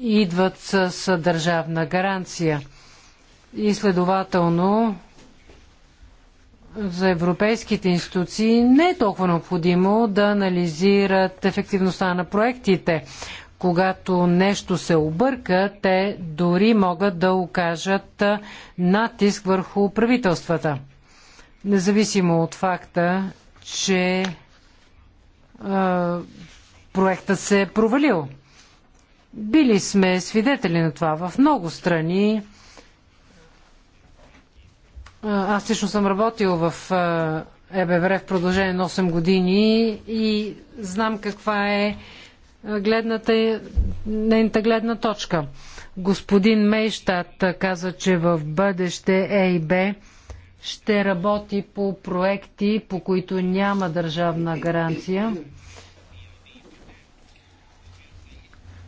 идват с държавна гаранция. И следователно за европейските институции не е толкова необходимо да анализират ефективността на проектите. Когато нещо се обърка, те дори могат да окажат е, натиск върху правителствата. Независимо от факта, че Проектът се е провалил. Били сме свидетели на това в много страни. Аз лично съм работил в ЕБВР в продължение на 8 години и знам каква е гледната, нейната гледна точка. Господин Мейштат каза, че в бъдеще ЕИБ ще работи по проекти, по които няма държавна гаранция.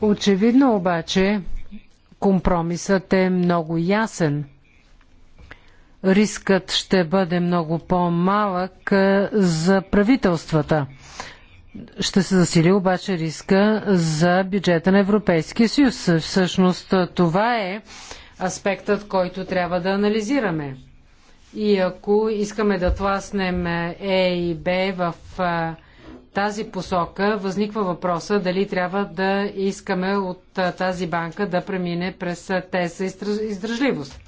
Очевидно обаче компромисът е много ясен. Рискът ще бъде много по-малък за правителствата. Ще се засили обаче риска за бюджета на Европейския съюз. Всъщност това е аспектът, който трябва да анализираме. И ако искаме да тласнем Е и Б в тази посока, възниква въпроса дали трябва да искаме от тази банка да премине през теса издръжливост.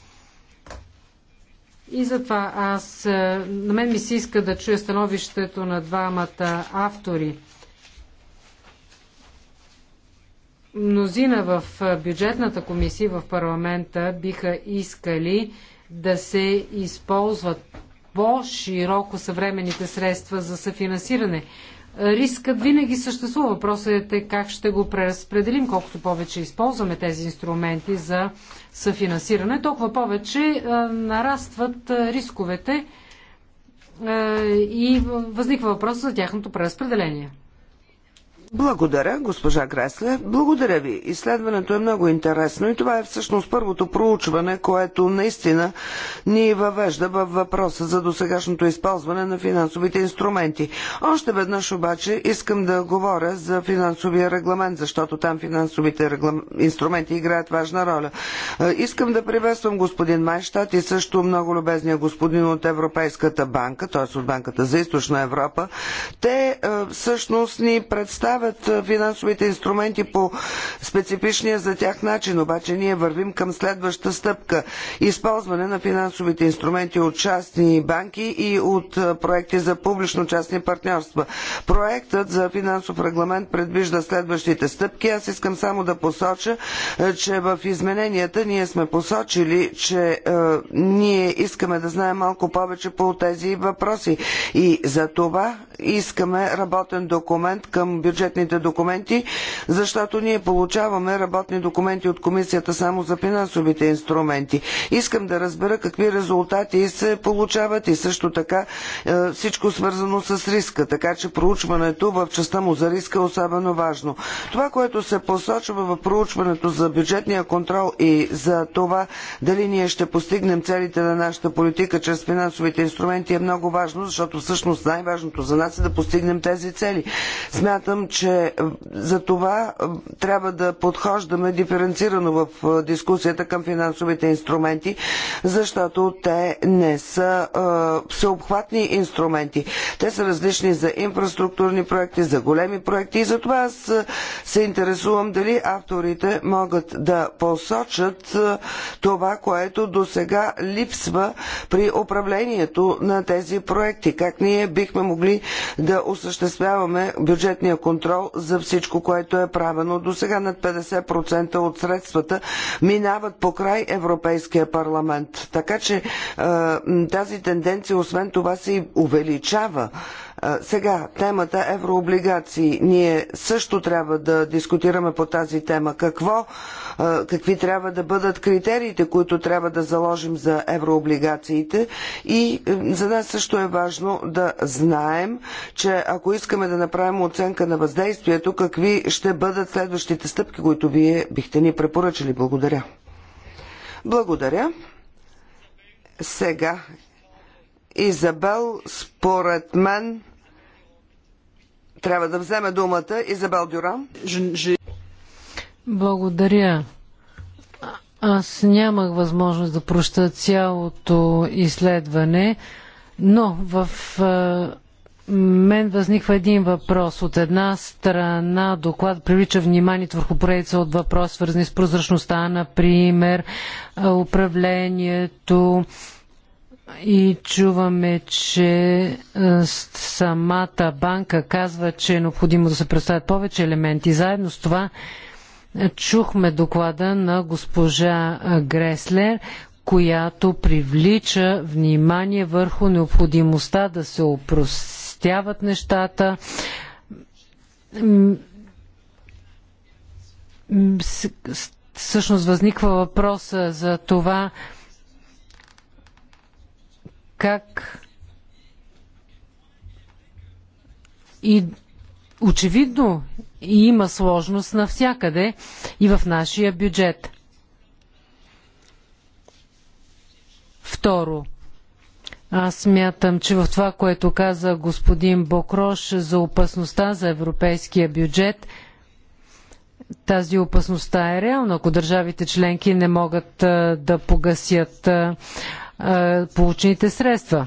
И затова аз, на мен ми се иска да чуя становището на двамата автори. Мнозина в бюджетната комисия в парламента биха искали да се използват по-широко съвременните средства за съфинансиране. Рискът винаги съществува. Въпросът е как ще го преразпределим. Колкото повече използваме тези инструменти за съфинансиране, толкова повече е, нарастват е, рисковете е, и възниква въпрос за тяхното преразпределение. Благодаря, госпожа Гресле. Благодаря ви. Изследването е много интересно и това е всъщност първото проучване, което наистина ни въвежда във въпроса за досегашното използване на финансовите инструменти. Още веднъж обаче искам да говоря за финансовия регламент, защото там финансовите реглам... инструменти играят важна роля. Е, искам да приветствам господин Майштат и също много любезния господин от Европейската банка, т.е. от Банката за източна Европа. Те е, всъщност ни представят предоставят финансовите инструменти по специфичния за тях начин, обаче ние вървим към следваща стъпка – използване на финансовите инструменти от частни банки и от проекти за публично-частни партньорства. Проектът за финансов регламент предвижда следващите стъпки. Аз искам само да посоча, че в измененията ние сме посочили, че е, ние искаме да знаем малко повече по тези въпроси. И за това искаме работен документ към бюджет бюджетните документи, защото ние получаваме работни документи от комисията само за финансовите инструменти. Искам да разбера какви резултати се получават и също така е, всичко свързано с риска, така че проучването в частта му за риска е особено важно. Това, което се посочва в проучването за бюджетния контрол и за това дали ние ще постигнем целите на нашата политика чрез финансовите инструменти е много важно, защото всъщност най-важното за нас е да постигнем тези цели. Смятам, че че за това трябва да подхождаме диференцирано в дискусията към финансовите инструменти, защото те не са всеобхватни инструменти. Те са различни за инфраструктурни проекти, за големи проекти и затова аз се интересувам дали авторите могат да посочат това, което до сега липсва при управлението на тези проекти. Как ние бихме могли да осъществяваме бюджетния контрол контрол за всичко, което е правено. До сега над 50% от средствата минават по край Европейския парламент. Така че е, тази тенденция, освен това, се увеличава. Сега, темата еврооблигации. Ние също трябва да дискутираме по тази тема. Какво, какви трябва да бъдат критериите, които трябва да заложим за еврооблигациите. И за нас също е важно да знаем, че ако искаме да направим оценка на въздействието, какви ще бъдат следващите стъпки, които вие бихте ни препоръчали. Благодаря. Благодаря. Сега Изабел, според мен, трябва да вземе думата. Изабел Дюран. Благодаря. Аз нямах възможност да проща цялото изследване, но в мен възниква един въпрос. От една страна доклад привлича вниманието върху поредица от въпроси, свързани с прозрачността, например, управлението, и чуваме, че е, самата банка казва, че е необходимо да се представят повече елементи. Заедно с това е, чухме доклада на госпожа е, Греслер, която привлича внимание върху необходимостта да се опростяват нещата. Всъщност възниква въпроса за това, как и очевидно има сложност навсякъде и в нашия бюджет. Второ, аз смятам, че в това, което каза господин Бокрош за опасността за европейския бюджет, тази опасността е реална, ако държавите членки не могат да погасят е, получените средства.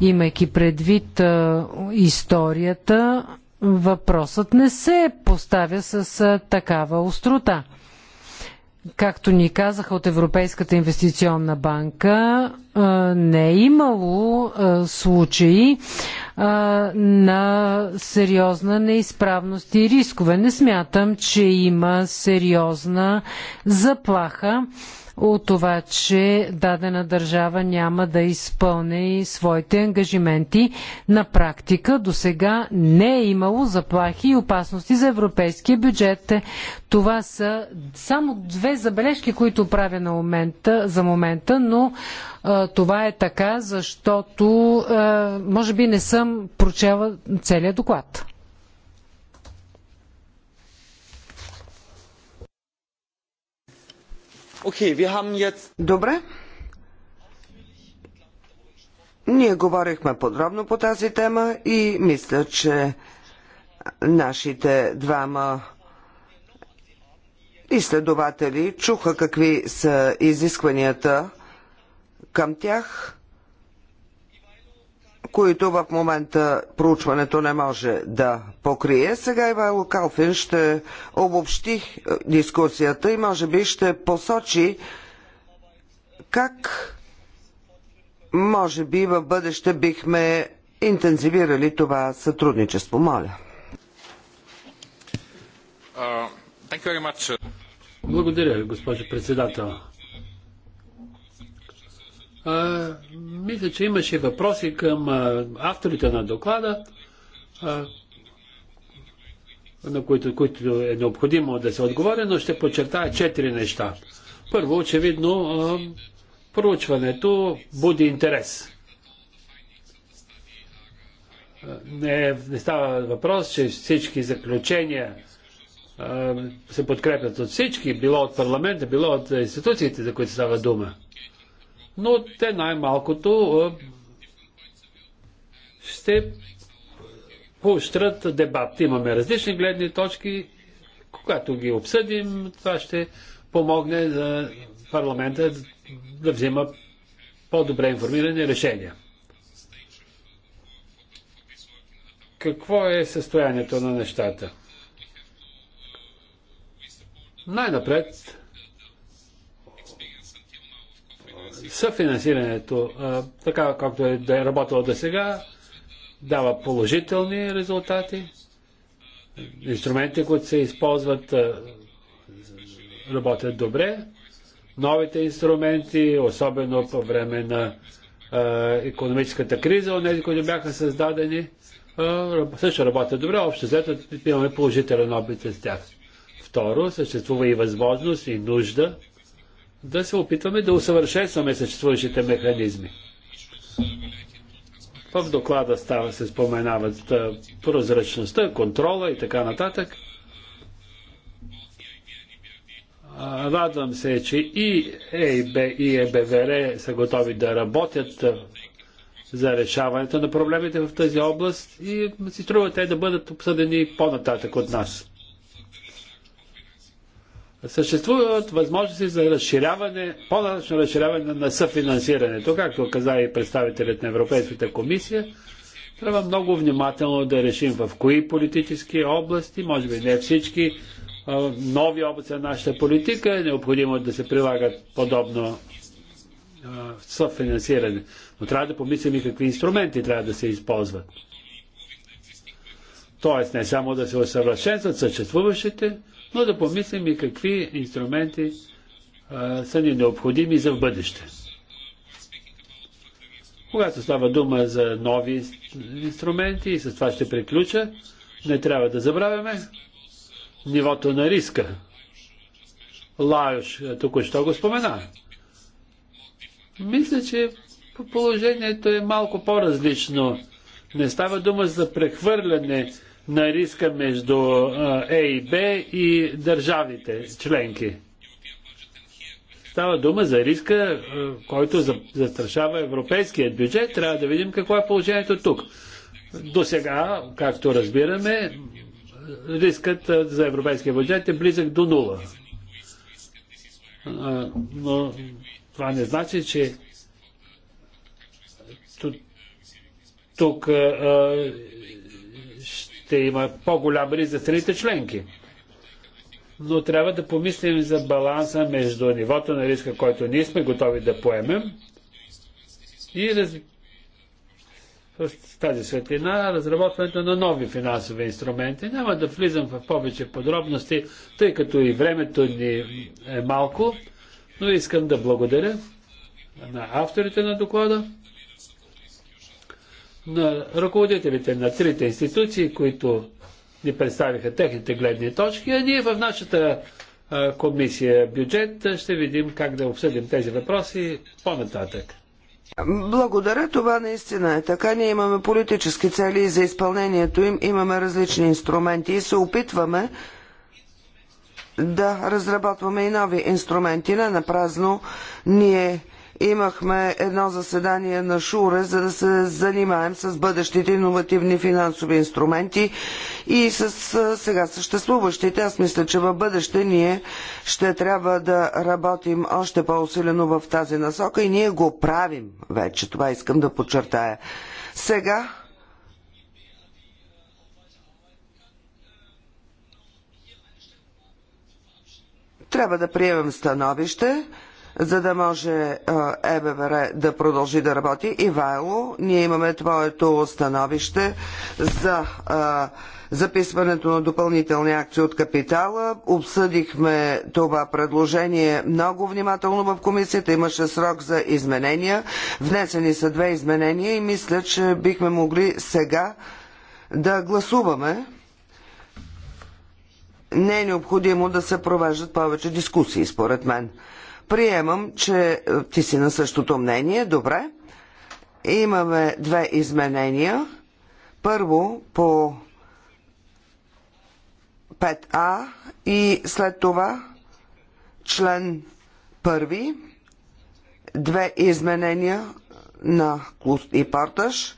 Имайки предвид е, историята, въпросът не се поставя с е, такава острота. Както ни казаха от Европейската инвестиционна банка, не е имало случаи на сериозна неизправност и рискове. Не смятам, че има сериозна заплаха от това, че дадена държава няма да изпълни своите ангажименти. На практика до сега не е имало заплахи и опасности за европейския бюджет. Това са само две забележки, които правя на момента, за момента, но а, това е така, защото а, може би не съм прочела целият доклад. Добре. Ние говорихме подробно по тази тема и мисля, че нашите двама изследователи чуха какви са изискванията към тях които в момента проучването не може да покрие. Сега Ивайло Калфин ще обобщи е, дискусията и може би ще посочи как може би в бъдеще бихме интензивирали това сътрудничество. Моля. Uh, Благодаря, госпожо председател. А, мисля, че имаше въпроси към а, авторите на доклада, а, на които, които е необходимо да се отговори, но ще подчертая четири неща. Първо, очевидно, а, проучването буди интерес. Не, не става въпрос, че всички заключения а, се подкрепят от всички, било от парламента, било от институциите, за които става дума но те най-малкото ще поощрят дебат. Имаме различни гледни точки, когато ги обсъдим, това ще помогне за парламента да взима по-добре информирани решения. Какво е състоянието на нещата? Най-напред съфинансирането, така както е, е работило до сега, дава положителни резултати. Инструментите, които се използват, работят добре. Новите инструменти, особено по време на економическата криза, тези, които бяха създадени, също работят добре. Общо взето имаме положителен опит с тях. Второ, съществува и възможност и нужда да се опитваме да усъвършенстваме съществуващите механизми. В доклада става се споменават прозрачността, контрола и така нататък. Радвам се, че и ЕИБ и ЕБВР са готови да работят за решаването на проблемите в тази област и си струва те да бъдат обсъдени по-нататък от нас. Съществуват възможности за разширяване, по-нататъчно разширяване на съфинансирането, както каза и представителят на Европейската комисия. Трябва много внимателно да решим в кои политически области, може би не всички нови области на нашата политика е необходимо да се прилагат подобно съфинансиране. Но трябва да помислим и какви инструменти трябва да се използват. Тоест не само да се усъвършенстват съществуващите, но да помислим и какви инструменти а, са ни необходими за в бъдеще. Когато става дума за нови инструменти, и с това ще приключа, не трябва да забравяме нивото на риска. Лайош току-що го спомена. Мисля, че положението е малко по-различно. Не става дума за прехвърляне на риска между Е и Б и държавите членки. Става дума за риска, който застрашава европейският бюджет. Трябва да видим какво е положението тук. До сега, както разбираме, рискът за европейския бюджет е близък до нула. Но това не значи, че тук ще има по-голям риск за страните членки. Но трябва да помислим за баланса между нивото на риска, който ние сме готови да поемем и раз... в тази светлина разработването на нови финансови инструменти. Няма да влизам в повече подробности, тъй като и времето ни е малко, но искам да благодаря на авторите на доклада на ръководителите на трите институции, които ни представиха техните гледни точки, а ние в нашата комисия бюджет ще видим как да обсъдим тези въпроси по-нататък. Благодаря, това наистина е така. Ние имаме политически цели и за изпълнението им имаме различни инструменти и се опитваме да разработваме и нови инструменти. Не напразно ние имахме едно заседание на Шуре, за да се занимаем с бъдещите иновативни финансови инструменти и с сега съществуващите. Аз мисля, че в бъдеще ние ще трябва да работим още по-усилено в тази насока и ние го правим вече. Това искам да подчертая. Сега трябва да приемем становище за да може ЕББР да продължи да работи. Ивайло, ние имаме твоето становище за записването на допълнителни акции от капитала. Обсъдихме това предложение много внимателно в комисията. Имаше срок за изменения. Внесени са две изменения и мисля, че бихме могли сега да гласуваме. Не е необходимо да се провеждат повече дискусии, според мен. Приемам, че е, ти си на същото мнение. Добре. Имаме две изменения. Първо по 5А и след това член първи. Две изменения на Клуст и Парташ.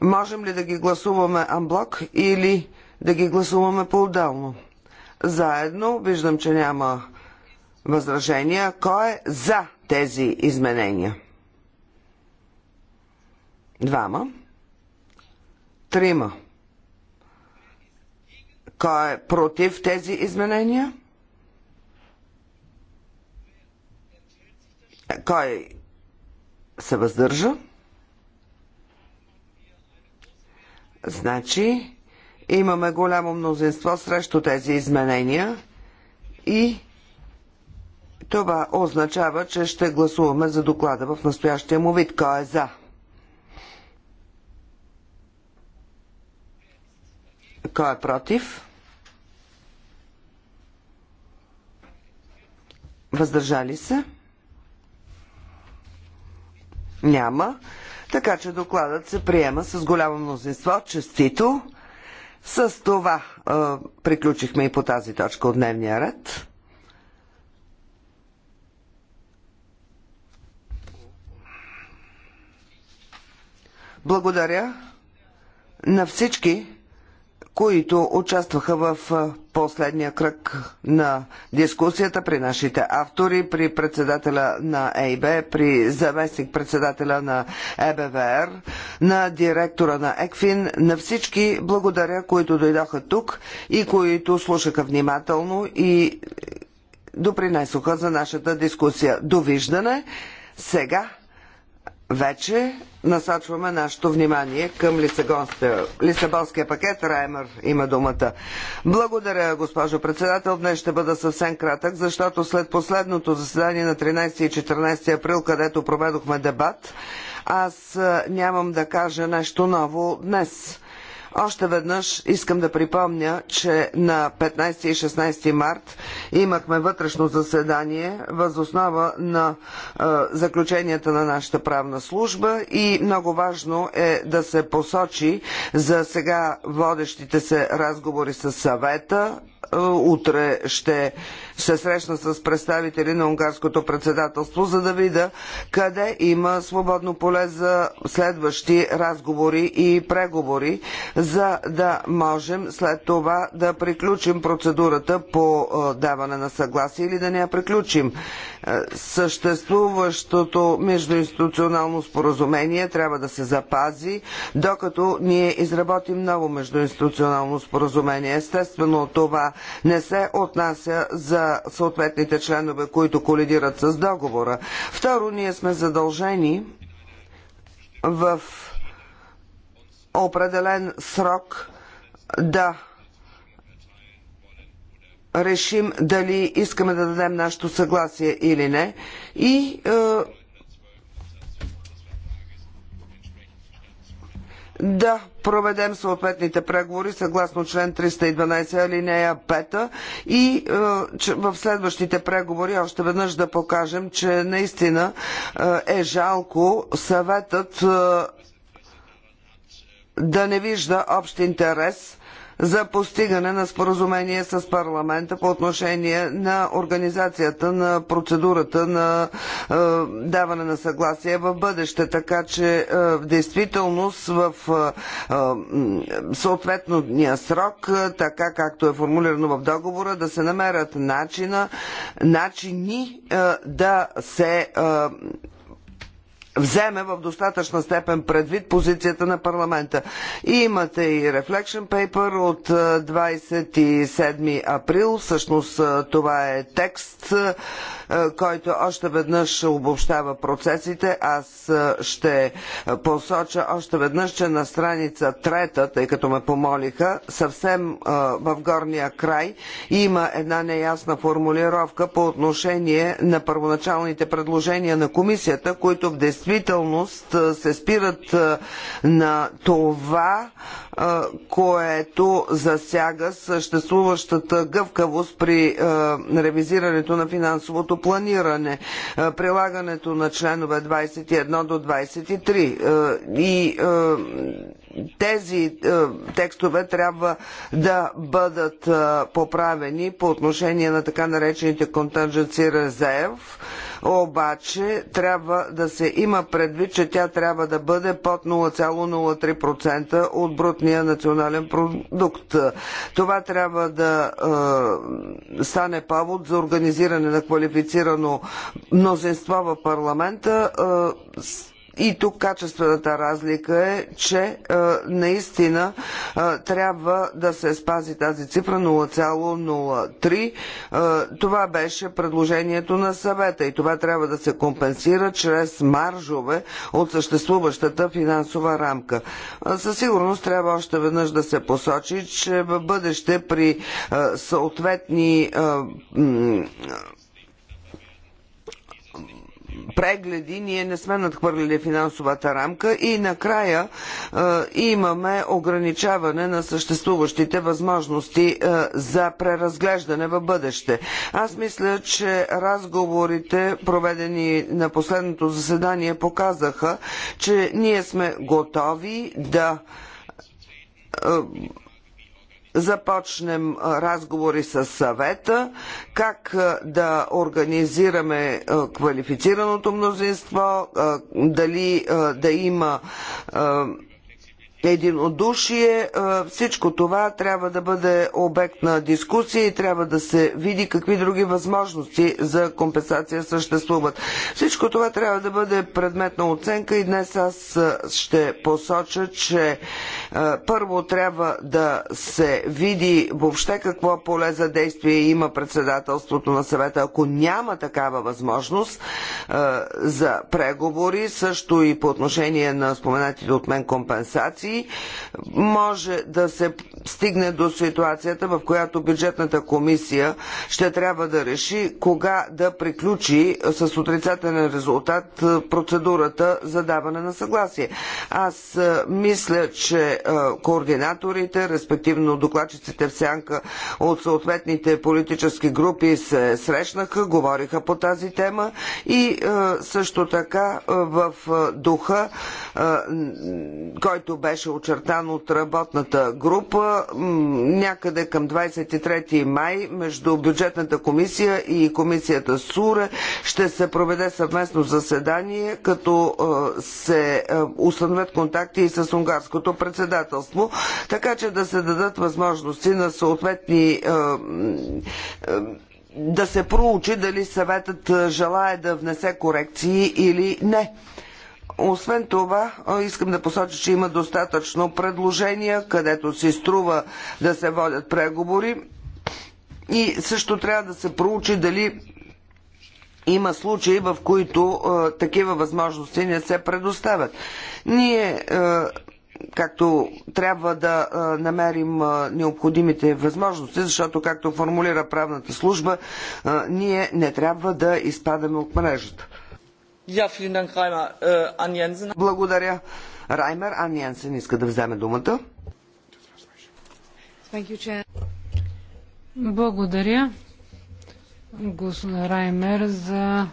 Можем ли да ги гласуваме амблок или да ги гласуваме по-отделно? Заедно, виждам, че няма възражения. Кой е за тези изменения? Двама. Трима. Кой е против тези изменения? Кой се въздържа? Значи имаме голямо мнозинство срещу тези изменения и това означава, че ще гласуваме за доклада в настоящия му вид. Кой е за? Кой е против? Въздържали се? Няма. Така че докладът се приема с голямо мнозинство. Честито! С това е, приключихме и по тази точка от дневния ред. Благодаря на всички, които участваха в последния кръг на дискусията при нашите автори, при председателя на ЕИБ, при заместник председателя на ЕБВР, на директора на ЕКФИН, на всички благодаря, които дойдоха тук и които слушаха внимателно и допринесоха за нашата дискусия. Довиждане! Сега вече насочваме нашето внимание към Лисабонския пакет. Раймер има думата. Благодаря, госпожо председател. Днес ще бъда съвсем кратък, защото след последното заседание на 13 и 14 април, където проведохме дебат, аз нямам да кажа нещо ново днес. Още веднъж искам да припомня, че на 15 и 16 март имахме вътрешно заседание възоснова на е, заключенията на нашата правна служба и много важно е да се посочи за сега водещите се разговори с съвета. Е, утре ще се срещна с представители на унгарското председателство, за да видя къде има свободно поле за следващи разговори и преговори, за да можем след това да приключим процедурата по е, даване на съгласие или да не я приключим. Е, съществуващото междуинституционално споразумение трябва да се запази, докато ние изработим ново междуинституционално споразумение. Естествено, това не се отнася за съответните членове, които колидират с договора. Второ, ние сме задължени в определен срок да решим дали искаме да дадем нашето съгласие или не и е, да проведем съответните преговори съгласно член 312 алинея 5 и е, в следващите преговори още веднъж да покажем, че наистина е, е жалко съветът е, да не вижда общ интерес за постигане на споразумение с парламента по отношение на организацията на процедурата на е, даване на съгласие в бъдеще. Така че е, в действителност в е, съответния срок, е, така както е формулирано в договора, да се намерят начина, начини е, да се е, вземе в достатъчна степен предвид позицията на парламента. И имате и Reflection Paper от 27 април, всъщност това е текст, е, който още веднъж обобщава процесите. Аз е, ще посоча още веднъж, че на страница трета, тъй като ме помолиха, съвсем е, в горния край има една неясна формулировка по отношение на първоначалните предложения на комисията, които в действителност се спират на това, което засяга съществуващата гъвкавост при ревизирането на финансовото планиране, прилагането на членове 21 до 23 и тези е, текстове трябва да бъдат е, поправени по отношение на така наречените contingency резерв, обаче трябва да се има предвид, че тя трябва да бъде под 0,03% от брутния национален продукт. Това трябва да е, стане повод за организиране на квалифицирано мнозинство в парламента е, и тук качествената разлика е, че е, наистина е, трябва да се спази тази цифра 0,03. Е, това беше предложението на съвета и това трябва да се компенсира чрез маржове от съществуващата финансова рамка. Е, със сигурност трябва още веднъж да се посочи, че в бъдеще при е, съответни е, прегледи ние не сме надхвърлили финансовата рамка и накрая е, имаме ограничаване на съществуващите възможности е, за преразглеждане в бъдеще. Аз мисля, че разговорите, проведени на последното заседание, показаха, че ние сме готови да е, започнем разговори с съвета, как да организираме квалифицираното мнозинство, дали да има единодушие. Всичко това трябва да бъде обект на дискусия и трябва да се види какви други възможности за компенсация съществуват. Всичко това трябва да бъде предмет на оценка и днес аз ще посоча, че е, първо трябва да се види въобще какво поле за действие има председателството на съвета, ако няма такава възможност е, за преговори, също и по отношение на споменатите от мен компенсации, може да се стигне до ситуацията, в която бюджетната комисия ще трябва да реши кога да приключи с отрицателен резултат е, процедурата за даване на съгласие. Аз мисля, че координаторите, респективно докладчиците в сянка от съответните политически групи се срещнаха, говориха по тази тема и също така в духа, който беше очертан от работната група, някъде към 23 май между бюджетната комисия и комисията СУРЕ ще се проведе съвместно заседание, като се установят контакти и с унгарското председателство законодателство, така че да се дадат възможности на съответни е, е, да се проучи дали съветът е, желая да внесе корекции или не. Освен това, искам да посоча, че има достатъчно предложения, където си струва да се водят преговори. И също трябва да се проучи дали има случаи, в които такива възможности не се предоставят. Ние както трябва да намерим необходимите възможности, защото, както формулира правната служба, ние не трябва да изпадаме от мрежата. Äh, Благодаря. Раймер Ан Янсен иска да вземе думата. Благодаря, господин Раймер, за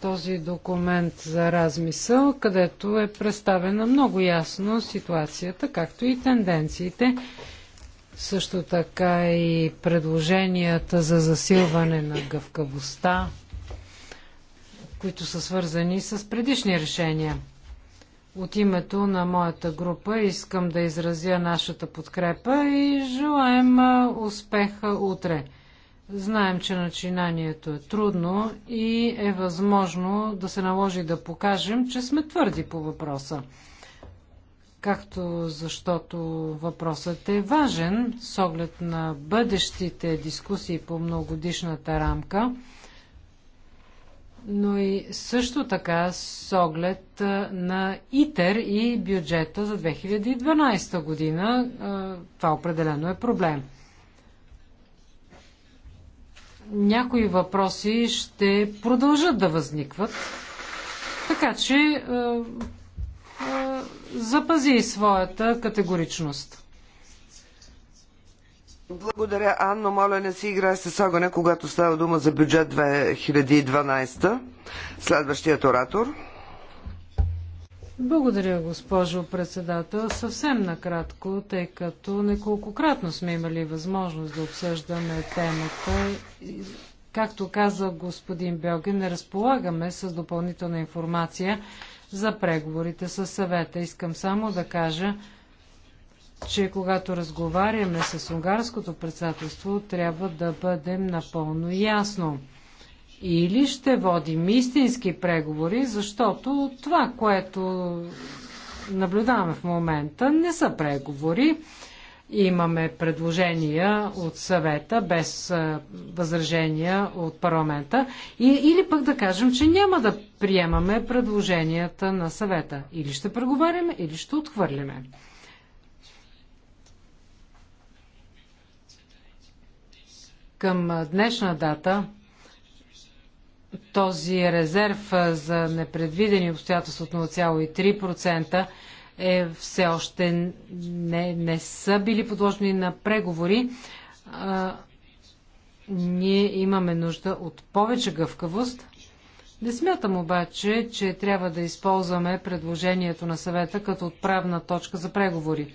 този документ за размисъл, където е представена много ясно ситуацията, както и тенденциите, също така и предложенията за засилване на гъвкавостта, които са свързани с предишни решения. От името на моята група искам да изразя нашата подкрепа и желаем успеха утре. Знаем, че начинанието е трудно и е възможно да се наложи да покажем, че сме твърди по въпроса. Както защото въпросът е важен с оглед на бъдещите дискусии по многодишната рамка, но и също така с оглед на ИТЕР и бюджета за 2012 година. Това определено е проблем някои въпроси ще продължат да възникват. Така че е, е, запази своята категоричност. Благодаря, Анно. Моля, не си играй с огъня, когато става дума за бюджет 2012. Следващият оратор. Благодаря, госпожо председател. Съвсем накратко, тъй като неколкократно сме имали възможност да обсъждаме темата. Както каза господин Белген, не разполагаме с допълнителна информация за преговорите с съвета. Искам само да кажа, че когато разговаряме с унгарското председателство, трябва да бъдем напълно ясно или ще водим истински преговори, защото това, което наблюдаваме в момента, не са преговори. Имаме предложения от съвета без възражения от парламента. И, или пък да кажем, че няма да приемаме предложенията на съвета. Или ще преговаряме, или ще отхвърляме. Към днешна дата този резерв за непредвидени обстоятелства от 0,3% е все още не, не са били подложени на преговори. А, ние имаме нужда от повече гъвкавост. Не смятам обаче, че трябва да използваме предложението на съвета като отправна точка за преговори.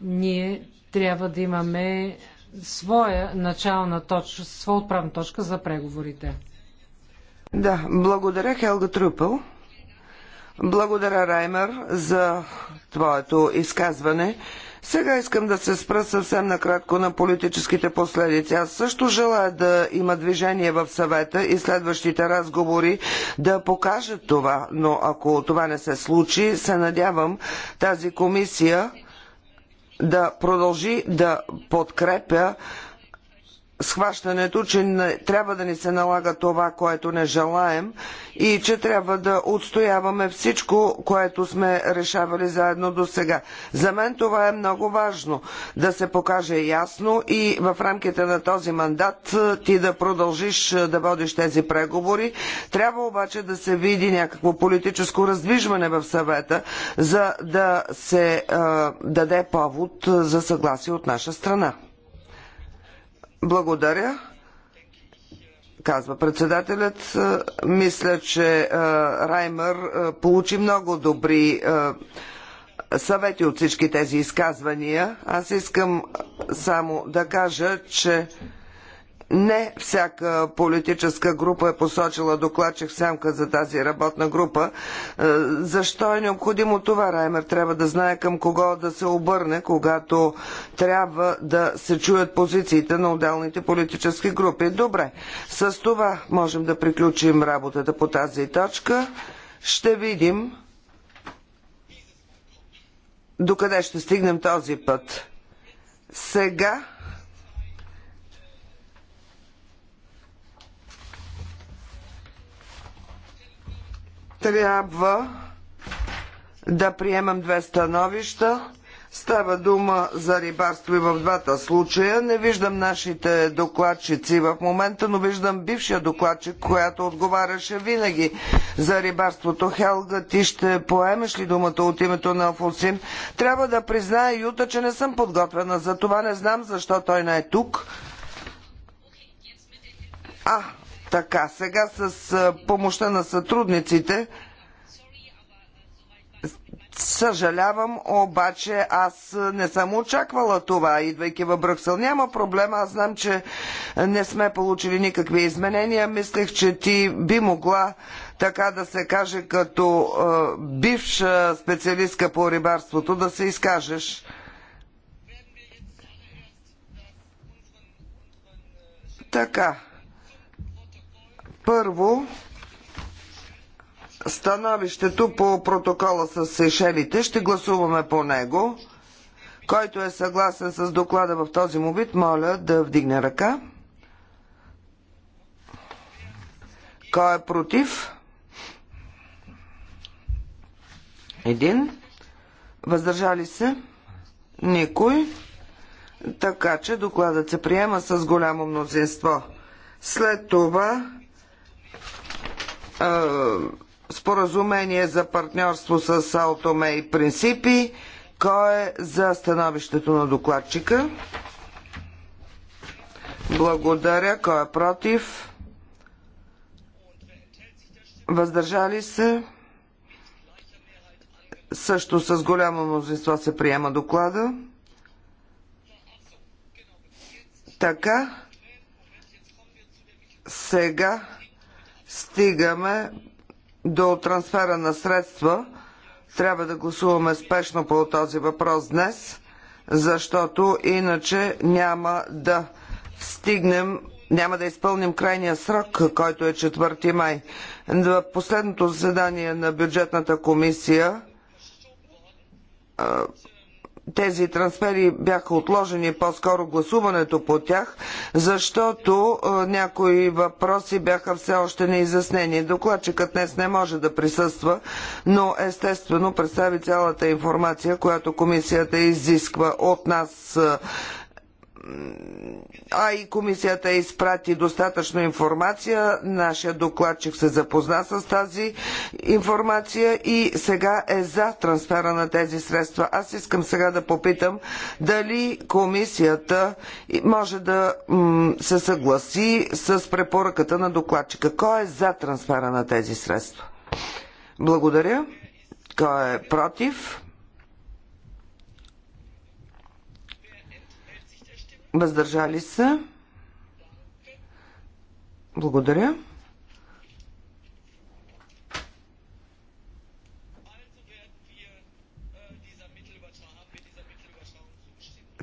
Ние трябва да имаме своя начална точка, своя отправна точка за преговорите. Да, благодаря Хелга Трупел. Благодаря, Раймер, за твоето изказване. Сега искам да се спра съвсем накратко на политическите последици. Аз също желая да има движение в съвета и следващите разговори да покажат това, но ако това не се случи, се надявам тази комисия да продължи да подкрепя схващането, че не, трябва да ни се налага това, което не желаем и че трябва да отстояваме всичко, което сме решавали заедно до сега. За мен това е много важно да се покаже ясно и в рамките на този мандат е, ти да продължиш е, да водиш тези преговори. Трябва обаче да се види някакво политическо раздвижване в съвета, за да се е, даде повод за съгласие от наша страна. Благодаря казва председателят. Мисля, че е, Раймър е, получи много добри е, съвети от всички тези изказвания. Аз искам само да кажа, че не всяка политическа група е посочила докладчик самка за тази работна група. Е, защо е необходимо това? Раймер трябва да знае към кого да се обърне, когато трябва да се чуят позициите на отделните политически групи. Добре, с това можем да приключим работата по тази точка. Ще видим докъде ще стигнем този път. Сега трябва да приемам две становища. Става дума за рибарство и в двата случая. Не виждам нашите докладчици в момента, но виждам бившия докладчик, която отговаряше винаги за рибарството. Хелга, ти ще поемеш ли думата от името на Алфонсин? Трябва да призная Юта, че не съм подготвена за това. Не знам защо той не е тук. А, така, сега с помощта на сътрудниците. Съжалявам, обаче аз не съм очаквала това, идвайки във Брюксел. Няма проблема. аз знам, че не сме получили никакви изменения. Мислех, че ти би могла така да се каже, като е, бивша специалистка по рибарството, да се изкажеш. Така. Първо, становището по протокола с Сейшелите. Ще гласуваме по него. Който е съгласен с доклада в този му вид, моля да вдигне ръка. Кой е против? Един. Въздържали се? Никой. Така че докладът се приема с голямо мнозинство. След това е, споразумение за партньорство с Саотоме и Принципи. Кой е за становището на докладчика? Благодаря. Кой е против? Въздържали се? Също с голямо мнозинство се приема доклада. Така. Сега стигаме до трансфера на средства. Трябва да гласуваме спешно по този въпрос днес, защото иначе няма да стигнем няма да изпълним крайния срок, който е 4 май. В последното заседание на бюджетната комисия тези трансфери бяха отложени по-скоро гласуването по тях, защото е, някои въпроси бяха все още неизяснени. Докладчикът днес не може да присъства, но естествено представи цялата информация, която комисията изисква от нас е, а и комисията изпрати достатъчно информация. Нашия докладчик се запозна с тази информация и сега е за трансфера на тези средства. Аз искам сега да попитам дали комисията може да се съгласи с препоръката на докладчика. Кой е за трансфера на тези средства? Благодаря. Кой е против? Въздържали се. Благодаря.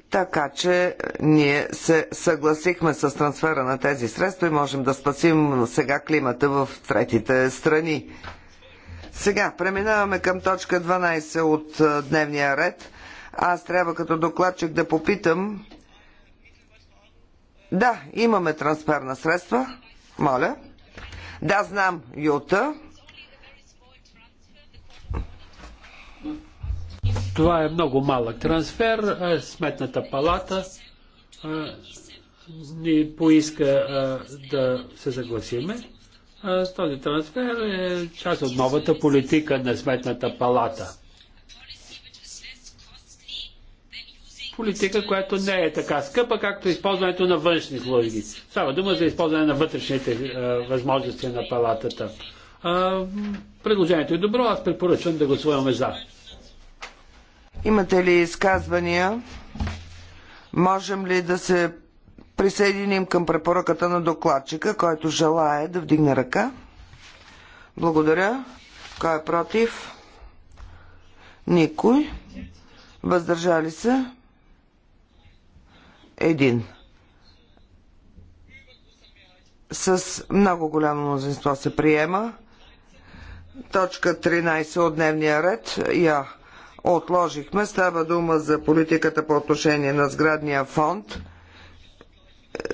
Така че ние се съгласихме с трансфера на тези средства и можем да спасим сега климата в третите страни. Сега преминаваме към точка 12 от дневния ред. Аз трябва като докладчик да попитам да, имаме трансфер на средства. Моля. Да, знам Юта. Това е много малък трансфер. Е, Сметната палата е, ни поиска е, да се загласиме. Този трансфер е част от новата политика на Сметната палата. политика, която не е така скъпа, както използването на външни служби. Става дума за използване на вътрешните а, е, възможности на палатата. А, предложението е добро, аз препоръчвам да гласуваме за. Имате ли изказвания? Можем ли да се присъединим към препоръката на докладчика, който желая да вдигне ръка? Благодаря. Кой е против? Никой. Въздържали се? един. С много голямо мнозинство се приема. Точка 13 от дневния ред я отложихме. Става дума за политиката по отношение на сградния фонд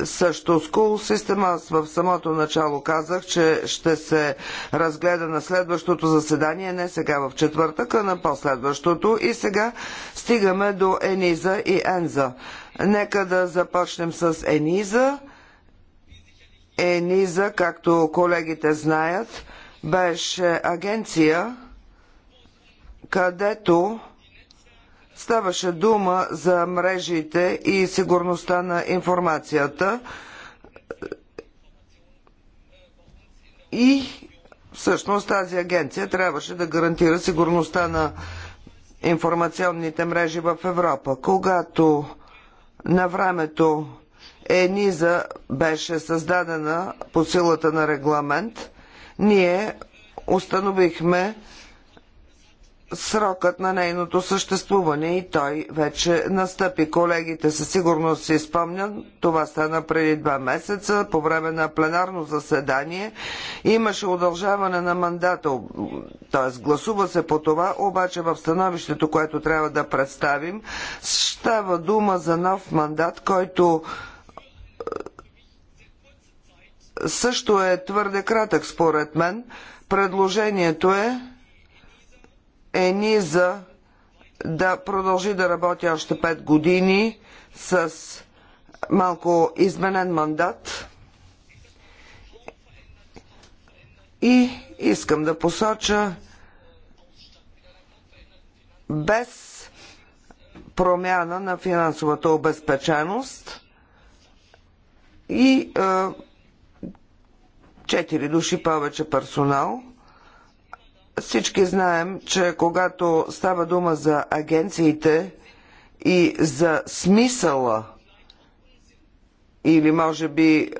също School System. Аз в самото начало казах, че ще се разгледа на следващото заседание, не сега в четвъртък, а на последващото. И сега стигаме до Ениза и Енза. Нека да започнем с Ениза. Ениза, както колегите знаят, беше агенция, където Ставаше дума за мрежите и сигурността на информацията и всъщност тази агенция трябваше да гарантира сигурността на информационните мрежи в Европа. Когато на времето ЕНИЗА беше създадена по силата на регламент, ние установихме, срокът на нейното съществуване и той вече настъпи. Колегите със сигурност си спомнят, това стана преди два месеца, по време на пленарно заседание. Имаше удължаване на мандата, т.е. гласува се по това, обаче в становището, което трябва да представим, става дума за нов мандат, който е, също е твърде кратък според мен. Предложението е Ениза да продължи да работи още 5 години с малко изменен мандат. И искам да посоча без промяна на финансовата обезпеченост и 4 души повече персонал – всички знаем, че когато става дума за агенциите и за смисъла или може би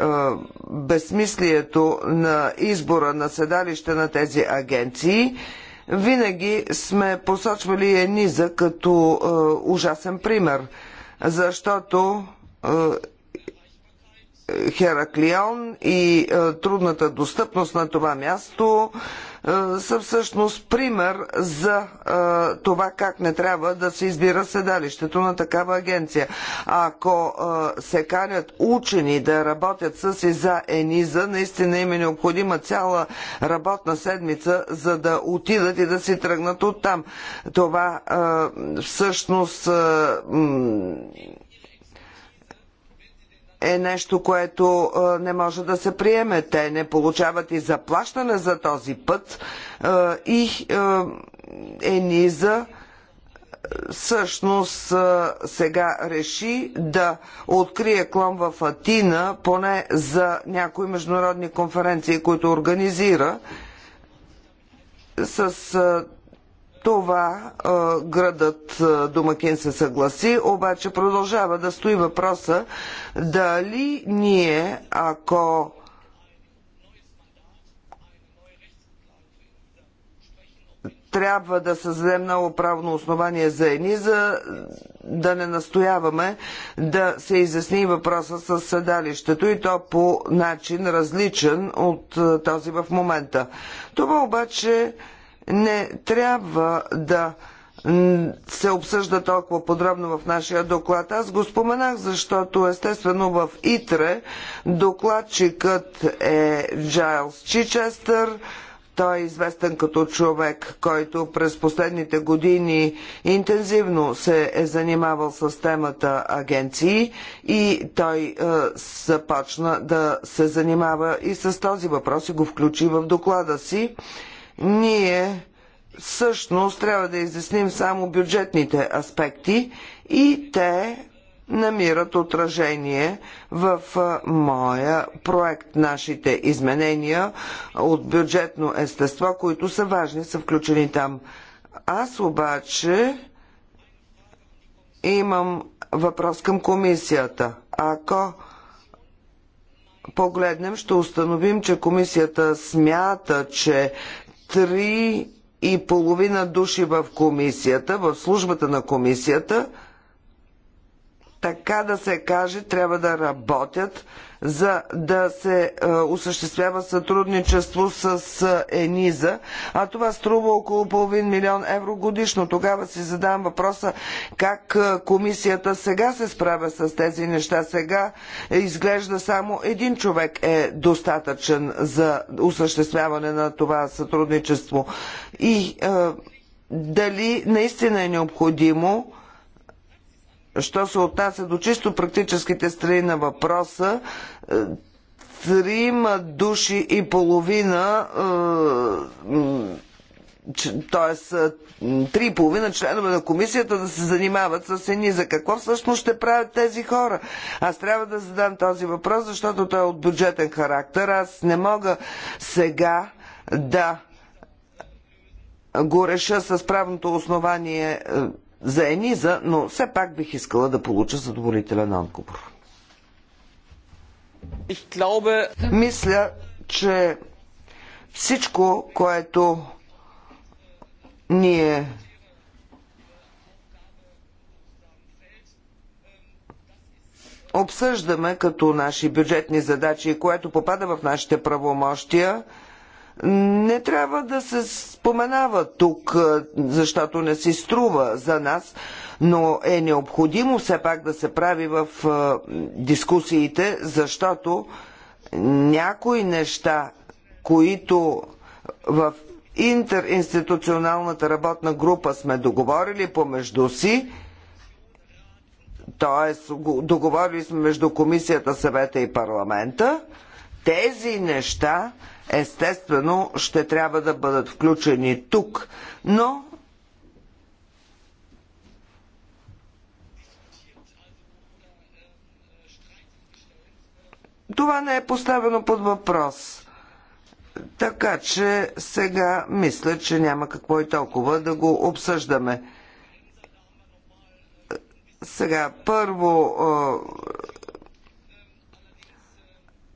безсмислието на избора на седалище на тези агенции, винаги сме посочвали Ениза като е, ужасен пример, защото е, Хераклион и е, трудната достъпност на това място, е, са всъщност пример за е, това как не трябва да се избира седалището на такава агенция. Ако е, се карят учени да работят с и за ЕНИЗА, наистина им е необходима цяла работна седмица, за да отидат и да си тръгнат оттам. Това всъщност е нещо, което е, не може да се приеме. Те не получават и заплащане за този път е, и е, Ениза всъщност сега реши да открие клон в Атина, поне за някои международни конференции, които организира. С това градът Домакин се съгласи, обаче продължава да стои въпроса дали ние, ако трябва да създадем ново правно основание за едни, за да не настояваме да се изясни въпроса с седалището и то по начин различен от този в момента. Това обаче не трябва да се обсъжда толкова подробно в нашия доклад. Аз го споменах, защото естествено в ИТРЕ докладчикът е Джайлс Чичестър. Той е известен като човек, който през последните години интензивно се е занимавал с темата агенции и той е, започна да се занимава и с този въпрос и го включи в доклада си ние всъщност трябва да изясним само бюджетните аспекти и те намират отражение в моя проект. Нашите изменения от бюджетно естество, които са важни, са включени там. Аз обаче имам въпрос към комисията. Ако погледнем, ще установим, че комисията смята, че три и половина души в комисията, в службата на комисията, така да се каже, трябва да работят за да се е, осъществява сътрудничество с е, ЕНИЗА, а това струва около половин милион евро годишно. Тогава си задавам въпроса как е, комисията сега се справя с тези неща. Сега изглежда само един човек е достатъчен за осъществяване на това сътрудничество. И е, дали наистина е необходимо Що се отнася до чисто практическите страни на въпроса, е, трима души и половина, т.е. Е, три и половина членове на комисията да се занимават с едни. За какво всъщност ще правят тези хора? Аз трябва да задам този въпрос, защото той е от бюджетен характер. Аз не мога сега да го реша с правното основание е, за Ениза, но все пак бих искала да получа задоволителен отговор. Мисля, че всичко, което ние обсъждаме като наши бюджетни задачи и което попада в нашите правомощия, не трябва да се споменава тук, защото не си струва за нас, но е необходимо все пак да се прави в дискусиите, защото някои неща, които в интеринституционалната работна група сме договорили помежду си, т.е. договорили сме между Комисията, съвета и парламента, тези неща естествено ще трябва да бъдат включени тук, но това не е поставено под въпрос. Така че сега мисля, че няма какво и толкова да го обсъждаме. Сега първо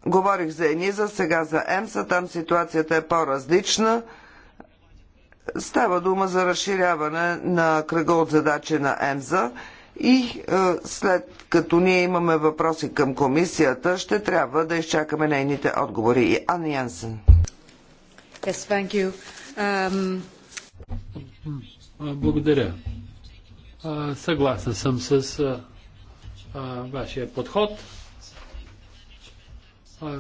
Говорих за Ениза, сега за ЕМСА, там ситуацията е по-различна. Става дума за разширяване на кръга от задачи на ЕМЗА и е, след като ние имаме въпроси към комисията, ще трябва да изчакаме нейните отговори. И Ан Янсен. Yes, um... Благодаря. Съгласен съм с а, вашия подход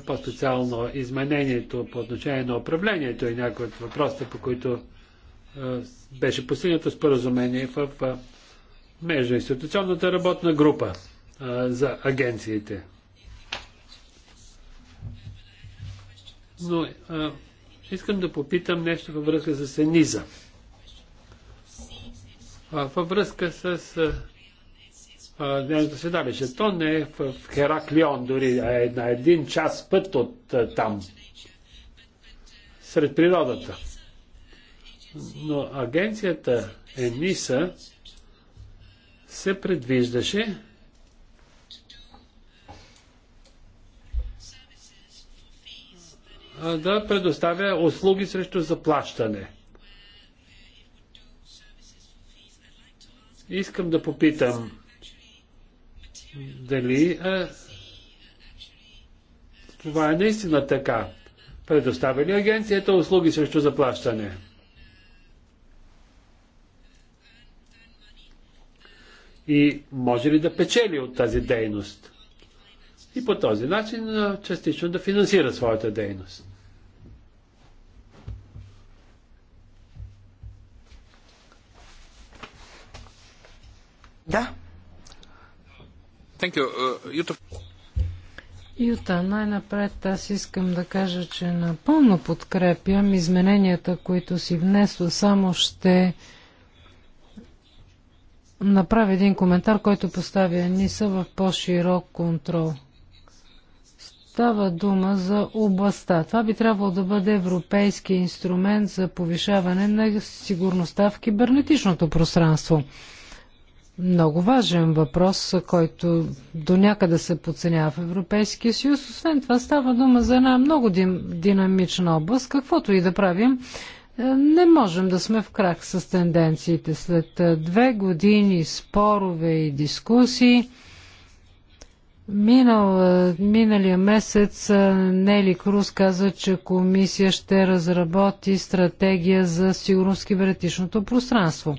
по-специално изменението по отношение на управлението и някои от въпросите, по които е, беше постигнато споразумение в междуинституционната работна група е, за агенциите. Но а, е, искам да попитам нещо във връзка с Ениза. А, във връзка с а, нейното седалище. То не е в Хераклион, дори а е на един час път от там, сред природата. Но агенцията ЕНИСА се предвиждаше да предоставя услуги срещу заплащане. Искам да попитам, дали а, това е наистина така. Предоставя ли агенцията услуги срещу заплащане? И може ли да печели от тази дейност? И по този начин частично да финансира своята дейност. Да, Yeah. Uh, Юта, най-напред аз искам да кажа, че напълно подкрепям измененията, които си внесла. Само ще направя един коментар, който поставя НИСА в по-широк контрол. Става дума за областта. Това би трябвало да бъде европейски инструмент за повишаване на сигурността в кибернетичното пространство много важен въпрос, който до някъде се подценява в Европейския съюз. Освен това става дума за една много динамична област. Каквото и да правим, е, не можем да сме в крак с тенденциите. След е, две години спорове и дискусии, Минал, е, миналия месец Нели Круз каза, че комисия ще разработи стратегия за сигурност в кибернетичното пространство.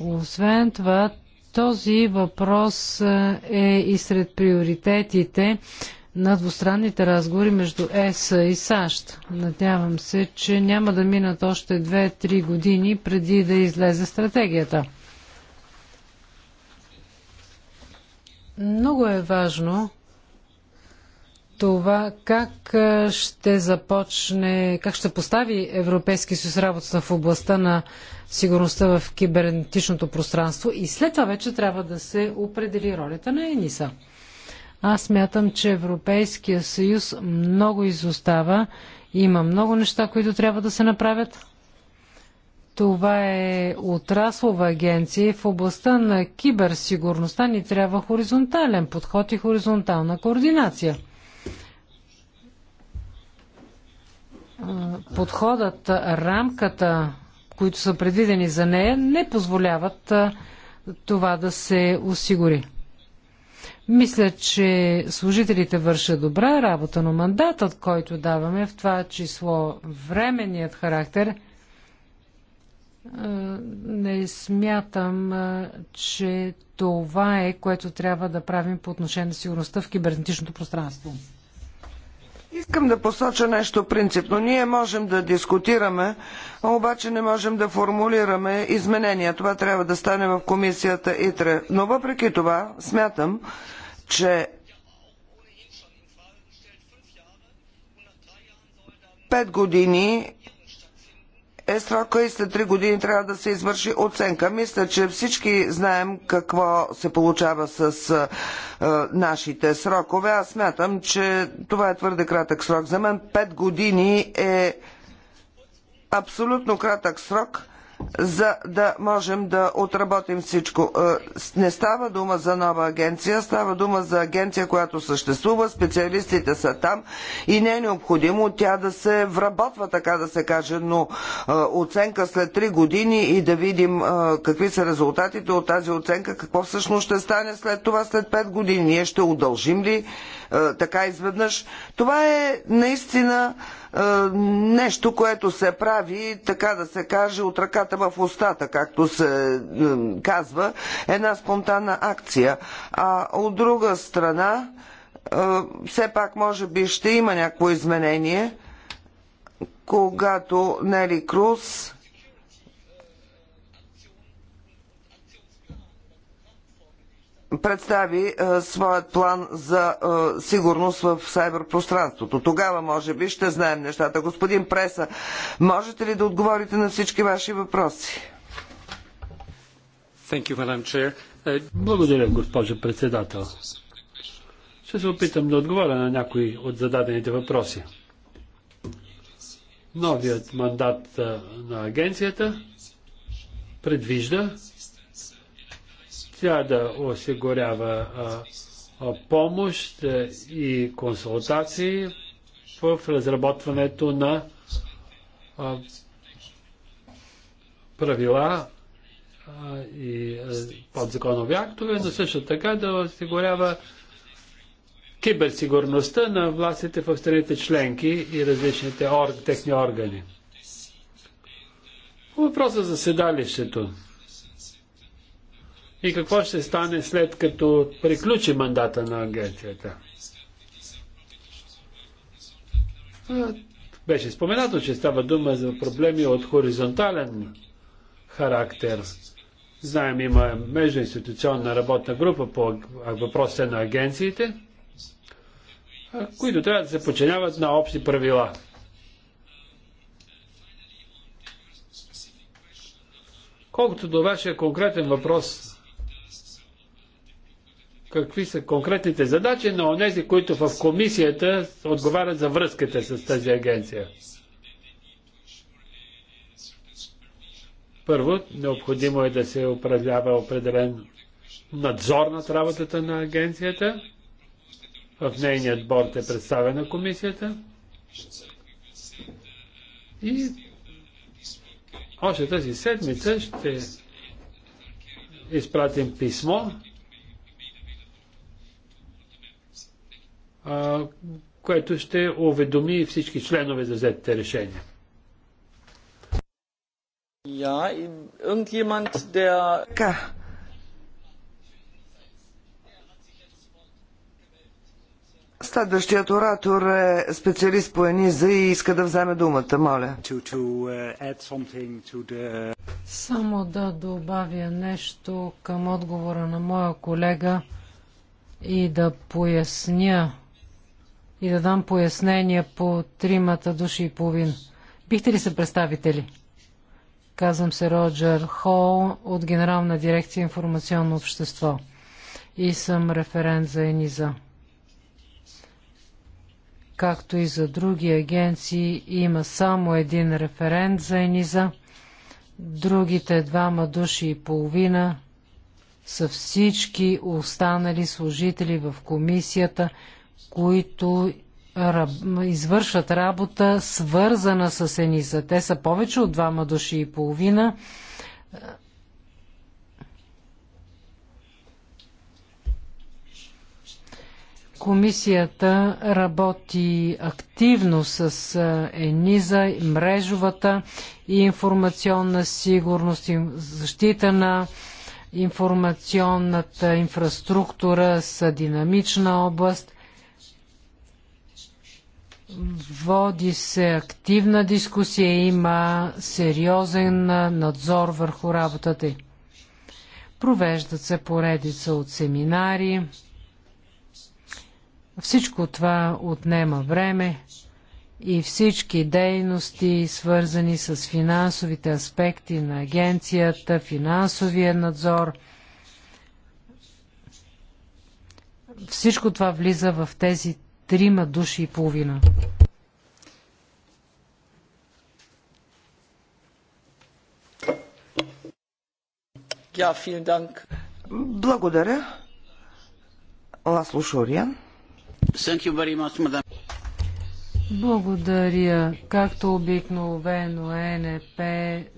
Освен това, този въпрос е, е и сред приоритетите на двустранните разговори между ЕС и САЩ. Надявам се, че няма да минат още 2-3 години преди да излезе стратегията. Много е важно това как ще започне, как ще постави Европейски съюз работата в областта на сигурността в кибернетичното пространство и след това вече трябва да се определи ролята на ЕНИСА. Аз мятам, че Европейския съюз много изостава. Има много неща, които трябва да се направят. Това е отраслова агенция в областта на киберсигурността. Ни трябва хоризонтален подход и хоризонтална координация – подходът, рамката, които са предвидени за нея, не позволяват това да се осигури. Мисля, че служителите вършат добра работа, но мандатът, който даваме, в това число временният характер, не смятам, че това е, което трябва да правим по отношение на сигурността в кибернетичното пространство. Искам да посоча нещо принципно. Ние можем да дискутираме, обаче не можем да формулираме изменения. Това трябва да стане в комисията ИТРЕ. Но въпреки това, смятам, че пет години е срока и след 3 години трябва да се извърши оценка. Мисля, че всички знаем какво се получава с нашите срокове. Аз смятам, че това е твърде кратък срок. За мен 5 години е абсолютно кратък срок за да можем да отработим всичко. Е, не става дума за нова агенция, става дума за агенция, която съществува, специалистите са там и не е необходимо тя да се вработва, така да се каже, но е, оценка след 3 години и да видим е, какви са резултатите от тази оценка, какво всъщност ще стане след това, след 5 години. Ние ще удължим ли така изведнъж? Това е наистина е, нещо, което се прави, така да се каже, от ръката в устата, както се е, казва, една спонтанна акция. А от друга страна, е, все пак може би ще има някакво изменение, когато Нели Круз представи своя е, своят план за е, сигурност в сайберпространството. Тогава, може би, ще знаем нещата. Господин Преса, можете ли да отговорите на всички ваши въпроси? You, е, Благодаря, госпожо председател. Ще се опитам да отговоря на някои от зададените въпроси. Новият мандат на агенцията предвижда тя да осигурява помощ и консултации в разработването на правила и подзаконови актове, но също така да осигурява киберсигурността на властите в страните членки и различните орг, техни органи. Въпросът за седалището и какво ще стане след като приключи мандата на агенцията. Беше споменато, че става дума за проблеми от хоризонтален характер. Знаем, има междуинституционна работна група по въпросите на агенциите, които трябва да се подчиняват на общи правила. Колкото до вашия конкретен въпрос какви са конкретните задачи на онези, които в комисията отговарят за връзките с тази агенция. Първо, необходимо е да се управлява определен надзор над работата на агенцията. В нейният борт е представена комисията. И още тази седмица ще изпратим писмо което ще уведоми всички членове за взетите решения. Ja, irgendjemand, der... Ka. Следващият оратор е специалист по ениза и иска да вземе думата, моля. Uh, the... Само да добавя нещо към отговора на моя колега и да поясня и да дам пояснения по тримата души и половин. Бихте ли се представители? Казвам се Роджер Хол от Генерална дирекция информационно общество и съм референт за ЕНИЗА. Както и за други агенции, има само един референт за ЕНИЗА. Другите двама души и половина са всички останали служители в комисията – които извършват работа, свързана с Ениса. Те са повече от двама души и половина. Комисията работи активно с ЕНИЗА, мрежовата и информационна сигурност, и защита на информационната инфраструктура са динамична област – Води се активна дискусия, има сериозен надзор върху работата Провеждат се поредица от семинари. Всичко това отнема време и всички дейности, свързани с финансовите аспекти на агенцията, финансовия надзор, всичко това влиза в тези трима души и половина. Благодаря. Ласло Шуриан. Благодаря. Както обикновено ЕНЕП е,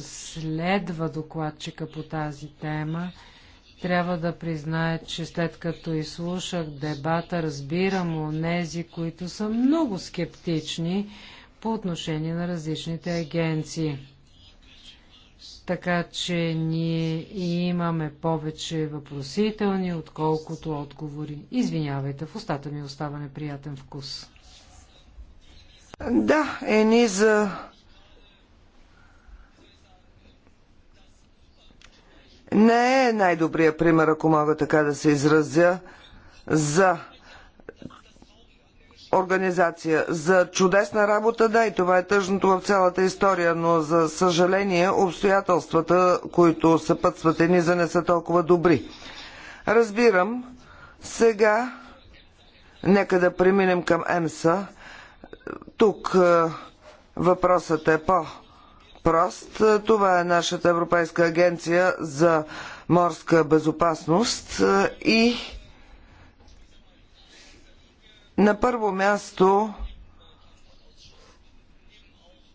следва докладчика по тази тема. Трябва да призная, че след като изслушах дебата, разбирам онези, които са много скептични по отношение на различните агенции. Така че ние имаме повече въпросителни, отколкото отговори. Извинявайте, в устата ми остава неприятен вкус. Да, ни за не е най-добрия пример, ако мога така да се изразя, за организация. За чудесна работа, да, и това е тъжното в цялата история, но за съжаление обстоятелствата, които съпътстват ни за не са толкова добри. Разбирам, сега нека да преминем към ЕМСА. Тук е, въпросът е по- прост. Е, това е нашата Европейска агенция за морска безопасност е, и на първо място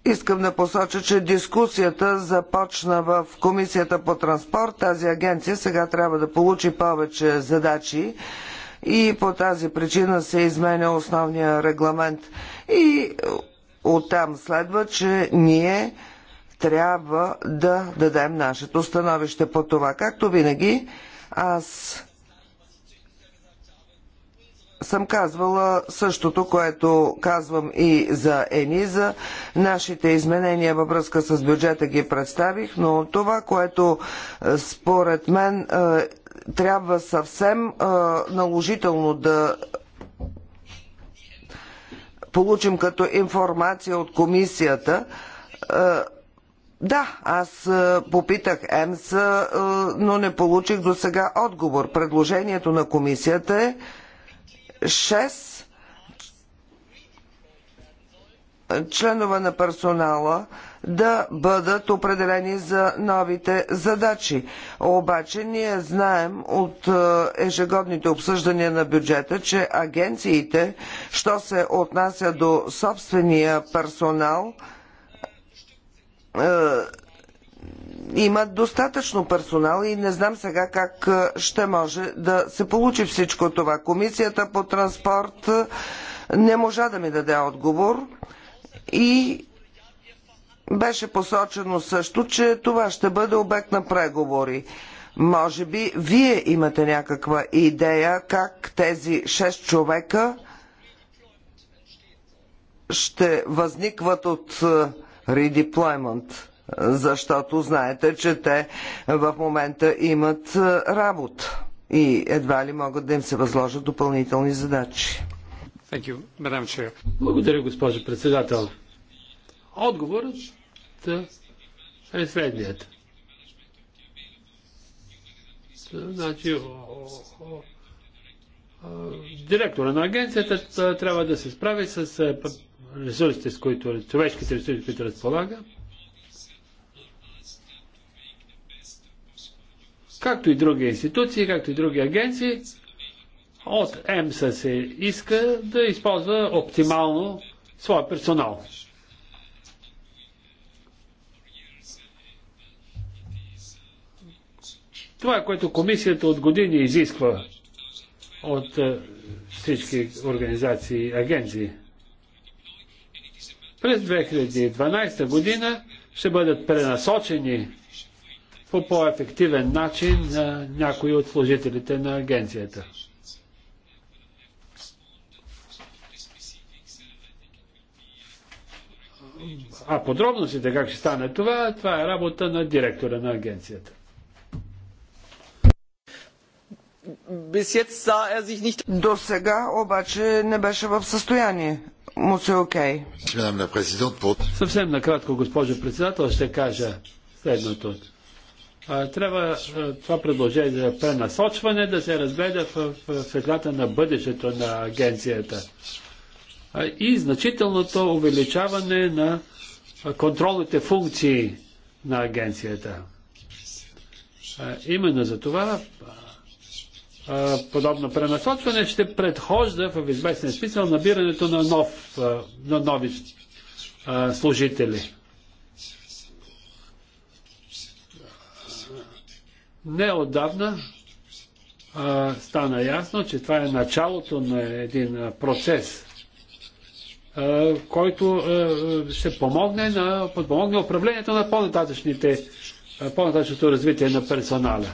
Искам да посоча, че дискусията започна в Комисията по транспорт. Тази агенция сега трябва да получи повече задачи и по тази причина се изменя основния регламент. И оттам следва, че ние трябва да дадем нашето становище по това. Както винаги, аз съм казвала същото, което казвам и за Ениза. Нашите изменения във връзка с бюджета ги представих, но това, което е, според мен е, трябва съвсем е, наложително да получим като информация от комисията, да, аз е, попитах ЕМС, е, но не получих до сега отговор. Предложението на комисията е 6 членове на персонала да бъдат определени за новите задачи. Обаче ние знаем от е, ежегодните обсъждания на бюджета, че агенциите, що се отнася до собствения персонал, е, имат достатъчно персонал и не знам сега как е, ще може да се получи всичко това. Комисията по транспорт е, не можа да ми даде отговор и беше посочено също, че това ще бъде обект на преговори. Може би вие имате някаква идея как тези 6 човека ще възникват от редиплоймент, защото знаете, че те в момента имат е, работа и едва ли могат да им се възложат допълнителни задачи. You, Благодаря, госпожо председател. Отговорът е, е следният. Значи, директора на агенцията е, трябва да се справи с ресурсите, с които, човешките ресурси, които разполага, както и други институции, както и други агенции, от ЕМСА се иска да използва оптимално своя персонал. Това, което комисията от години изисква от е, всички организации и агенции. През 2012 година ще бъдат пренасочени по по-ефективен начин на някои от служителите на агенцията. А подробностите как ще стане това, това е работа на директора на агенцията. До сега обаче не беше в състояние Съвсем накратко, госпожо председател, ще кажа следното. Трябва това предложение за е пренасочване да се разгледа в светлата на бъдещето на агенцията и значителното увеличаване на контролните функции на агенцията. Именно за това подобно пренасочване ще предхожда в известен смисъл набирането на, нов, на нови служители. Не отдавна стана ясно, че това е началото на един процес, който ще помогне на, подпомогне управлението на по-нататъчното развитие на персонала.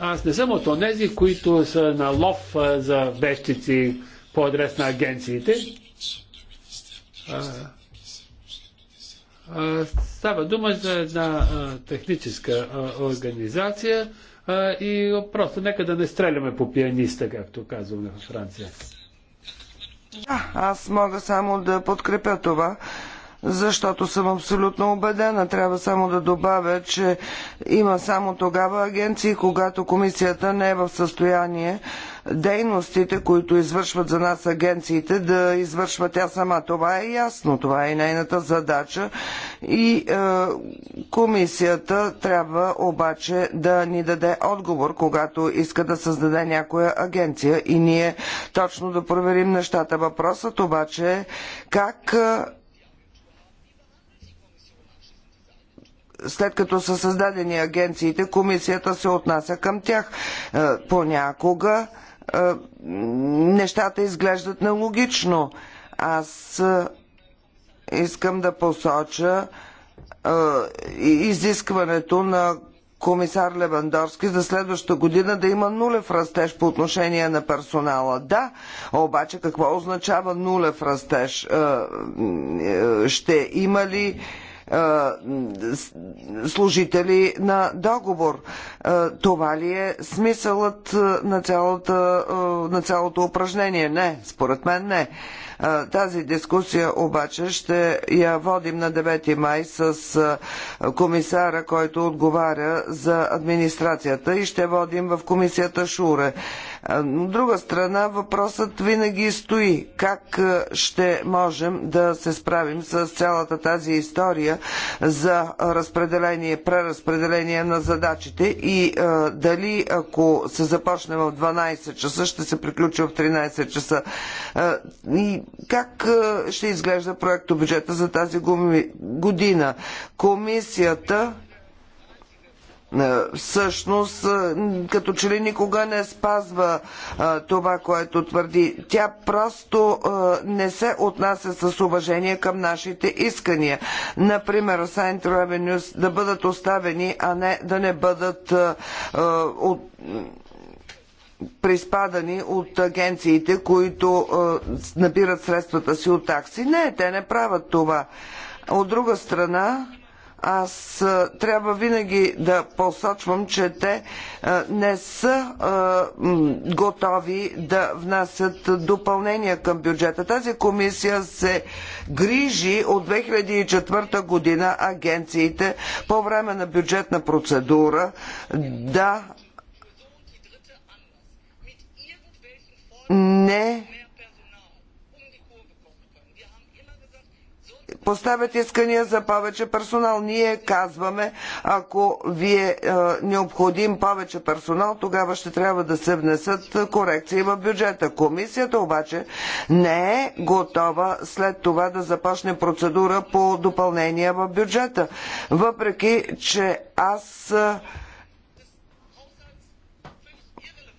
Аз не съм от онези, които са на лов за вещици по адрес на агенциите. Става дума за една техническа организация и просто нека да не стреляме по пианиста, както казваме във Франция. Да, аз мога само да подкрепя това защото съм абсолютно убедена. Трябва само да добавя, че има само тогава агенции, когато комисията не е в състояние дейностите, които извършват за нас агенциите, да извършва тя сама. Това е ясно, това е и нейната задача. И е, комисията трябва обаче да ни даде отговор, когато иска да създаде някоя агенция и ние точно да проверим нещата. Въпросът обаче е как е, след като са създадени агенциите, комисията се отнася към тях. Е, понякога е, нещата изглеждат нелогично. Аз е, искам да посоча изискването на комисар Левандовски за следващата година да има нулев растеж по отношение на персонала. Да, обаче какво означава нулев растеж? Ще има ли служители на договор. Това ли е смисълът на, цялата, на цялото упражнение? Не, според мен не. Тази дискусия обаче ще я водим на 9 май с комисара, който отговаря за администрацията и ще водим в комисията Шуре. От друга страна, въпросът винаги стои. Как ще можем да се справим с цялата тази история за разпределение, преразпределение на задачите и дали ако се започне в 12 часа, ще се приключи в 13 часа. И как ще изглежда проекто бюджета за тази година? Комисията е, всъщност е, като че ли никога не спазва е, това, което твърди. Тя просто не се отнася с уважение към нашите искания. Например, Saint Revenues да бъдат оставени, а не да не бъдат от приспадани от агенциите, които набират средствата си от такси. Не, те не правят това. От друга страна, аз трябва винаги да посочвам, че те не са готови да внасят допълнения към бюджета. Тази комисия се грижи от 2004 година агенциите по време на бюджетна процедура да не поставят искания за повече персонал. Ние казваме, ако ви е необходим повече персонал, тогава ще трябва да се внесат корекции в бюджета. Комисията обаче не е готова след това да започне процедура по допълнение в бюджета. Въпреки, че аз е,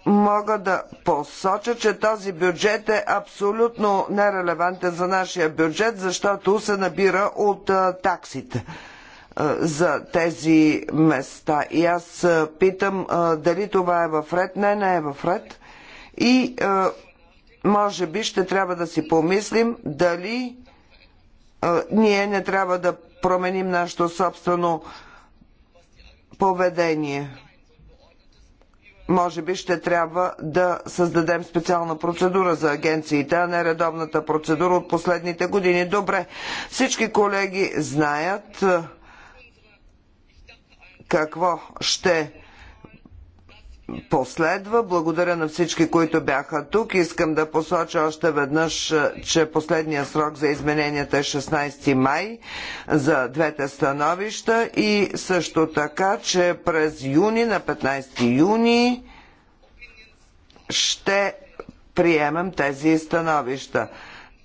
мога да посоча, че този бюджет е абсолютно нерелевантен за нашия бюджет, защото се набира от таксите за тези места. И аз питам дали това е в ред. Не, не е в ред. И може би ще трябва да си помислим дали ние не трябва да променим нашето собствено поведение може би ще трябва да създадем специална процедура за агенциите, а не редовната процедура от последните години. Добре, всички колеги знаят е, какво ще последва. Благодаря на всички, които бяха тук. Искам да посоча още веднъж, е, че последният срок за измененията е 16 май за двете становища и също така, че през юни, на 15 юни, ще приемем тези становища.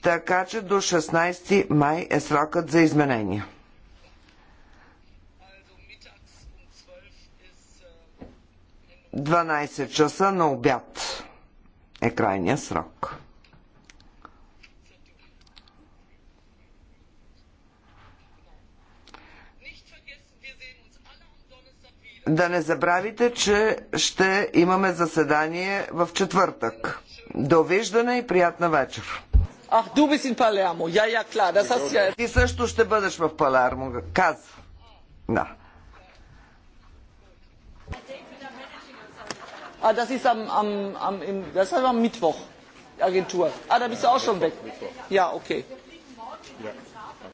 Така че до 16 май е срокът за изменения. 12 часа на обяд е крайния срок. Да не забравите, че ще имаме заседание в четвъртък. Довиждане и приятна вечер! Ах, ду бисин Палермо. Я, я, кла, Ти също ще бъдеш в Палермо, каза. Да. Ah, das ist am, am, am, im, das ist am Mittwoch, Agentur. Ah, da bist ja, du auch schon weg. Ja, okay. Ja.